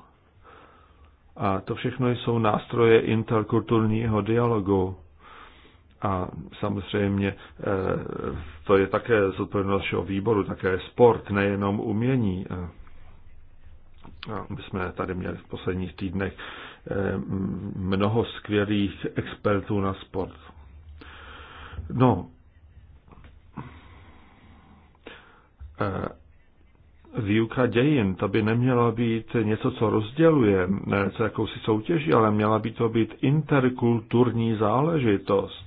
A to všechno jsou nástroje interkulturního dialogu. A samozřejmě to je také zodpovědnost našeho výboru, také sport, nejenom umění. My jsme tady měli v posledních týdnech Eh, mnoho skvělých expertů na sport. No, eh, výuka dějin, to by neměla být něco, co rozděluje, co jakousi soutěží, ale měla by to být interkulturní záležitost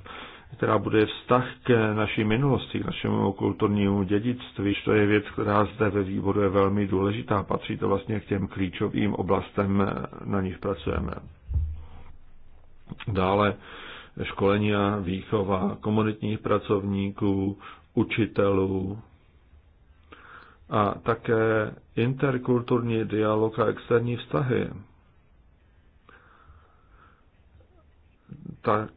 která bude vztah k naší minulosti, k našemu kulturnímu dědictví. To je věc, která zde ve výboru je velmi důležitá. Patří to vlastně k těm klíčovým oblastem, na nich pracujeme. Dále školení a výchova komunitních pracovníků, učitelů a také interkulturní dialog a externí vztahy. tak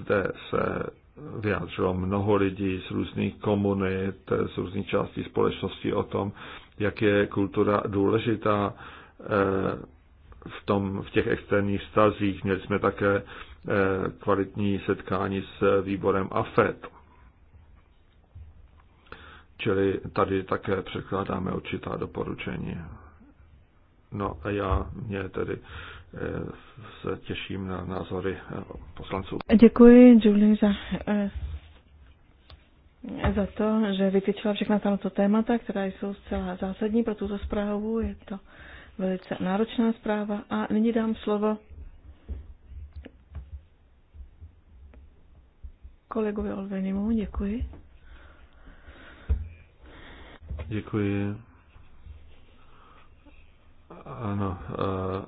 zde se vyjádřilo mnoho lidí z různých komunit, z různých částí společnosti o tom, jak je kultura důležitá eh, v, tom, v těch externích stazích. Měli jsme také eh, kvalitní setkání s výborem AFET. Čili tady také překládáme určitá doporučení. No a já mě tedy se těším na názory poslanců. Děkuji, Julie, za, eh, za to, že vytyčila všechna tato témata, která jsou zcela zásadní pro tuto zprávu. Je to velice náročná zpráva. A nyní dám slovo kolegovi Olvenimu. Děkuji. Děkuji. Ano, uh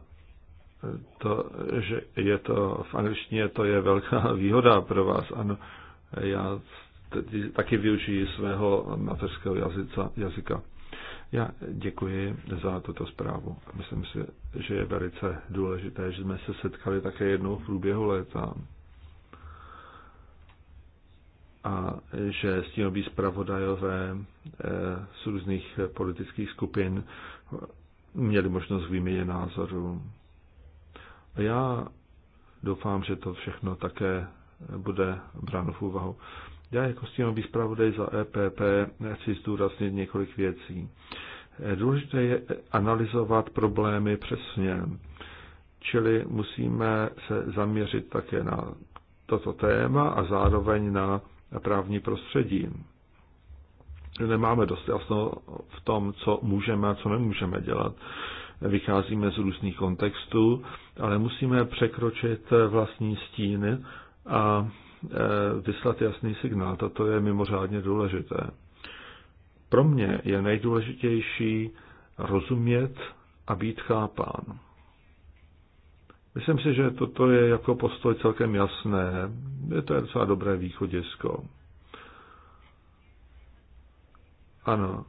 to, že je to v angličtině, to je velká výhoda pro vás. Ano, já taky využiji svého mateřského jazyca, jazyka. Já děkuji za tuto zprávu. Myslím si, že je velice důležité, že jsme se setkali také jednou v průběhu léta a že stínoví zpravodajové eh, z různých politických skupin měli možnost výměně názoru. A Já doufám, že to všechno také bude bráno v úvahu. Já jako stínový zpravodaj za EPP chci zdůraznit několik věcí. Důležité je analyzovat problémy přesně, čili musíme se zaměřit také na toto téma a zároveň na právní prostředí. Nemáme dost jasno v tom, co můžeme a co nemůžeme dělat vycházíme z různých kontextů, ale musíme překročit vlastní stíny a e, vyslat jasný signál. Toto je mimořádně důležité. Pro mě je nejdůležitější rozumět a být chápán. Myslím si, že toto je jako postoj celkem jasné. Je to docela dobré východisko. Ano,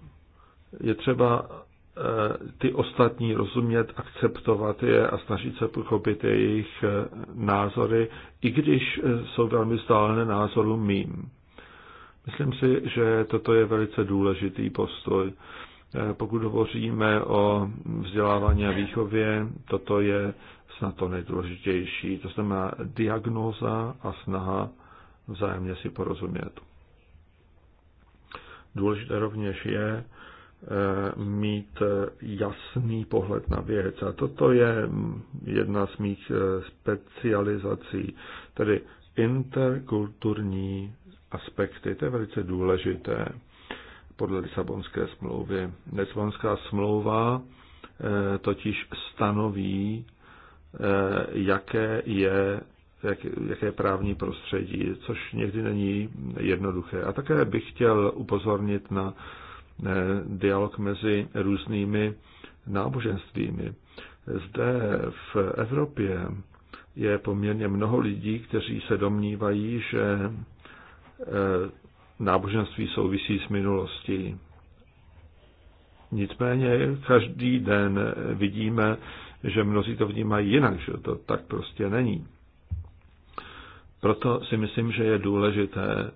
je třeba Eh, ty ostatní rozumět, akceptovat je a snažit se pochopit jejich eh, názory, i když eh, jsou velmi vzdálené názorům mým. Myslím si, že toto je velice důležitý postoj. Pokud hovoříme o vzdělávání a výchově, toto je snad to nejdůležitější. To znamená diagnóza a snaha vzájemně si porozumět. Důležité rovněž je, Eh, mít eh, jasný pohled na věc. A toto je jedna z mých eh, specializací, tedy interkulturní aspekty. To je velice důležité podle Lisabonské smlouvy. Lisabonská smlouva totiž stanoví, jaké je jak, jaké je právní prostředí, což někdy není jednoduché. A také bych chtěl upozornit na Eh, dialog mezi různými náboženstvími. Zde v Evropě je poměrně mnoho lidí, kteří se domnívají, že eh, náboženství souvisí s minulostí. Nicméně každý den vidíme, že mnozí to vnímají jinak, že to tak prostě není. Proto si myslím, že je důležité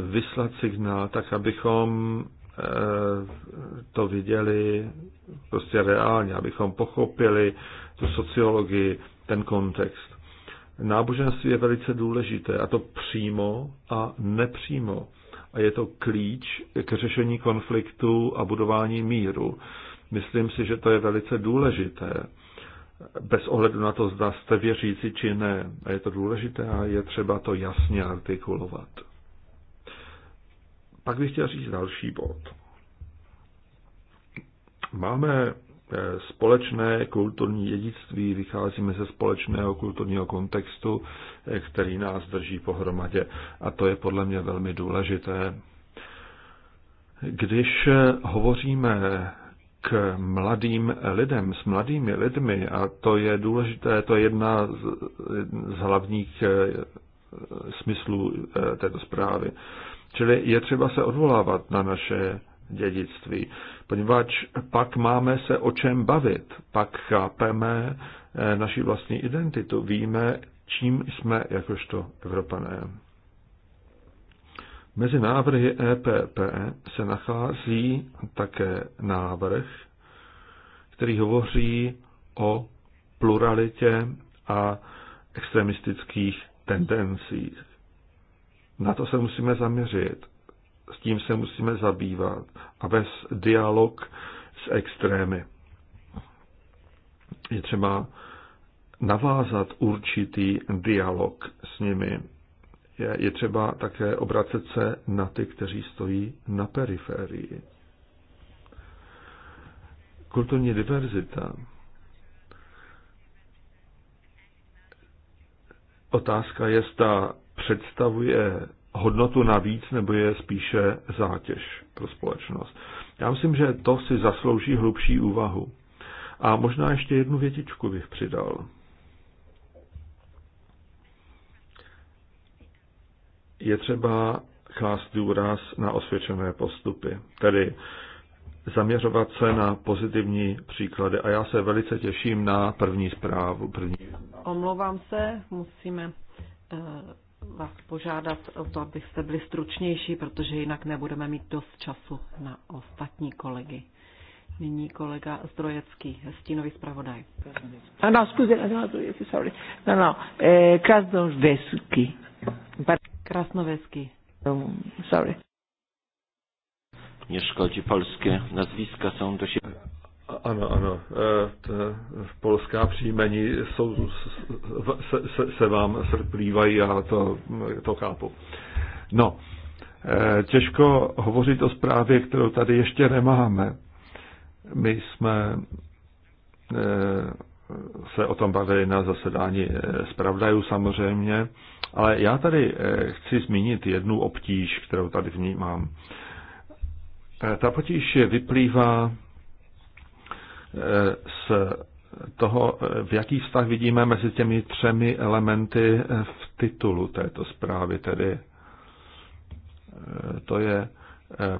vyslat signál, tak abychom eh, to viděli prostě reálně, abychom pochopili tu sociologii, ten kontext. Náboženství je velice důležité, a to přímo a nepřímo. A je to klíč k řešení konfliktu a budování míru. Myslím si, že to je velice důležité, bez ohledu na to, zda jste věřící či ne. A je to důležité a je třeba to jasně artikulovat. Pak bych chtěl říct další bod. Máme eh, společné kulturní dědictví, vycházíme ze společného kulturního kontextu, eh, který nás drží pohromadě. A to je podle mě velmi důležité. Když eh, hovoříme k mladým lidem, s mladými lidmi, a to je důležité, to je jedna z, z hlavních smyslů této zprávy. Čili je třeba se odvolávat na naše dědictví, poněvadž pak máme se o čem bavit, pak chápeme eh, naši vlastní identitu, víme, čím jsme jakožto Evropané. Mezi návrhy EPP se nachází také návrh, který hovoří o pluralitě a extremistických tendencích. Na to se musíme zaměřit, s tím se musíme zabývat a bez dialog s extrémy. Je třeba navázat určitý dialog s nimi. Je, je třeba také obracet se na ty, kteří stojí na periferii. Kulturní diverzita. Otázka je, zda představuje hodnotu navíc nebo je spíše zátěž pro společnost. Já myslím, že to si zaslouží hlubší úvahu. A možná ještě jednu větičku bych přidal. Je třeba klást důraz na osvědčené postupy, tedy zaměřovat se na pozitivní příklady. A já se velice těším na první zprávu. První. Omlouvám se, musíme eh, vás požádat o to, abyste byli stručnější, protože jinak nebudeme mít dost času na ostatní kolegy. Nyní kolega Zdrojecký, stínový zpravodaj. Ano, zkuze, ano. Zdrojecký, sorry. No, no, Krasnovesky. Eh, Krasnovesky. Um, sorry. Nie szkodzi, polskie nazwiska są do siebie ano, ano. E, v polská příjmení jsou, se, se, se vám srplývají a to, to chápu. No, e, těžko hovořit o zprávě, kterou tady ještě nemáme. My jsme e, se o tom bavili na zasedání zpravdajů samozřejmě, ale já tady chci zmínit jednu obtíž, kterou tady vnímám. Ta potíž vyplývá z toho, v jaký vztah vidíme mezi těmi třemi elementy v titulu této zprávy, tedy eh, to je eh,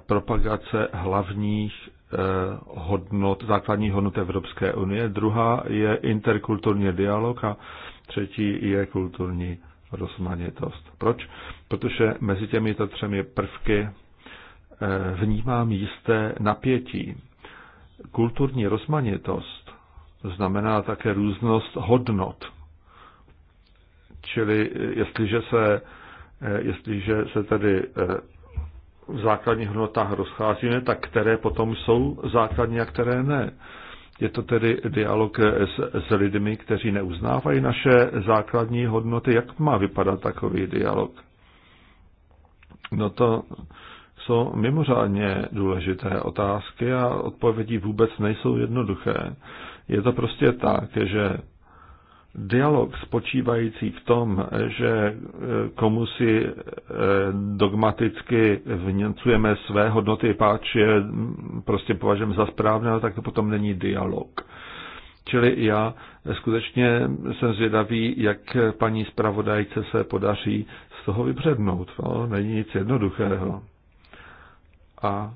propagace hlavních eh, hodnot, základních hodnot Evropské unie, druhá je interkulturní dialog a třetí je kulturní rozmanitost. Proč? Protože mezi těmito třemi prvky vnímám jisté napětí kulturní rozmanitost znamená také různost hodnot. Čili eh, jestliže se, eh, jestliže se tedy eh, v základních hodnotách rozcházíme, tak které potom jsou základní a které ne. Je to tedy dialog s, s lidmi, kteří neuznávají naše základní hodnoty. Jak má vypadat takový dialog? No to něco mimořádně důležité otázky a odpovědi vůbec nejsou jednoduché. Je to prostě tak, že dialog spočívající v tom, že e, komu si e, dogmaticky vněcujeme své hodnoty, páč je prostě považujeme za správné, tak to potom není dialog. Čili já skutečně jsem zvědavý, jak paní zpravodajce se podaří z toho vybřednout. No, není nic jednoduchého. A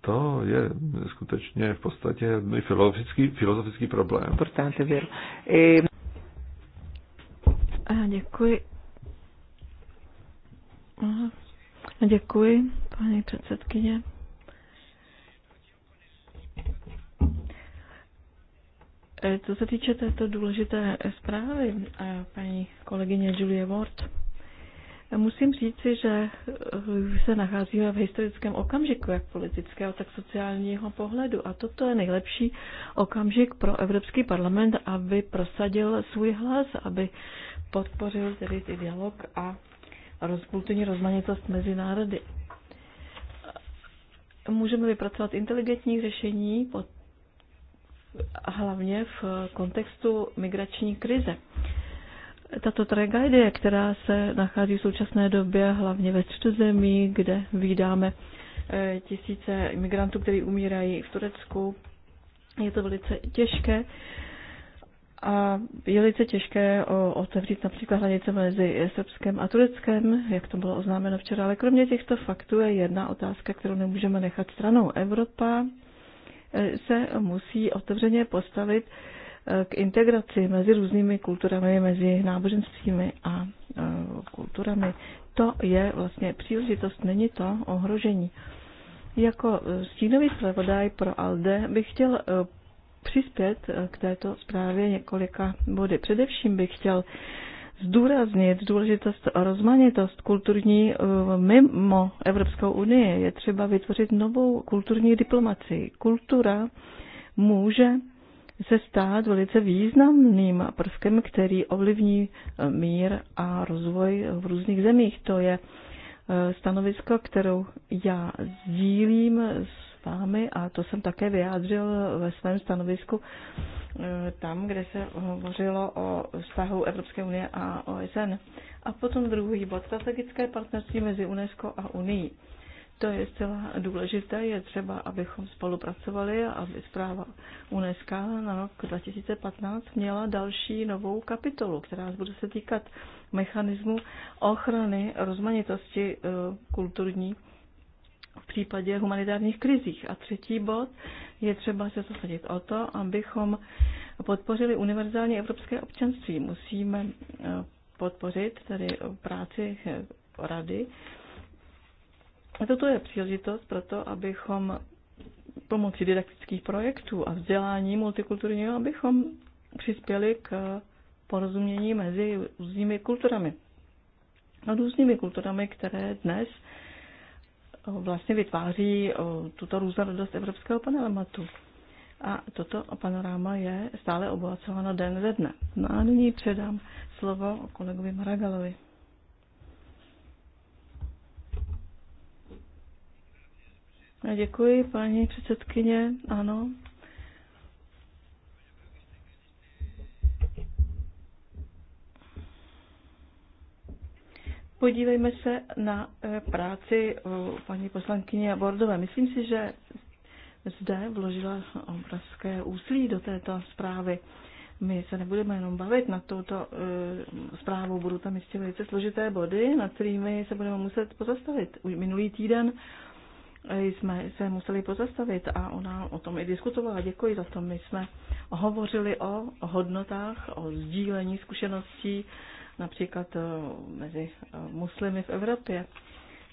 to je skutečně v podstatě filozofický, filozofický problém. Importante, věru. E... Děkuji. Aha. Děkuji, paní předsedkyně. E, co se týče této důležité zprávy, paní kolegyně Julie Ward, Musím říci, že eh, se nacházíme v historickém okamžiku, jak politického, tak sociálního pohledu. A toto je nejlepší okamžik pro Evropský parlament, aby prosadil svůj hlas, aby podpořil tedy ty dialog a rozkulturní rozmanitost mezi národy. Můžeme vypracovat inteligentní řešení, pod, hlavně v kontextu migrační krize. Tato tragédie, která se nachází v současné době hlavně ve středozemí, kde vydáme eh, tisíce imigrantů, kteří umírají v Turecku, je to velice těžké. A je velice těžké otevřít například hranice mezi Srbskem a Tureckem, jak to bylo oznámeno včera. Ale kromě těchto faktů je jedna otázka, kterou nemůžeme nechat stranou. Evropa eh, se musí otevřeně postavit k integraci mezi různými kulturami, mezi náboženstvími a e, kulturami. To je vlastně příležitost, není to ohrožení. Jako e, stínový zpravodaj pro ALDE bych chtěl e, přispět k této zprávě několika body. Především bych chtěl zdůraznit důležitost a rozmanitost kulturní mimo Evropskou unii. Je třeba vytvořit novou kulturní diplomaci. Kultura může se stát velice významným prvkem, který ovlivní eh, mír a rozvoj v různých zemích. To je eh, stanovisko, kterou já sdílím s vámi a to jsem také vyjádřil ve svém stanovisku eh, tam, kde se hovořilo o vztahu Evropské unie a OSN. A potom druhý bod, strategické partnerství mezi UNESCO a Unii. To je zcela důležité, je třeba, abychom spolupracovali a aby zpráva UNESCO na rok 2015 měla další novou kapitolu, která bude se týkat mechanismu ochrany rozmanitosti eh, kulturní v případě humanitárních krizích. A třetí bod je třeba se zasadit o to, abychom podpořili univerzální evropské občanství. Musíme eh, podpořit tedy práci eh, rady a toto je příležitost pro to, abychom pomocí didaktických projektů a vzdělání multikulturního, abychom přispěli k porozumění mezi různými kulturami. A no, různými kulturami, které dnes eh, vlastně vytváří eh, tuto různorodost evropského panoramatu. A toto panoráma je stále obohacováno den ze dne. No a nyní předám slovo kolegovi Maragalovi. Děkuji, paní předsedkyně. Ano. Podívejme se na eh, práci eh, paní poslankyně Bordové. Myslím si, že zde vložila obrovské úsilí do této zprávy. My se nebudeme jenom bavit na touto e, budou tam ještě velice složité body, nad kterými se budeme muset pozastavit. Už minulý týden jsme se museli pozastavit a ona o tom i diskutovala. Děkuji za to. My jsme hovořili o hodnotách, o sdílení zkušeností například eh, mezi eh, muslimy v Evropě.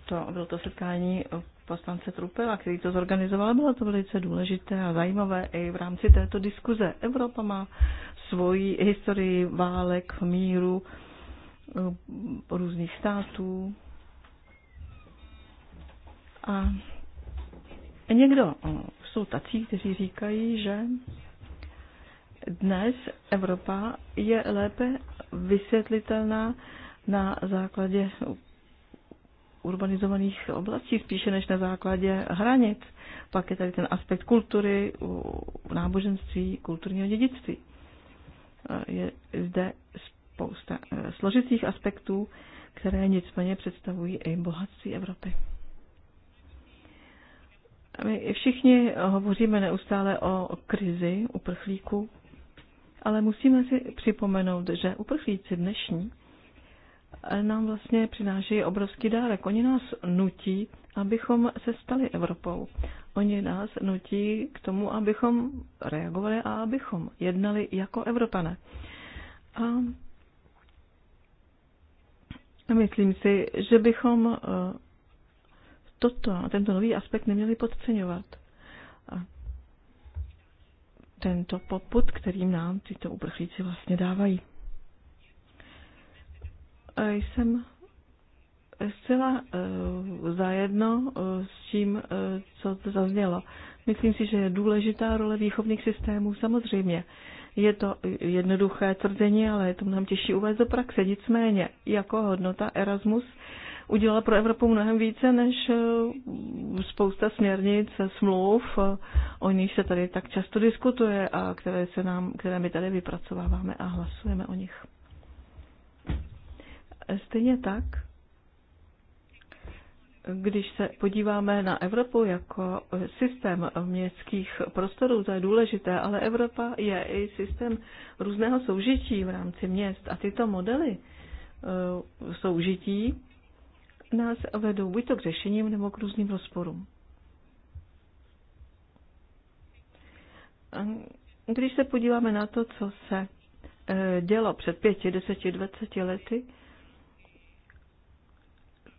To bylo to setkání poslance Trupela, který to zorganizoval. Bylo to velice důležité a zajímavé i v rámci této diskuze. Evropa má svoji historii válek, míru, eh, různých států. A Někdo, eh, jsou tací, kteří říkají, že dnes Evropa je lépe vysvětlitelná na základě urbanizovaných oblastí, spíše než na základě hranic. Pak je tady ten aspekt kultury, náboženství, kulturního dědictví. Eh, je zde spousta eh, složitých aspektů, které nicméně představují i bohatství Evropy. My všichni hovoříme neustále o krizi uprchlíků, ale musíme si připomenout, že uprchlíci dnešní nám vlastně přináší obrovský dárek. Oni nás nutí, abychom se stali Evropou. Oni nás nutí k tomu, abychom reagovali a abychom jednali jako Evropané. A myslím si, že bychom eh, toto, tento nový aspekt neměli podceňovat. A tento poput, kterým nám tyto uprchlíci vlastně dávají. A jsem zcela uh, zajedno uh, s tím, uh, co to zaznělo. Myslím si, že je důležitá role výchovných systémů, samozřejmě. Je to jednoduché tvrzení, ale je to mnohem těžší uvést do praxe. Nicméně, jako hodnota Erasmus udělala pro Evropu mnohem více než eh, spousta směrnic, smluv, eh, o nich se tady tak často diskutuje a které, se nám, které my tady vypracováváme a hlasujeme o nich. Stejně tak, když se podíváme na Evropu jako eh, systém městských prostorů, to je důležité, ale Evropa je i systém různého soužití v rámci měst a tyto modely soužití nás vedou buď to k řešením nebo k různým rozporům. Když se podíváme na to, co se e, dělo před pěti, deseti, dvaceti lety,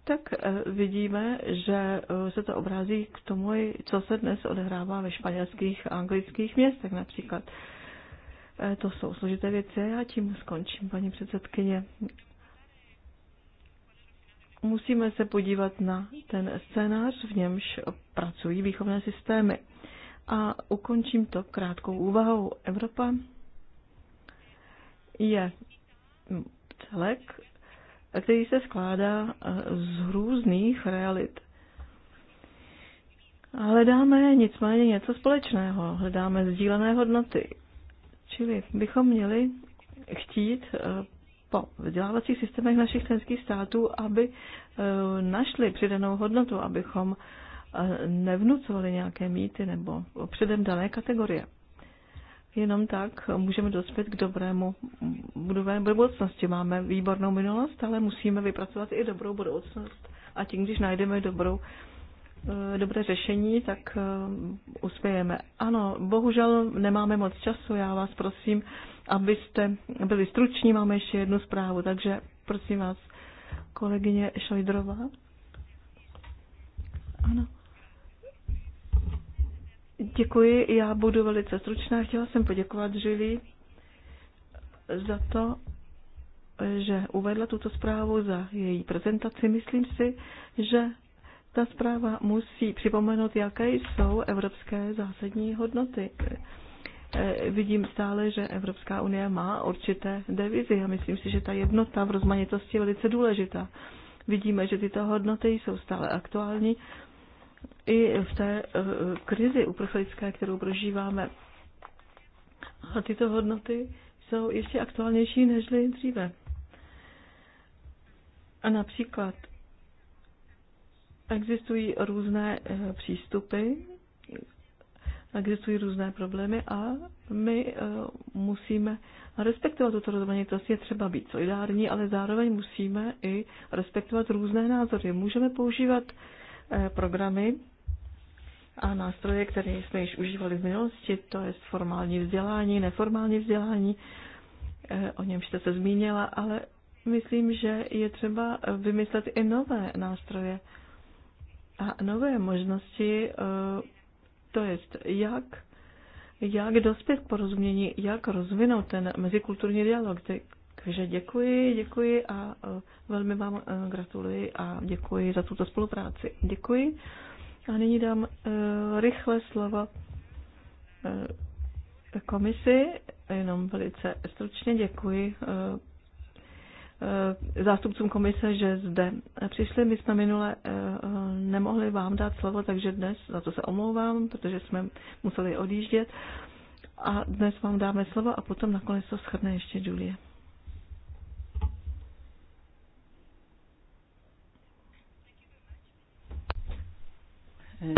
tak e, vidíme, že e, se to obrází k tomu, co se dnes odehrává ve španělských a anglických městech například. To jsou složité věci a já tím skončím, paní předsedkyně musíme se podívat na ten scénář, v němž pracují výchovné systémy. A ukončím to krátkou úvahou. Evropa je celek, který se skládá eh, z různých realit. Hledáme nicméně něco společného, hledáme sdílené hodnoty. Čili bychom měli chtít eh, po vzdělávacích systémech našich členských států, aby eh, našli přidanou hodnotu, abychom eh, nevnucovali nějaké mýty nebo předem dané kategorie. Jenom tak můžeme dospět k dobrému mm, budoucnosti. Máme výbornou minulost, ale musíme vypracovat i dobrou budoucnost. A tím, když najdeme dobrou, eh, dobré řešení, tak uspějeme. Ano, bohužel nemáme moc času, já vás prosím, abyste byli struční. Máme ještě jednu zprávu, takže prosím vás, kolegyně Šojdrová. Ano. Děkuji, já budu velice stručná. Chtěla jsem poděkovat Žili za to, že uvedla tuto zprávu, za její prezentaci. Myslím si, že ta zpráva musí připomenout, jaké jsou evropské zásadní hodnoty. Eh, vidím stále, že Evropská unie má určité devizy a myslím si, že ta jednota v rozmanitosti je velice důležitá. Vidíme, že tyto hodnoty jsou stále aktuální i v té eh, krizi uprchlické, kterou prožíváme. A tyto hodnoty jsou ještě aktuálnější než dříve. A například existují různé eh, přístupy existují různé problémy a my eh, musíme respektovat tuto rozmanitost. Je třeba být solidární, ale zároveň musíme i respektovat různé názory. Můžeme používat eh, programy a nástroje, které jsme již užívali v minulosti, to je formální vzdělání, neformální vzdělání, eh, o něm jste se zmínila, ale myslím, že je třeba vymyslet i nové nástroje a nové možnosti to jest jak, jak dospět k porozumění, jak rozvinout ten mezikulturní dialog. Takže děkuji, děkuji a e, velmi vám e, gratuluji a děkuji za tuto spolupráci. Děkuji. A nyní dám e, rychle slova komisi, jenom velice stručně děkuji Eh, zástupcům komise, že zde přišli. My jsme minule eh, eh, nemohli vám dát slovo, takže dnes za to se omlouvám, protože jsme museli odjíždět. A dnes vám dáme slovo a potom nakonec to schrne ještě Julie.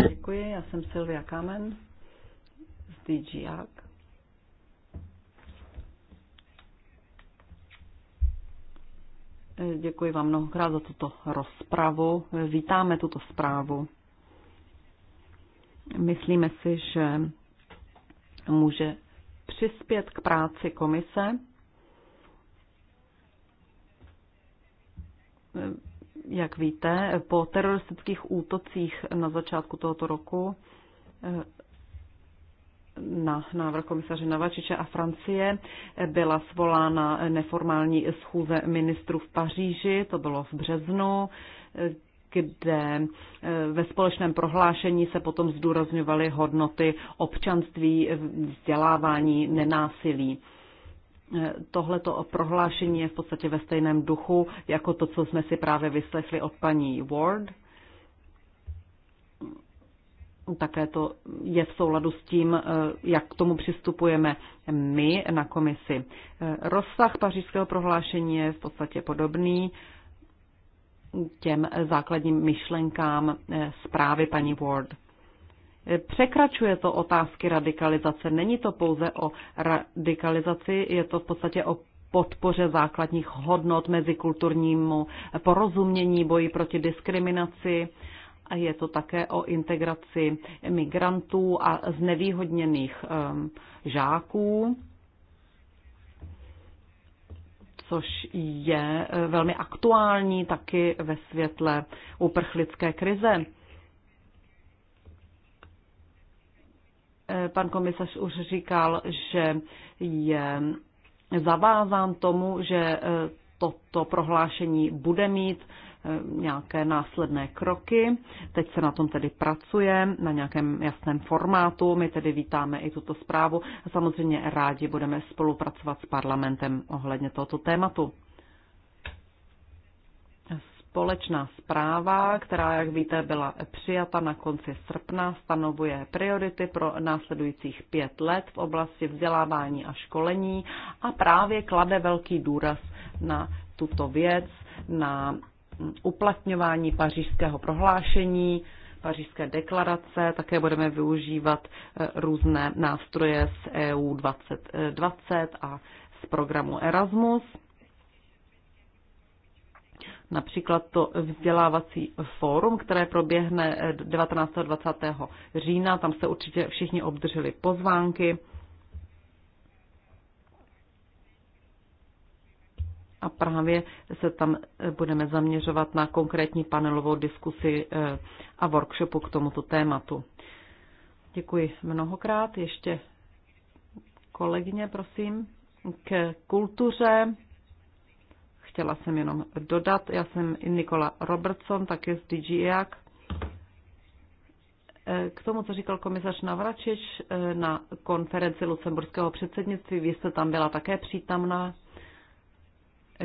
Děkuji, já jsem Silvia Kamen z DG Ag. Děkuji vám mnohokrát za tuto rozpravu. Vítáme tuto zprávu. Myslíme si, že může přispět k práci komise. Jak víte, po teroristických útocích na začátku tohoto roku na návrh komisaře Navačiče a Francie byla svolána neformální schůze ministrů v Paříži, to bylo v březnu, kde eh, ve společném prohlášení se potom zdůrazňovaly hodnoty občanství, vzdělávání, nenásilí. Eh, tohleto prohlášení je v podstatě ve stejném duchu jako to, co jsme si právě vyslechli od paní Ward také to je v souladu s tím, eh, jak k tomu přistupujeme my na komisi. Eh, rozsah pařížského prohlášení je v podstatě podobný těm základním myšlenkám eh, zprávy paní Ward. Překračuje to otázky radikalizace. Není to pouze o radikalizaci, je to v podstatě o podpoře základních hodnot mezikulturnímu porozumění, boji proti diskriminaci a je to také o integraci migrantů a znevýhodněných ehm, žáků, což je eh, velmi aktuální taky ve světle uprchlické krize. Eh, pan komisař už říkal, že je zavázán tomu, že eh, toto prohlášení bude mít Eh, nějaké následné kroky. Teď se na tom tedy pracuje, na nějakém jasném formátu. My tedy vítáme i tuto zprávu a samozřejmě rádi budeme spolupracovat s parlamentem ohledně tohoto tématu společná zpráva, která, jak víte, byla přijata na konci srpna, stanovuje priority pro následujících pět let v oblasti vzdělávání a školení a právě klade velký důraz na tuto věc, na uplatňování pařížského prohlášení, pařížské deklarace, také budeme využívat eh, různé nástroje z EU 2020 eh, a z programu Erasmus. Například to vzdělávací fórum, které proběhne 19. Eh, a 20. října, tam se určitě všichni obdrželi pozvánky. a právě se tam eh, budeme zaměřovat na konkrétní panelovou diskusi eh, a workshopu k tomuto tématu. Děkuji mnohokrát. Ještě kolegyně, prosím, k kultuře. Chtěla jsem jenom dodat, já jsem i Nikola Robertson, také z DGIAC. E eh, k tomu, co říkal komisař Navračič na konferenci lucemburského předsednictví, vy jste tam byla také přítomná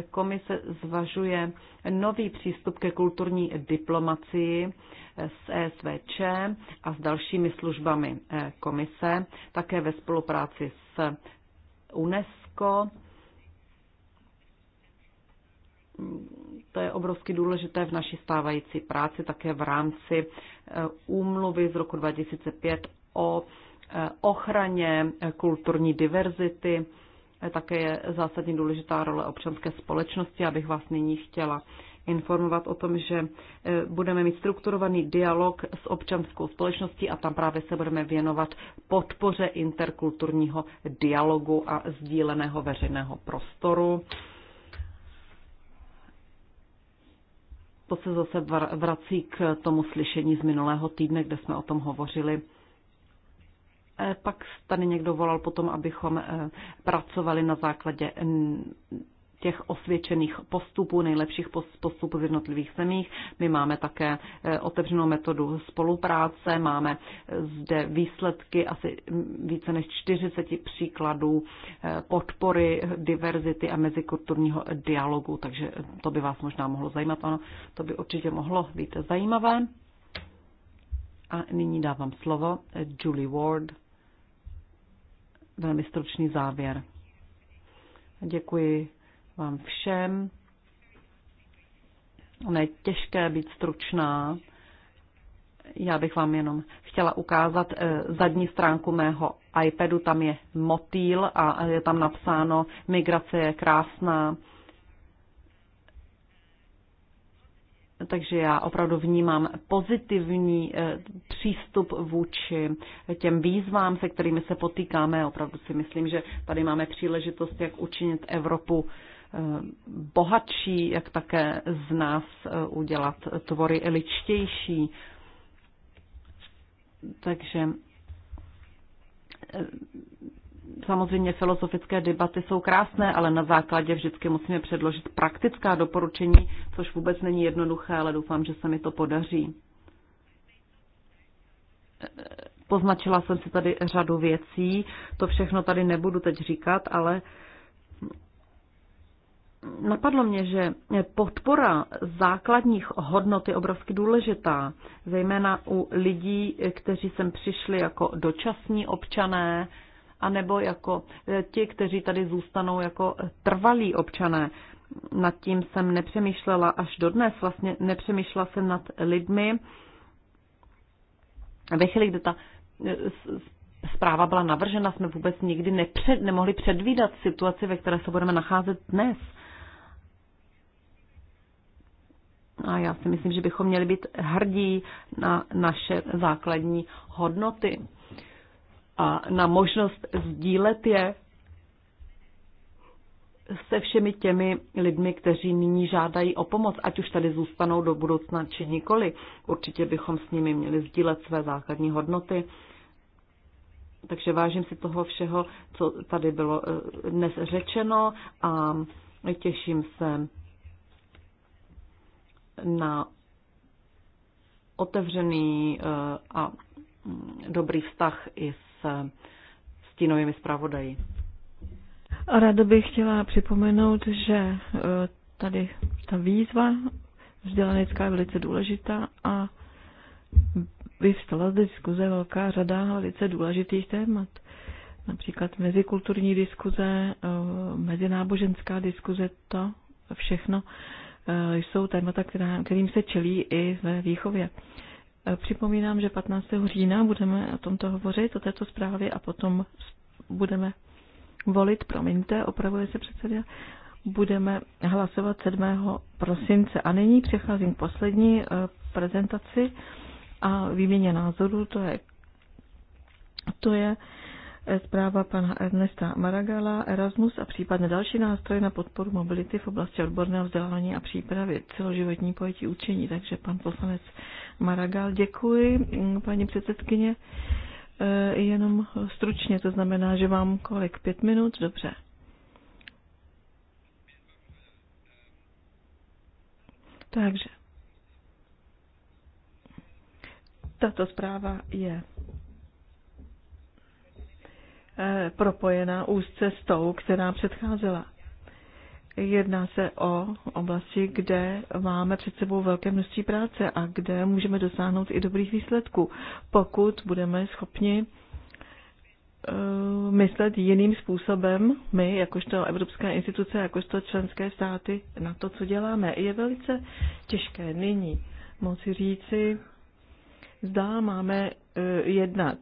komise zvažuje nový přístup ke kulturní diplomacii s ESVČ a s dalšími službami eh, komise, také ve spolupráci s UNESCO. To je obrovsky důležité v naší stávající práci, také v rámci eh, úmluvy z roku 2005 o eh, ochraně kulturní diverzity také je zásadně důležitá role občanské společnosti. Abych vás nyní chtěla informovat o tom, že e, budeme mít strukturovaný dialog s občanskou společností a tam právě se budeme věnovat podpoře interkulturního dialogu a sdíleného veřejného prostoru. To se zase vrací k tomu slyšení z minulého týdne, kde jsme o tom hovořili Eh, pak tady někdo volal potom, abychom eh, pracovali na základě mm, těch osvědčených postupů, nejlepších postupů v jednotlivých zemích. My máme také eh, otevřenou metodu spolupráce, máme zde výsledky asi mm, více než 40 příkladů podpory diverzity a mezikulturního dialogu, takže to by vás možná mohlo zajímat. Ano, to by určitě mohlo být zajímavé. A nyní dávám slovo Julie Ward velmi stručný závěr. Děkuji vám všem. Ono je těžké být stručná. Já bych vám jenom chtěla ukázat eh, zadní stránku mého iPadu. Tam je motýl a je tam napsáno migrace je krásná. Takže já opravdu vnímám pozitivní eh, přístup vůči těm výzvám, se kterými se potýkáme. Opravdu si myslím, že tady máme příležitost, jak učinit Evropu eh, bohatší, jak také z nás eh, udělat tvory ličtější. Takže samozřejmě filozofické debaty jsou krásné, ale na základě vždycky musíme předložit praktická doporučení, což vůbec není jednoduché, ale doufám, že se mi to podaří. Poznačila jsem si tady řadu věcí, to všechno tady nebudu teď říkat, ale napadlo mě, že podpora základních hodnot je obrovsky důležitá, zejména u lidí, kteří sem přišli jako dočasní občané, anebo jako eh, ti, kteří tady zůstanou jako eh, trvalí občané. Nad tím jsem nepřemýšlela až dodnes, vlastně nepřemýšlela jsem nad lidmi. Ve chvíli, kdy ta eh, zpráva byla navržena, jsme vůbec nikdy nepřed, nemohli předvídat situaci, ve které se budeme nacházet dnes. A já si myslím, že bychom měli být hrdí na naše základní hodnoty a na možnost sdílet je se všemi těmi lidmi, kteří nyní žádají o pomoc, ať už tady zůstanou do budoucna či nikoli. Určitě bychom s nimi měli sdílet své základní hodnoty. Takže vážím si toho všeho, co tady bylo eh, dnes řečeno a těším se na otevřený eh, a dobrý vztah i s stínovými zpravodaji. Ráda bych chtěla připomenout, že e, tady ta výzva vzdělanická je velice důležitá a vyvstala zde diskuze velká řada velice důležitých témat. Například mezikulturní diskuze, e, mezináboženská diskuze, to všechno e, jsou témata, kterým se čelí i ve výchově. Připomínám, že 15. října budeme o tomto hovořit, o této zprávě a potom budeme volit, promiňte, opravuje se předseda, budeme hlasovat 7. prosince. A nyní přecházím k poslední eh, prezentaci a výměně názoru. to je, to je zpráva pana Ernesta Maragala, Erasmus a případné další nástroje na podporu mobility v oblasti odborného vzdělání a přípravy celoživotní pojetí učení. Takže pan poslanec Maragal, děkuji, mm, paní předsedkyně. E, jenom stručně, to znamená, že mám kolik? Pět minut? Dobře. Takže. Tato zpráva je Eh, propojená úzce s tou, která předcházela. Jedná se o oblasti, kde máme před sebou velké množství práce a kde můžeme dosáhnout i dobrých výsledků, pokud budeme schopni eh, myslet jiným způsobem, my, jakožto Evropská instituce, jakožto členské státy, na to, co děláme. Je velice těžké nyní moci říci, zda máme eh, jednat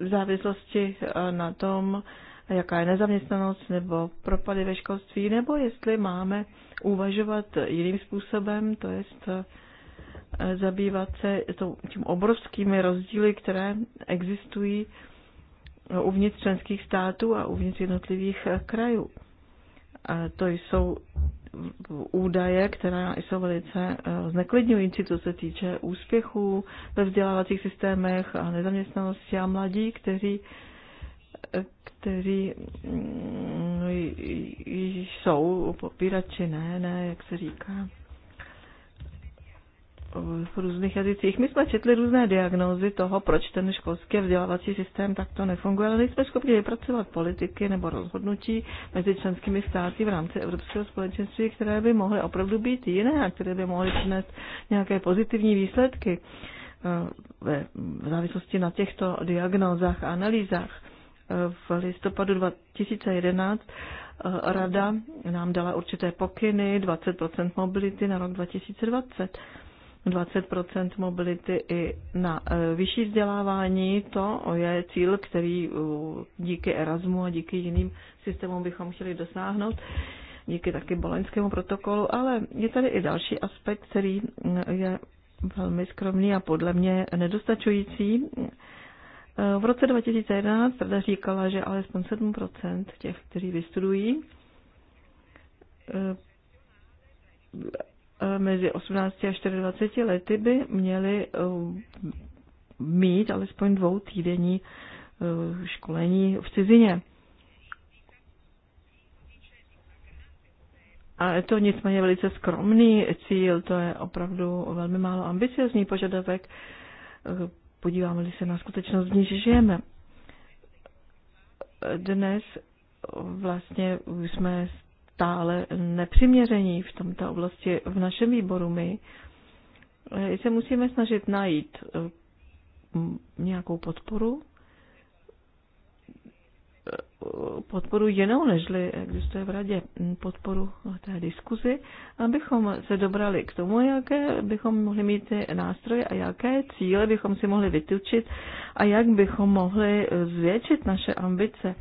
v závislosti eh, na tom, jaká je nezaměstnanost nebo propady ve školství, nebo jestli máme uvažovat jiným způsobem, to jest eh, zabývat se tím obrovskými rozdíly, které existují eh, uvnitř členských států a uvnitř jednotlivých krajů. A to jsou údaje, které jsou velice eh, zneklidňující, co se týče úspěchů ve vzdělávacích systémech a nezaměstnanosti a mladí, kteří eh, kteří mm, jsou popírači, ne, ne, jak se říká v různých jazycích. My jsme četli různé diagnózy toho, proč ten školský vzdělávací systém takto nefunguje, ale nejsme schopni vypracovat politiky nebo rozhodnutí mezi členskými státy v rámci Evropského společenství, které by mohly opravdu být jiné a které by mohly přinést nějaké pozitivní výsledky eh, v závislosti na těchto diagnózách a analýzách. Eh, v listopadu 2011 eh, Rada nám dala určité pokyny, 20 mobility na rok 2020 20 mobility i na e, vyšší vzdělávání. To je cíl, který díky Erasmu a díky jiným systémům bychom chtěli dosáhnout díky taky boloňskému protokolu, ale je tady i další aspekt, který je velmi skromný a podle mě nedostačující. E, v roce 2011 rada říkala, že alespoň 7% těch, kteří vystudují, e, Eh, mezi 18 a 24 lety by měli eh, mít alespoň dvou týdenní eh, školení v cizině. A je to nicméně velice skromný cíl, to je opravdu velmi málo ambiciozní požadavek, podíváme-li se na skutečnost, v níž žijeme. Dnes vlastně jsme stále nepřiměření v tomto oblasti. V našem výboru my eh, se musíme snažit najít eh, nějakou podporu, eh, podporu jinou, nežli existuje v radě, podporu té diskuzi, abychom se dobrali k tomu, jaké bychom mohli mít nástroje a jaké cíle bychom si mohli vytučit a jak bychom mohli zvětšit naše ambice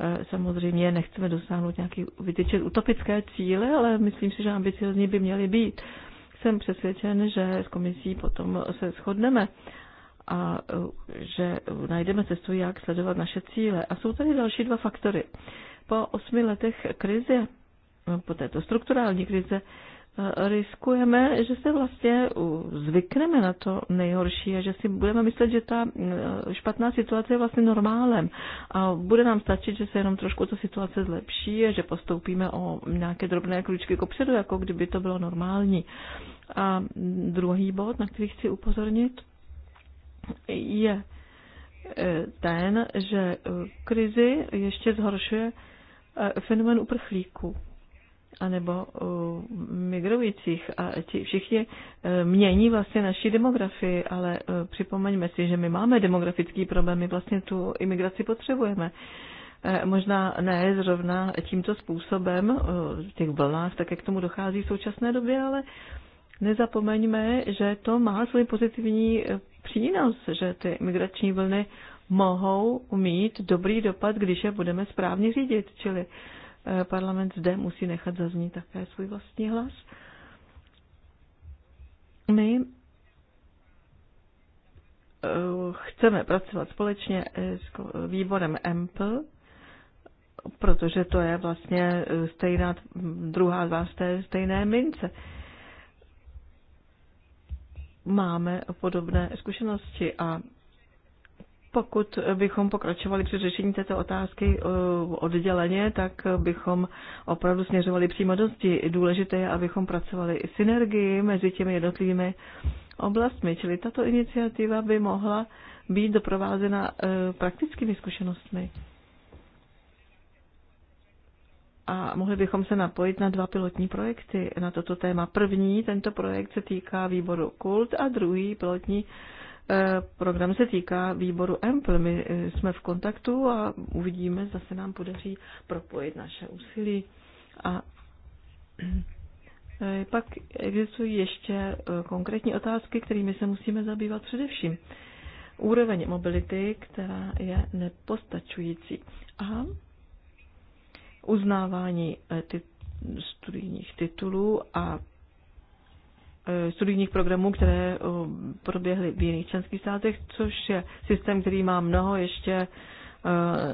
Eh, samozřejmě nechceme dosáhnout nějaký vytyčet utopické cíle, ale myslím si, že ambiciozní by měly být. Jsem přesvědčen, že s komisí potom se shodneme a eh, že najdeme cestu, jak sledovat naše cíle. A jsou tady další dva faktory. Po osmi letech krize, eh, po této strukturální krize, Eh, riskujeme, že se vlastně eh, zvykneme na to nejhorší a že si budeme myslet, že ta eh, špatná situace je vlastně normálem a bude nám stačit, že se jenom trošku ta situace zlepší a že postoupíme o nějaké drobné kručky kopředu, jako kdyby to bylo normální. A druhý bod, na který chci upozornit, je ten, že krizi ještě zhoršuje fenomen uprchlíků anebo uh, migrujících. A ti všichni uh, mění vlastně naší demografii, ale uh, připomeňme si, že my máme demografický problém, my vlastně tu imigraci potřebujeme. Eh, možná ne zrovna tímto způsobem eh, v těch vlnách, tak jak tomu dochází v současné době, ale nezapomeňme, že to má svůj pozitivní eh, přínos, že ty migrační vlny mohou mít dobrý dopad, když je budeme správně řídit. Čili Eh, parlament zde musí nechat zaznít také svůj vlastní hlas. My eh, chceme pracovat společně eh, s výborem EMPL, protože to je vlastně stejná, druhá dva z té stejné mince. Máme podobné zkušenosti a pokud bychom pokračovali při řešení této otázky eh, odděleně, tak bychom opravdu směřovali přímo do zdi. Důležité je, abychom pracovali i synergii mezi těmi jednotlivými oblastmi, čili tato iniciativa by mohla být doprovázena eh, praktickými zkušenostmi. A mohli bychom se napojit na dva pilotní projekty na toto téma. První, tento projekt se týká výboru Kult a druhý pilotní projekt Eh, program se týká výboru EMPL. My eh, jsme v kontaktu a uvidíme, zda se nám podaří propojit naše úsilí. A eh, pak existují ještě konkrétní otázky, kterými se musíme zabývat především. Úroveň mobility, která je nepostačující. A uznávání ty studijních titulů a Eh, studijních programů, které eh, proběhly v jiných členských státech, což je systém, který má mnoho ještě eh,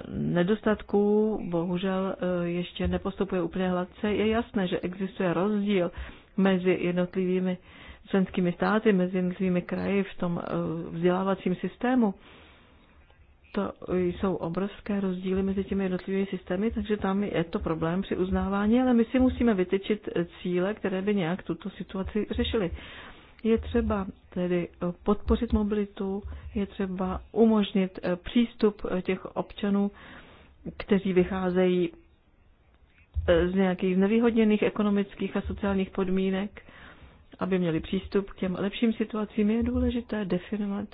nedostatků, bohužel ještě nepostupuje úplně hladce. Je jasné, že existuje rozdíl mezi jednotlivými členskými státy, mezi jednotlivými kraji v tom vzdělávacím systému to jsou obrovské rozdíly mezi těmi jednotlivými systémy, takže tam je to problém při uznávání, ale my si musíme vytyčit cíle, které by nějak tuto situaci řešily. Je třeba tedy podpořit mobilitu, je třeba umožnit přístup těch občanů, kteří vycházejí z nějakých nevýhodněných ekonomických a sociálních podmínek, aby měli přístup k těm lepším situacím. Je důležité definovat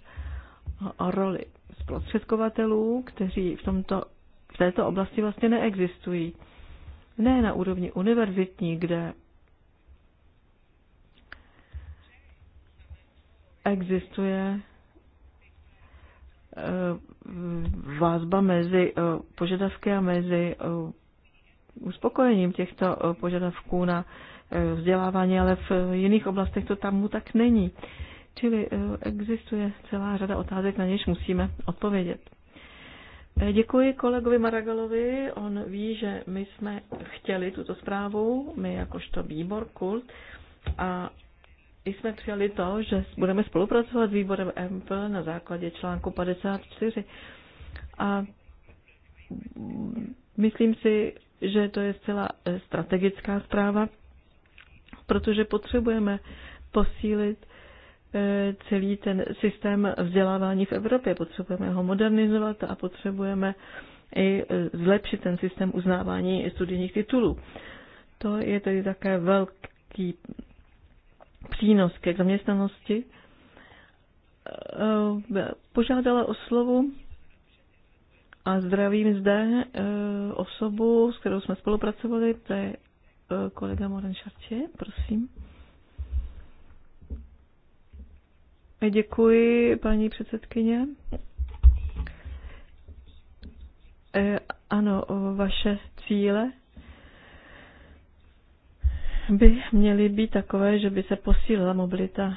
roli zprostředkovatelů, kteří v, tomto, v této oblasti vlastně neexistují. Ne na úrovni univerzitní, kde existuje eh, vazba mezi eh, požadavky a mezi eh, uspokojením těchto požadavků na vzdělávání, ale v jiných oblastech to tam mu tak není. Čili eh, existuje celá řada otázek, na něž musíme odpovědět. Eh, děkuji kolegovi Maragalovi. On ví, že my jsme chtěli tuto zprávu, my jakožto výbor Kult, a jsme přijali to, že budeme spolupracovat s výborem MP na základě článku 54. A myslím si, že to je zcela eh, strategická zpráva, protože potřebujeme posílit E, celý ten systém vzdělávání v Evropě. Potřebujeme ho modernizovat a potřebujeme i e, zlepšit ten systém uznávání studijních titulů. To je tedy také velký přínos ke zaměstnanosti. E, požádala o slovo a zdravím zde osobu, s kterou jsme spolupracovali, to je kolega Moren Šartě, prosím. Děkuji, paní předsedkyně. E, ano, vaše cíle by měly být takové, že by se posílila mobilita e,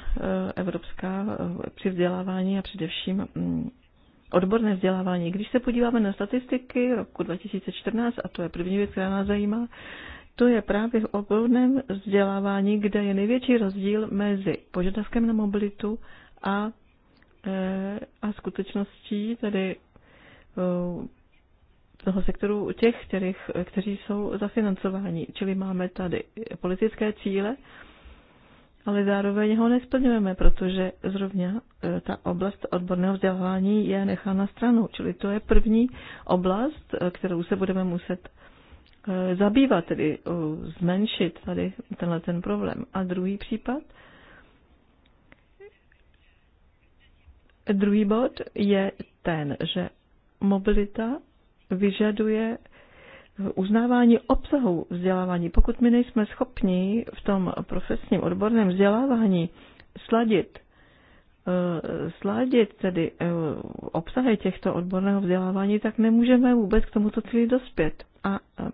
evropská e, při vzdělávání a především mm, odborné vzdělávání. Když se podíváme na statistiky roku 2014, a to je první věc, která nás zajímá, to je právě v odborném vzdělávání, kde je největší rozdíl mezi požadavkem na mobilitu a, e, a skutečností tedy e, toho sektoru těch, kterých, kteří jsou zafinancováni. Čili máme tady politické cíle, ale zároveň ho nesplňujeme, protože zrovna e, ta oblast odborného vzdělávání je nechána stranou. Čili to je první oblast, kterou se budeme muset zabývat, tedy zmenšit tady tenhle ten problém. A druhý případ – Druhý bod je ten, že mobilita vyžaduje uznávání obsahu vzdělávání. Pokud my nejsme schopni v tom profesním odborném vzdělávání sladit, eh, sladit tedy eh, obsahy těchto odborného vzdělávání, tak nemůžeme vůbec k tomuto cíli dospět. A eh,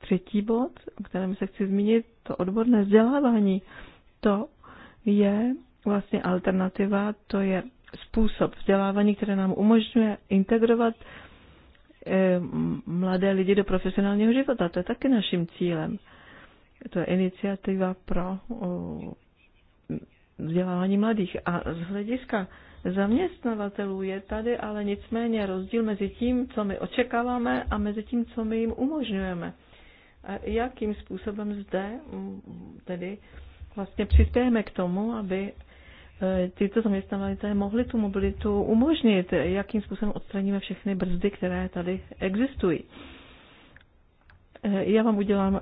třetí bod, o kterém se chci zmínit, to odborné vzdělávání, to je vlastně alternativa, to je způsob vzdělávání, které nám umožňuje integrovat eh, mladé lidi do profesionálního života. To je taky naším cílem. To je iniciativa pro vzdělávání mladých. A z hlediska zaměstnavatelů je tady ale nicméně rozdíl mezi tím, co my očekáváme a mezi tím, co my jim umožňujeme. A jakým způsobem zde tedy vlastně přispějeme k tomu, aby E, tyto zaměstnavatelé mohli tu mobilitu umožnit, jakým způsobem odstraníme všechny brzdy, které tady existují. E, já vám udělám e,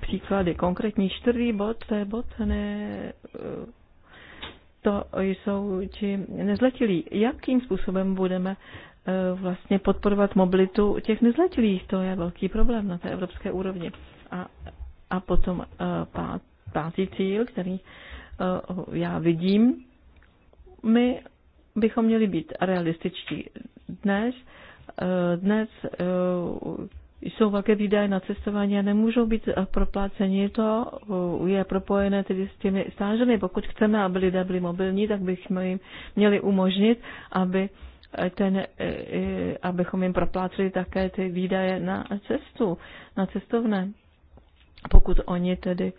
příklady. Konkrétní čtvrtý bod, to je bod ne, to jsou ti nezletilí. Jakým způsobem budeme vlastně podporovat mobilitu těch nezletilých? To je velký problém na té evropské úrovni. A, a potom pátý cíl, který já vidím, my bychom měli být realističtí. Dnes, eh, dnes eh, jsou velké výdaje na cestování a nemůžou být propláceni. To eh, je propojené tedy s těmi stážemi. Pokud chceme, aby lidé byli mobilní, tak bychom jim měli umožnit, aby ten, abychom jim propláceli také ty výdaje na cestu, na cestovné. Pokud oni tedy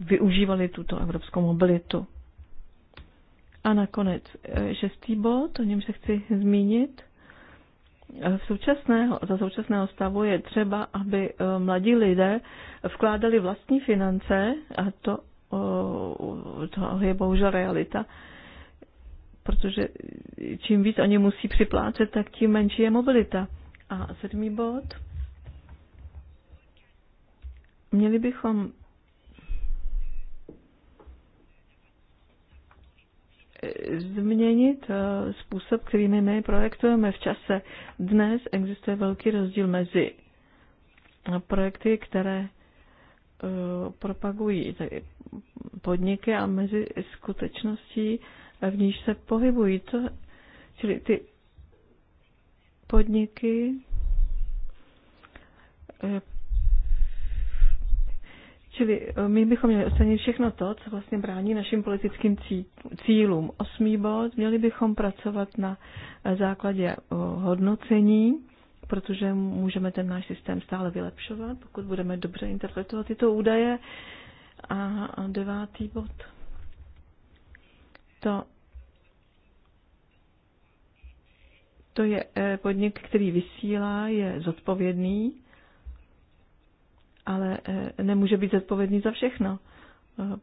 využívali tuto evropskou mobilitu. A nakonec eh, šestý bod, o něm se chci zmínit. Eh, v současného, za současného stavu je třeba, aby eh, mladí lidé vkládali vlastní finance, a to, to je bohužel realita, protože čím víc oni musí připlácet, tak tím menší je mobilita. A sedmý bod. Měli bychom změnit eh, způsob, kterými my projektujeme v čase. Dnes existuje velký rozdíl mezi projekty, které eh, propagují podniky a mezi skutečností, eh, v níž se pohybují. To, čili ty podniky Čili eh, my bychom měli ocenit všechno to, co vlastně brání našim politickým cílům. Osmý bod, měli bychom pracovat na eh, základě eh, hodnocení, protože můžeme ten náš systém stále vylepšovat, pokud budeme dobře interpretovat tyto údaje. A devátý bod, to, to je podnik, který vysílá, je zodpovědný ale eh, nemůže být zodpovědný za všechno. Eh,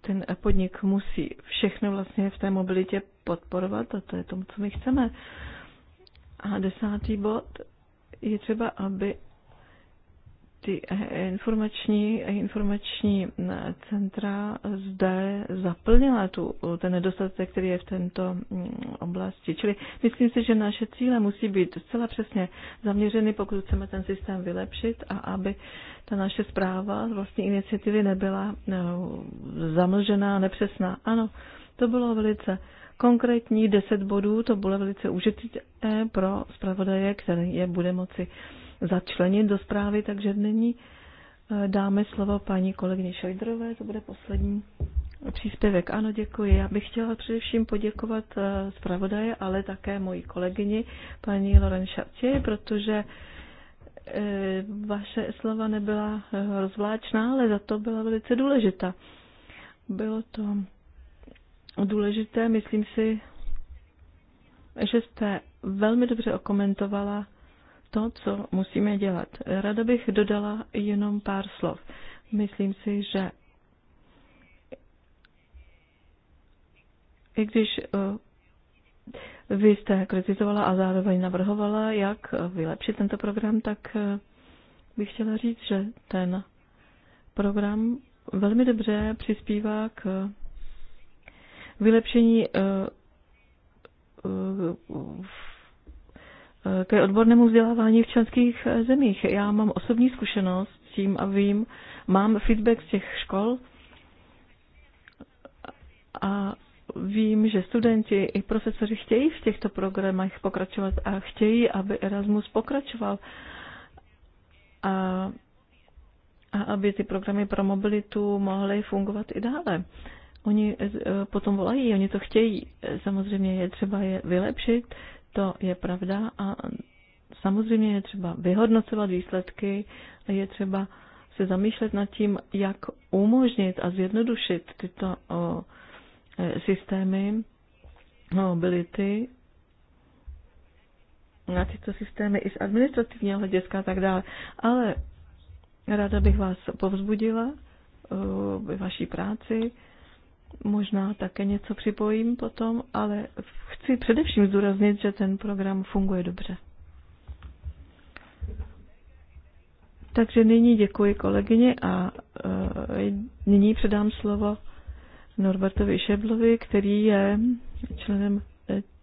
ten podnik musí všechno vlastně v té mobilitě podporovat a to je tomu, co my chceme. A desátý bod je třeba, aby ty informační, informační mm, centra zde zaplnila tu, ten nedostatek, který je v této mm, oblasti. Čili myslím si, že naše cíle musí být zcela přesně zaměřeny, pokud chceme ten systém vylepšit a aby ta naše zpráva z vlastní iniciativy nebyla no, zamlžená, nepřesná. Ano, to bylo velice konkrétní, deset bodů, to bylo velice užitečné pro zpravodaje, který je bude moci začlenit do zprávy, takže nyní eh, dáme slovo paní kolegyně Šajdrové, to bude poslední příspěvek. Ano, děkuji. Já bych chtěla především poděkovat eh, zpravodaje, ale také moji kolegyni, paní Loren Šatě, protože eh, vaše slova nebyla rozvláčná, ale za to byla velice důležitá. Bylo to důležité, myslím si, že jste velmi dobře okomentovala to, co musíme dělat. Rada bych dodala jenom pár slov. Myslím si, že i když eh, vy jste kritizovala a zároveň navrhovala, jak vylepšit tento program, tak eh, bych chtěla říct, že ten program velmi dobře přispívá k vylepšení eh, v ke odbornému vzdělávání v členských eh, zemích. Já mám osobní zkušenost s tím a vím, mám feedback z těch škol a vím, že studenti i profesoři chtějí v těchto programech pokračovat a chtějí, aby Erasmus pokračoval a, a aby ty programy pro mobilitu mohly fungovat i dále. Oni eh, potom volají, oni to chtějí. Eh, samozřejmě je třeba je vylepšit, to je pravda a samozřejmě je třeba vyhodnocovat výsledky, je třeba se zamýšlet nad tím, jak umožnit a zjednodušit tyto o, e, systémy mobility no, na tyto systémy i z administrativního hlediska a tak dále. Ale ráda bych vás povzbudila ve vaší práci Možná také něco připojím potom, ale chci především zdůraznit, že ten program funguje dobře. Takže nyní děkuji kolegyně a e, nyní předám slovo Norbertovi Šeblovi, který je členem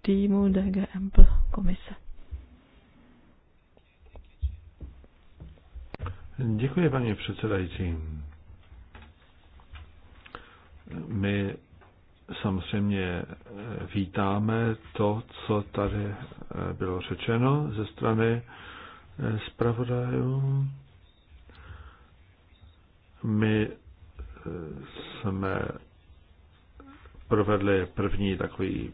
týmu DGM komise. Děkuji, paní předsedající. My samozřejmě vítáme to, co tady eh, bylo řečeno ze strany eh, zpravodajů. My eh, jsme provedli první takový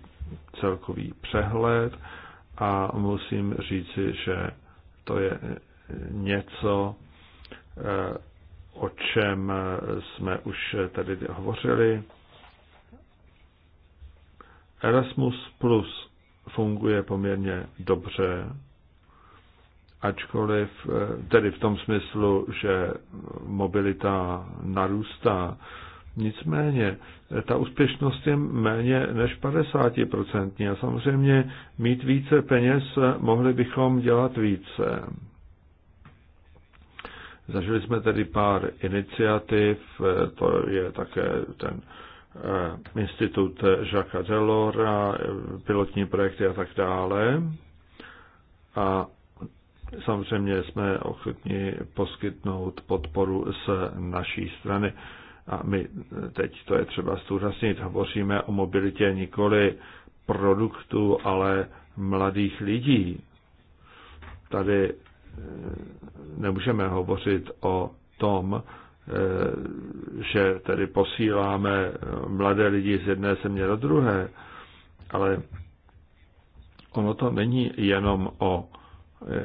celkový přehled a musím říci, že to je něco, o čem jsme už tady hovořili. Erasmus Plus funguje poměrně dobře, ačkoliv tedy v tom smyslu, že mobilita narůstá. Nicméně, ta úspěšnost je méně než 50% a samozřejmě mít více peněz mohli bychom dělat více. Zažili jsme tedy pár iniciativ, eh, to je také ten eh, institut Jacques Delora, eh, pilotní projekty a tak dále. A samozřejmě jsme ochotni poskytnout podporu z naší strany. A my teď, to je třeba zdůraznit, hovoříme o mobilitě nikoli produktu, ale mladých lidí. Tady nemůžeme hovořit o tom, eh, že tedy posíláme mladé lidi z jedné země do druhé, ale ono to není jenom o eh,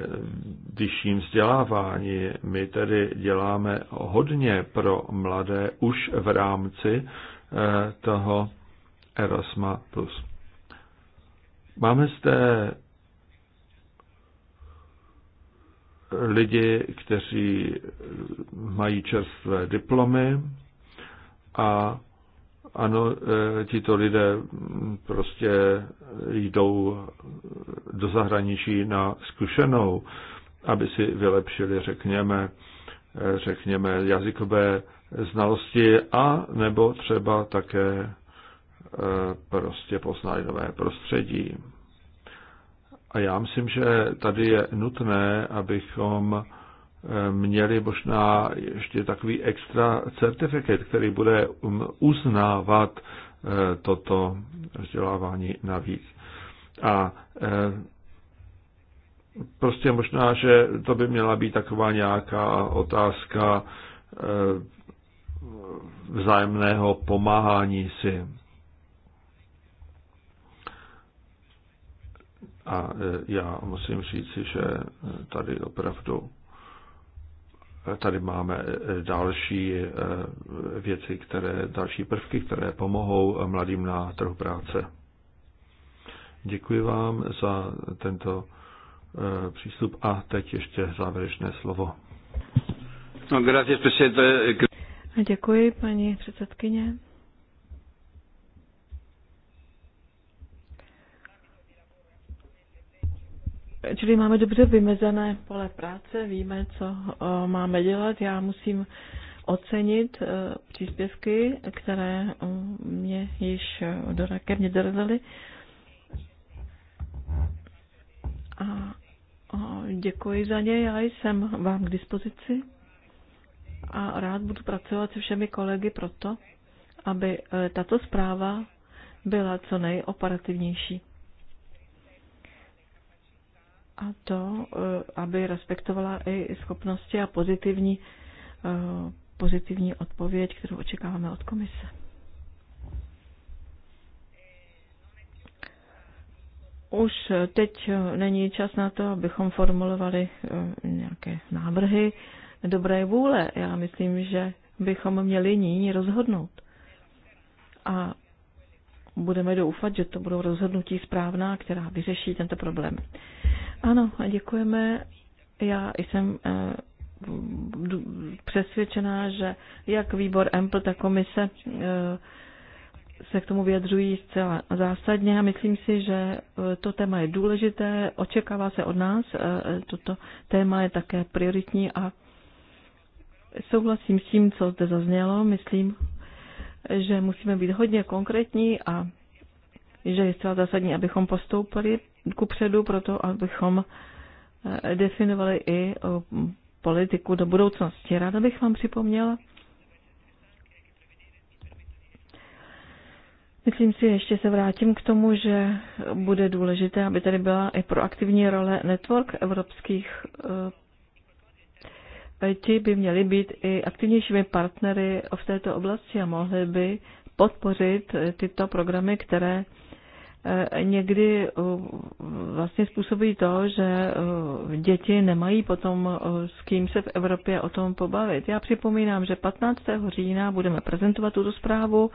vyšším vzdělávání. My tedy děláme hodně pro mladé už v rámci eh, toho Erasma+. Máme zde lidi, kteří mají čerstvé diplomy a ano, e, tito lidé prostě jdou do zahraničí na zkušenou, aby si vylepšili, řekněme, e, řekněme jazykové znalosti a nebo třeba také e, prostě poznali nové prostředí. A já myslím, že tady je nutné, abychom eh, měli možná ještě takový extra certifikát, který bude um, uznávat eh, toto vzdělávání navíc. A eh, prostě možná, že to by měla být taková nějaká otázka vzájemného pomáhání si. A e, já musím říci, že e, tady opravdu e, tady máme další věci, které, další prvky, které pomohou mladým na trhu práce. Děkuji vám za tento přístup a teď ještě závěrečné slovo. No, gracias, Děkuji, paní předsedkyně. Čili máme dobře vymezené pole práce, víme, co eh, máme dělat. Já musím ocenit eh, příspěvky, které eh, mě již do ke mě dorazily. A děkuji za ně, já jsem vám k dispozici a rád budu pracovat se všemi kolegy proto, aby tato zpráva byla co nejoperativnější a to, eh, aby respektovala i schopnosti a pozitivní, eh, pozitivní odpověď, kterou očekáváme od komise. Už teď není čas na to, abychom formulovali eh, nějaké návrhy dobré vůle. Já myslím, že bychom měli nyní rozhodnout. A budeme doufat, že to budou rozhodnutí správná, která vyřeší tento problém. Ano, děkujeme. Já jsem eh, přesvědčená, že jak výbor EMPL, tak komise eh, se k tomu vyjadřují zcela zásadně a myslím si, že eh, to téma je důležité, očekává se od nás, toto téma je také prioritní a souhlasím s tím, co zde zaznělo. Myslím, že musíme být hodně konkrétní a že je zcela zásadní, abychom postoupili kupředu pro to, abychom eh, definovali i eh, politiku do budoucnosti. Ráda bych vám připomněla, Myslím si, ještě se vrátím k tomu, že bude důležité, aby tady byla i proaktivní role network evropských. Ti eh, by měli být i aktivnějšími partnery v této oblasti a mohli by podpořit tyto programy, které Eh, někdy eh, vlastně způsobí to, že eh, děti nemají potom s kým se v Evropě o tom pobavit. Já připomínám, že 15. října budeme prezentovat tuto zprávu,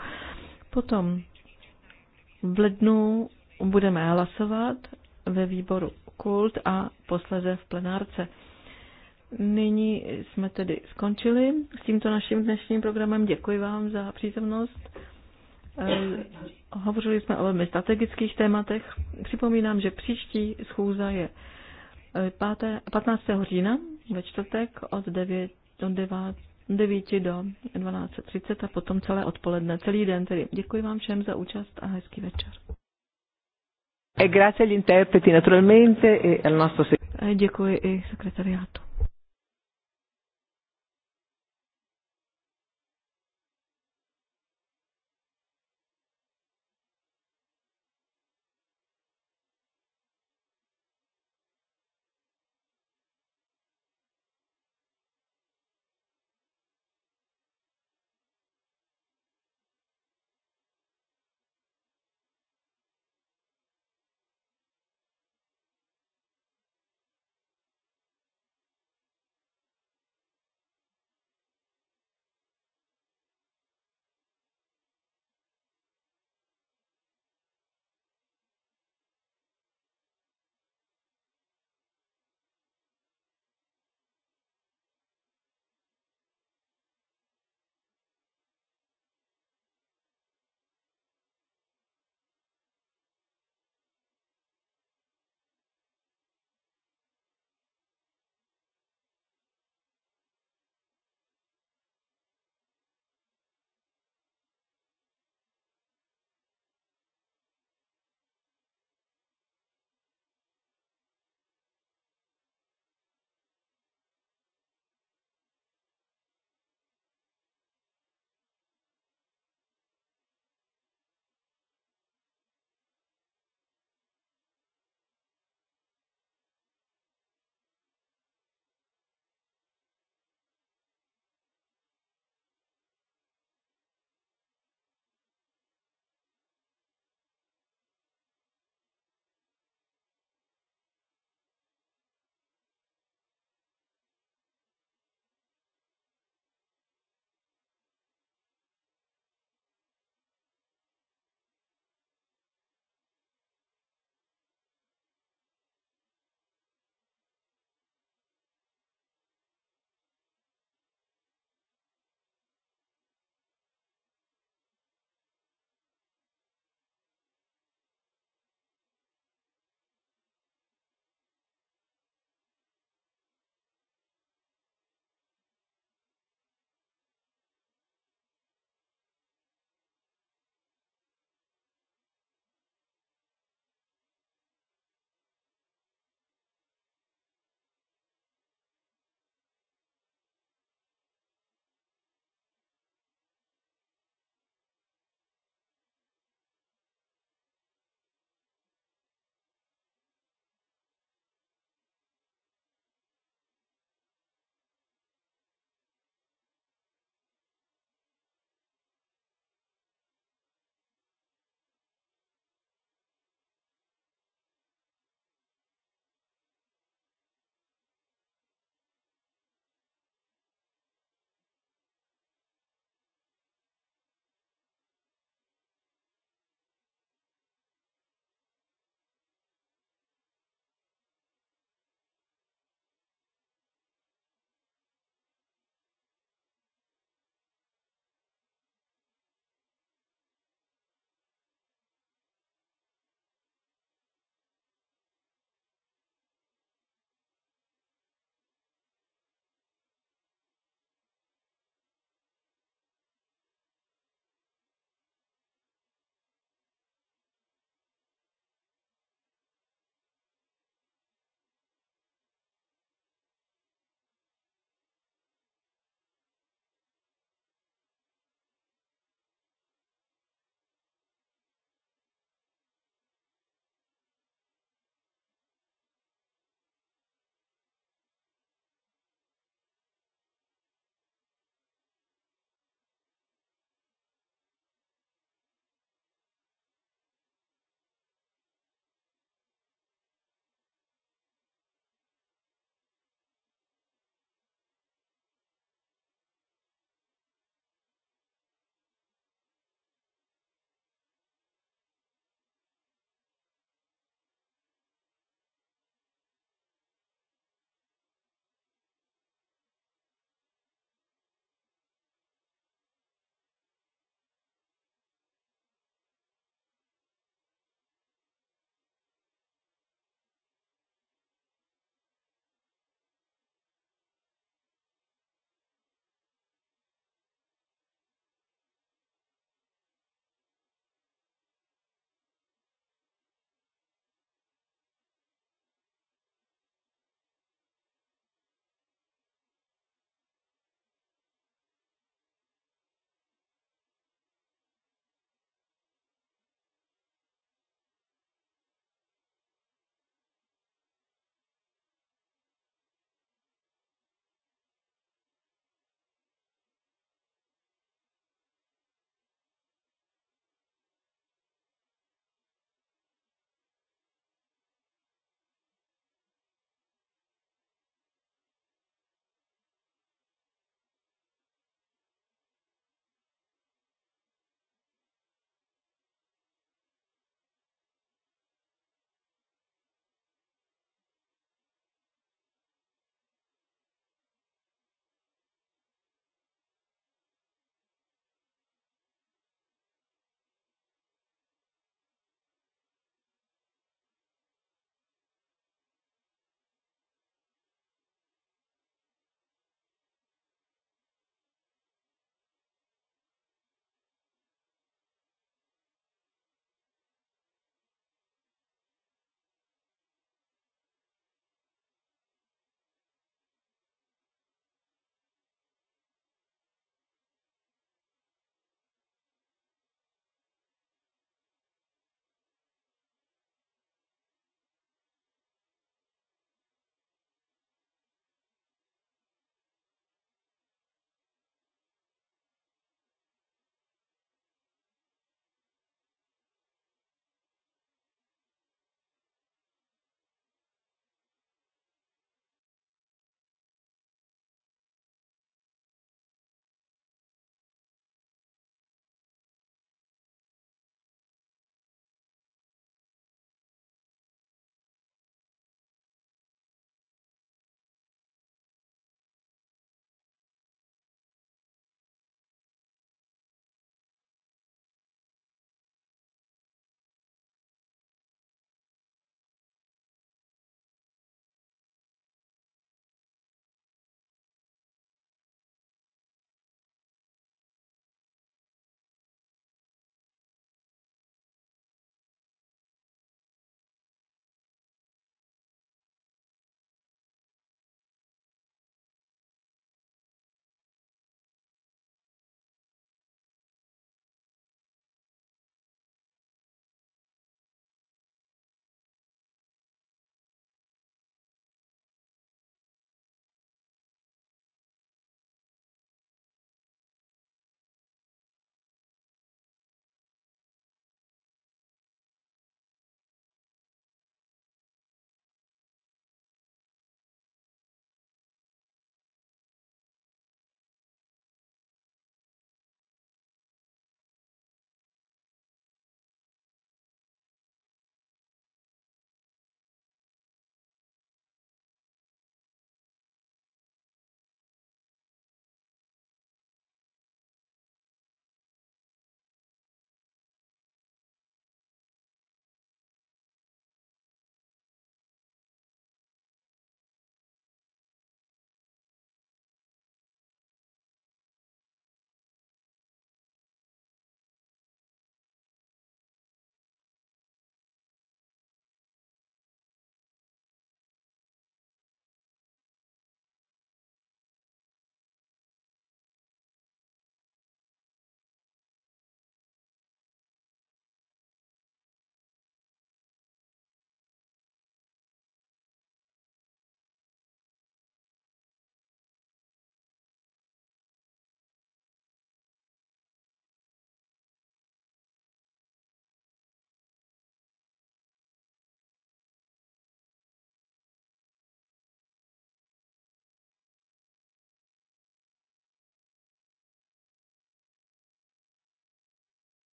potom v lednu budeme hlasovat ve výboru kult a posleze v plenárce. Nyní jsme tedy skončili s tímto naším dnešním programem. Děkuji vám za přítomnost. Eh, hovořili jsme o velmi strategických tématech. Připomínám, že příští schůza je 15. Eh, října ve čtvrtek od 9 do 9 9 do 12.30 a potom celé odpoledne, celý den tedy. Děkuji vám všem za účast a hezký večer. E grazie agli interpreti naturalmente e al nostro eh, Děkuji i sekretariátu.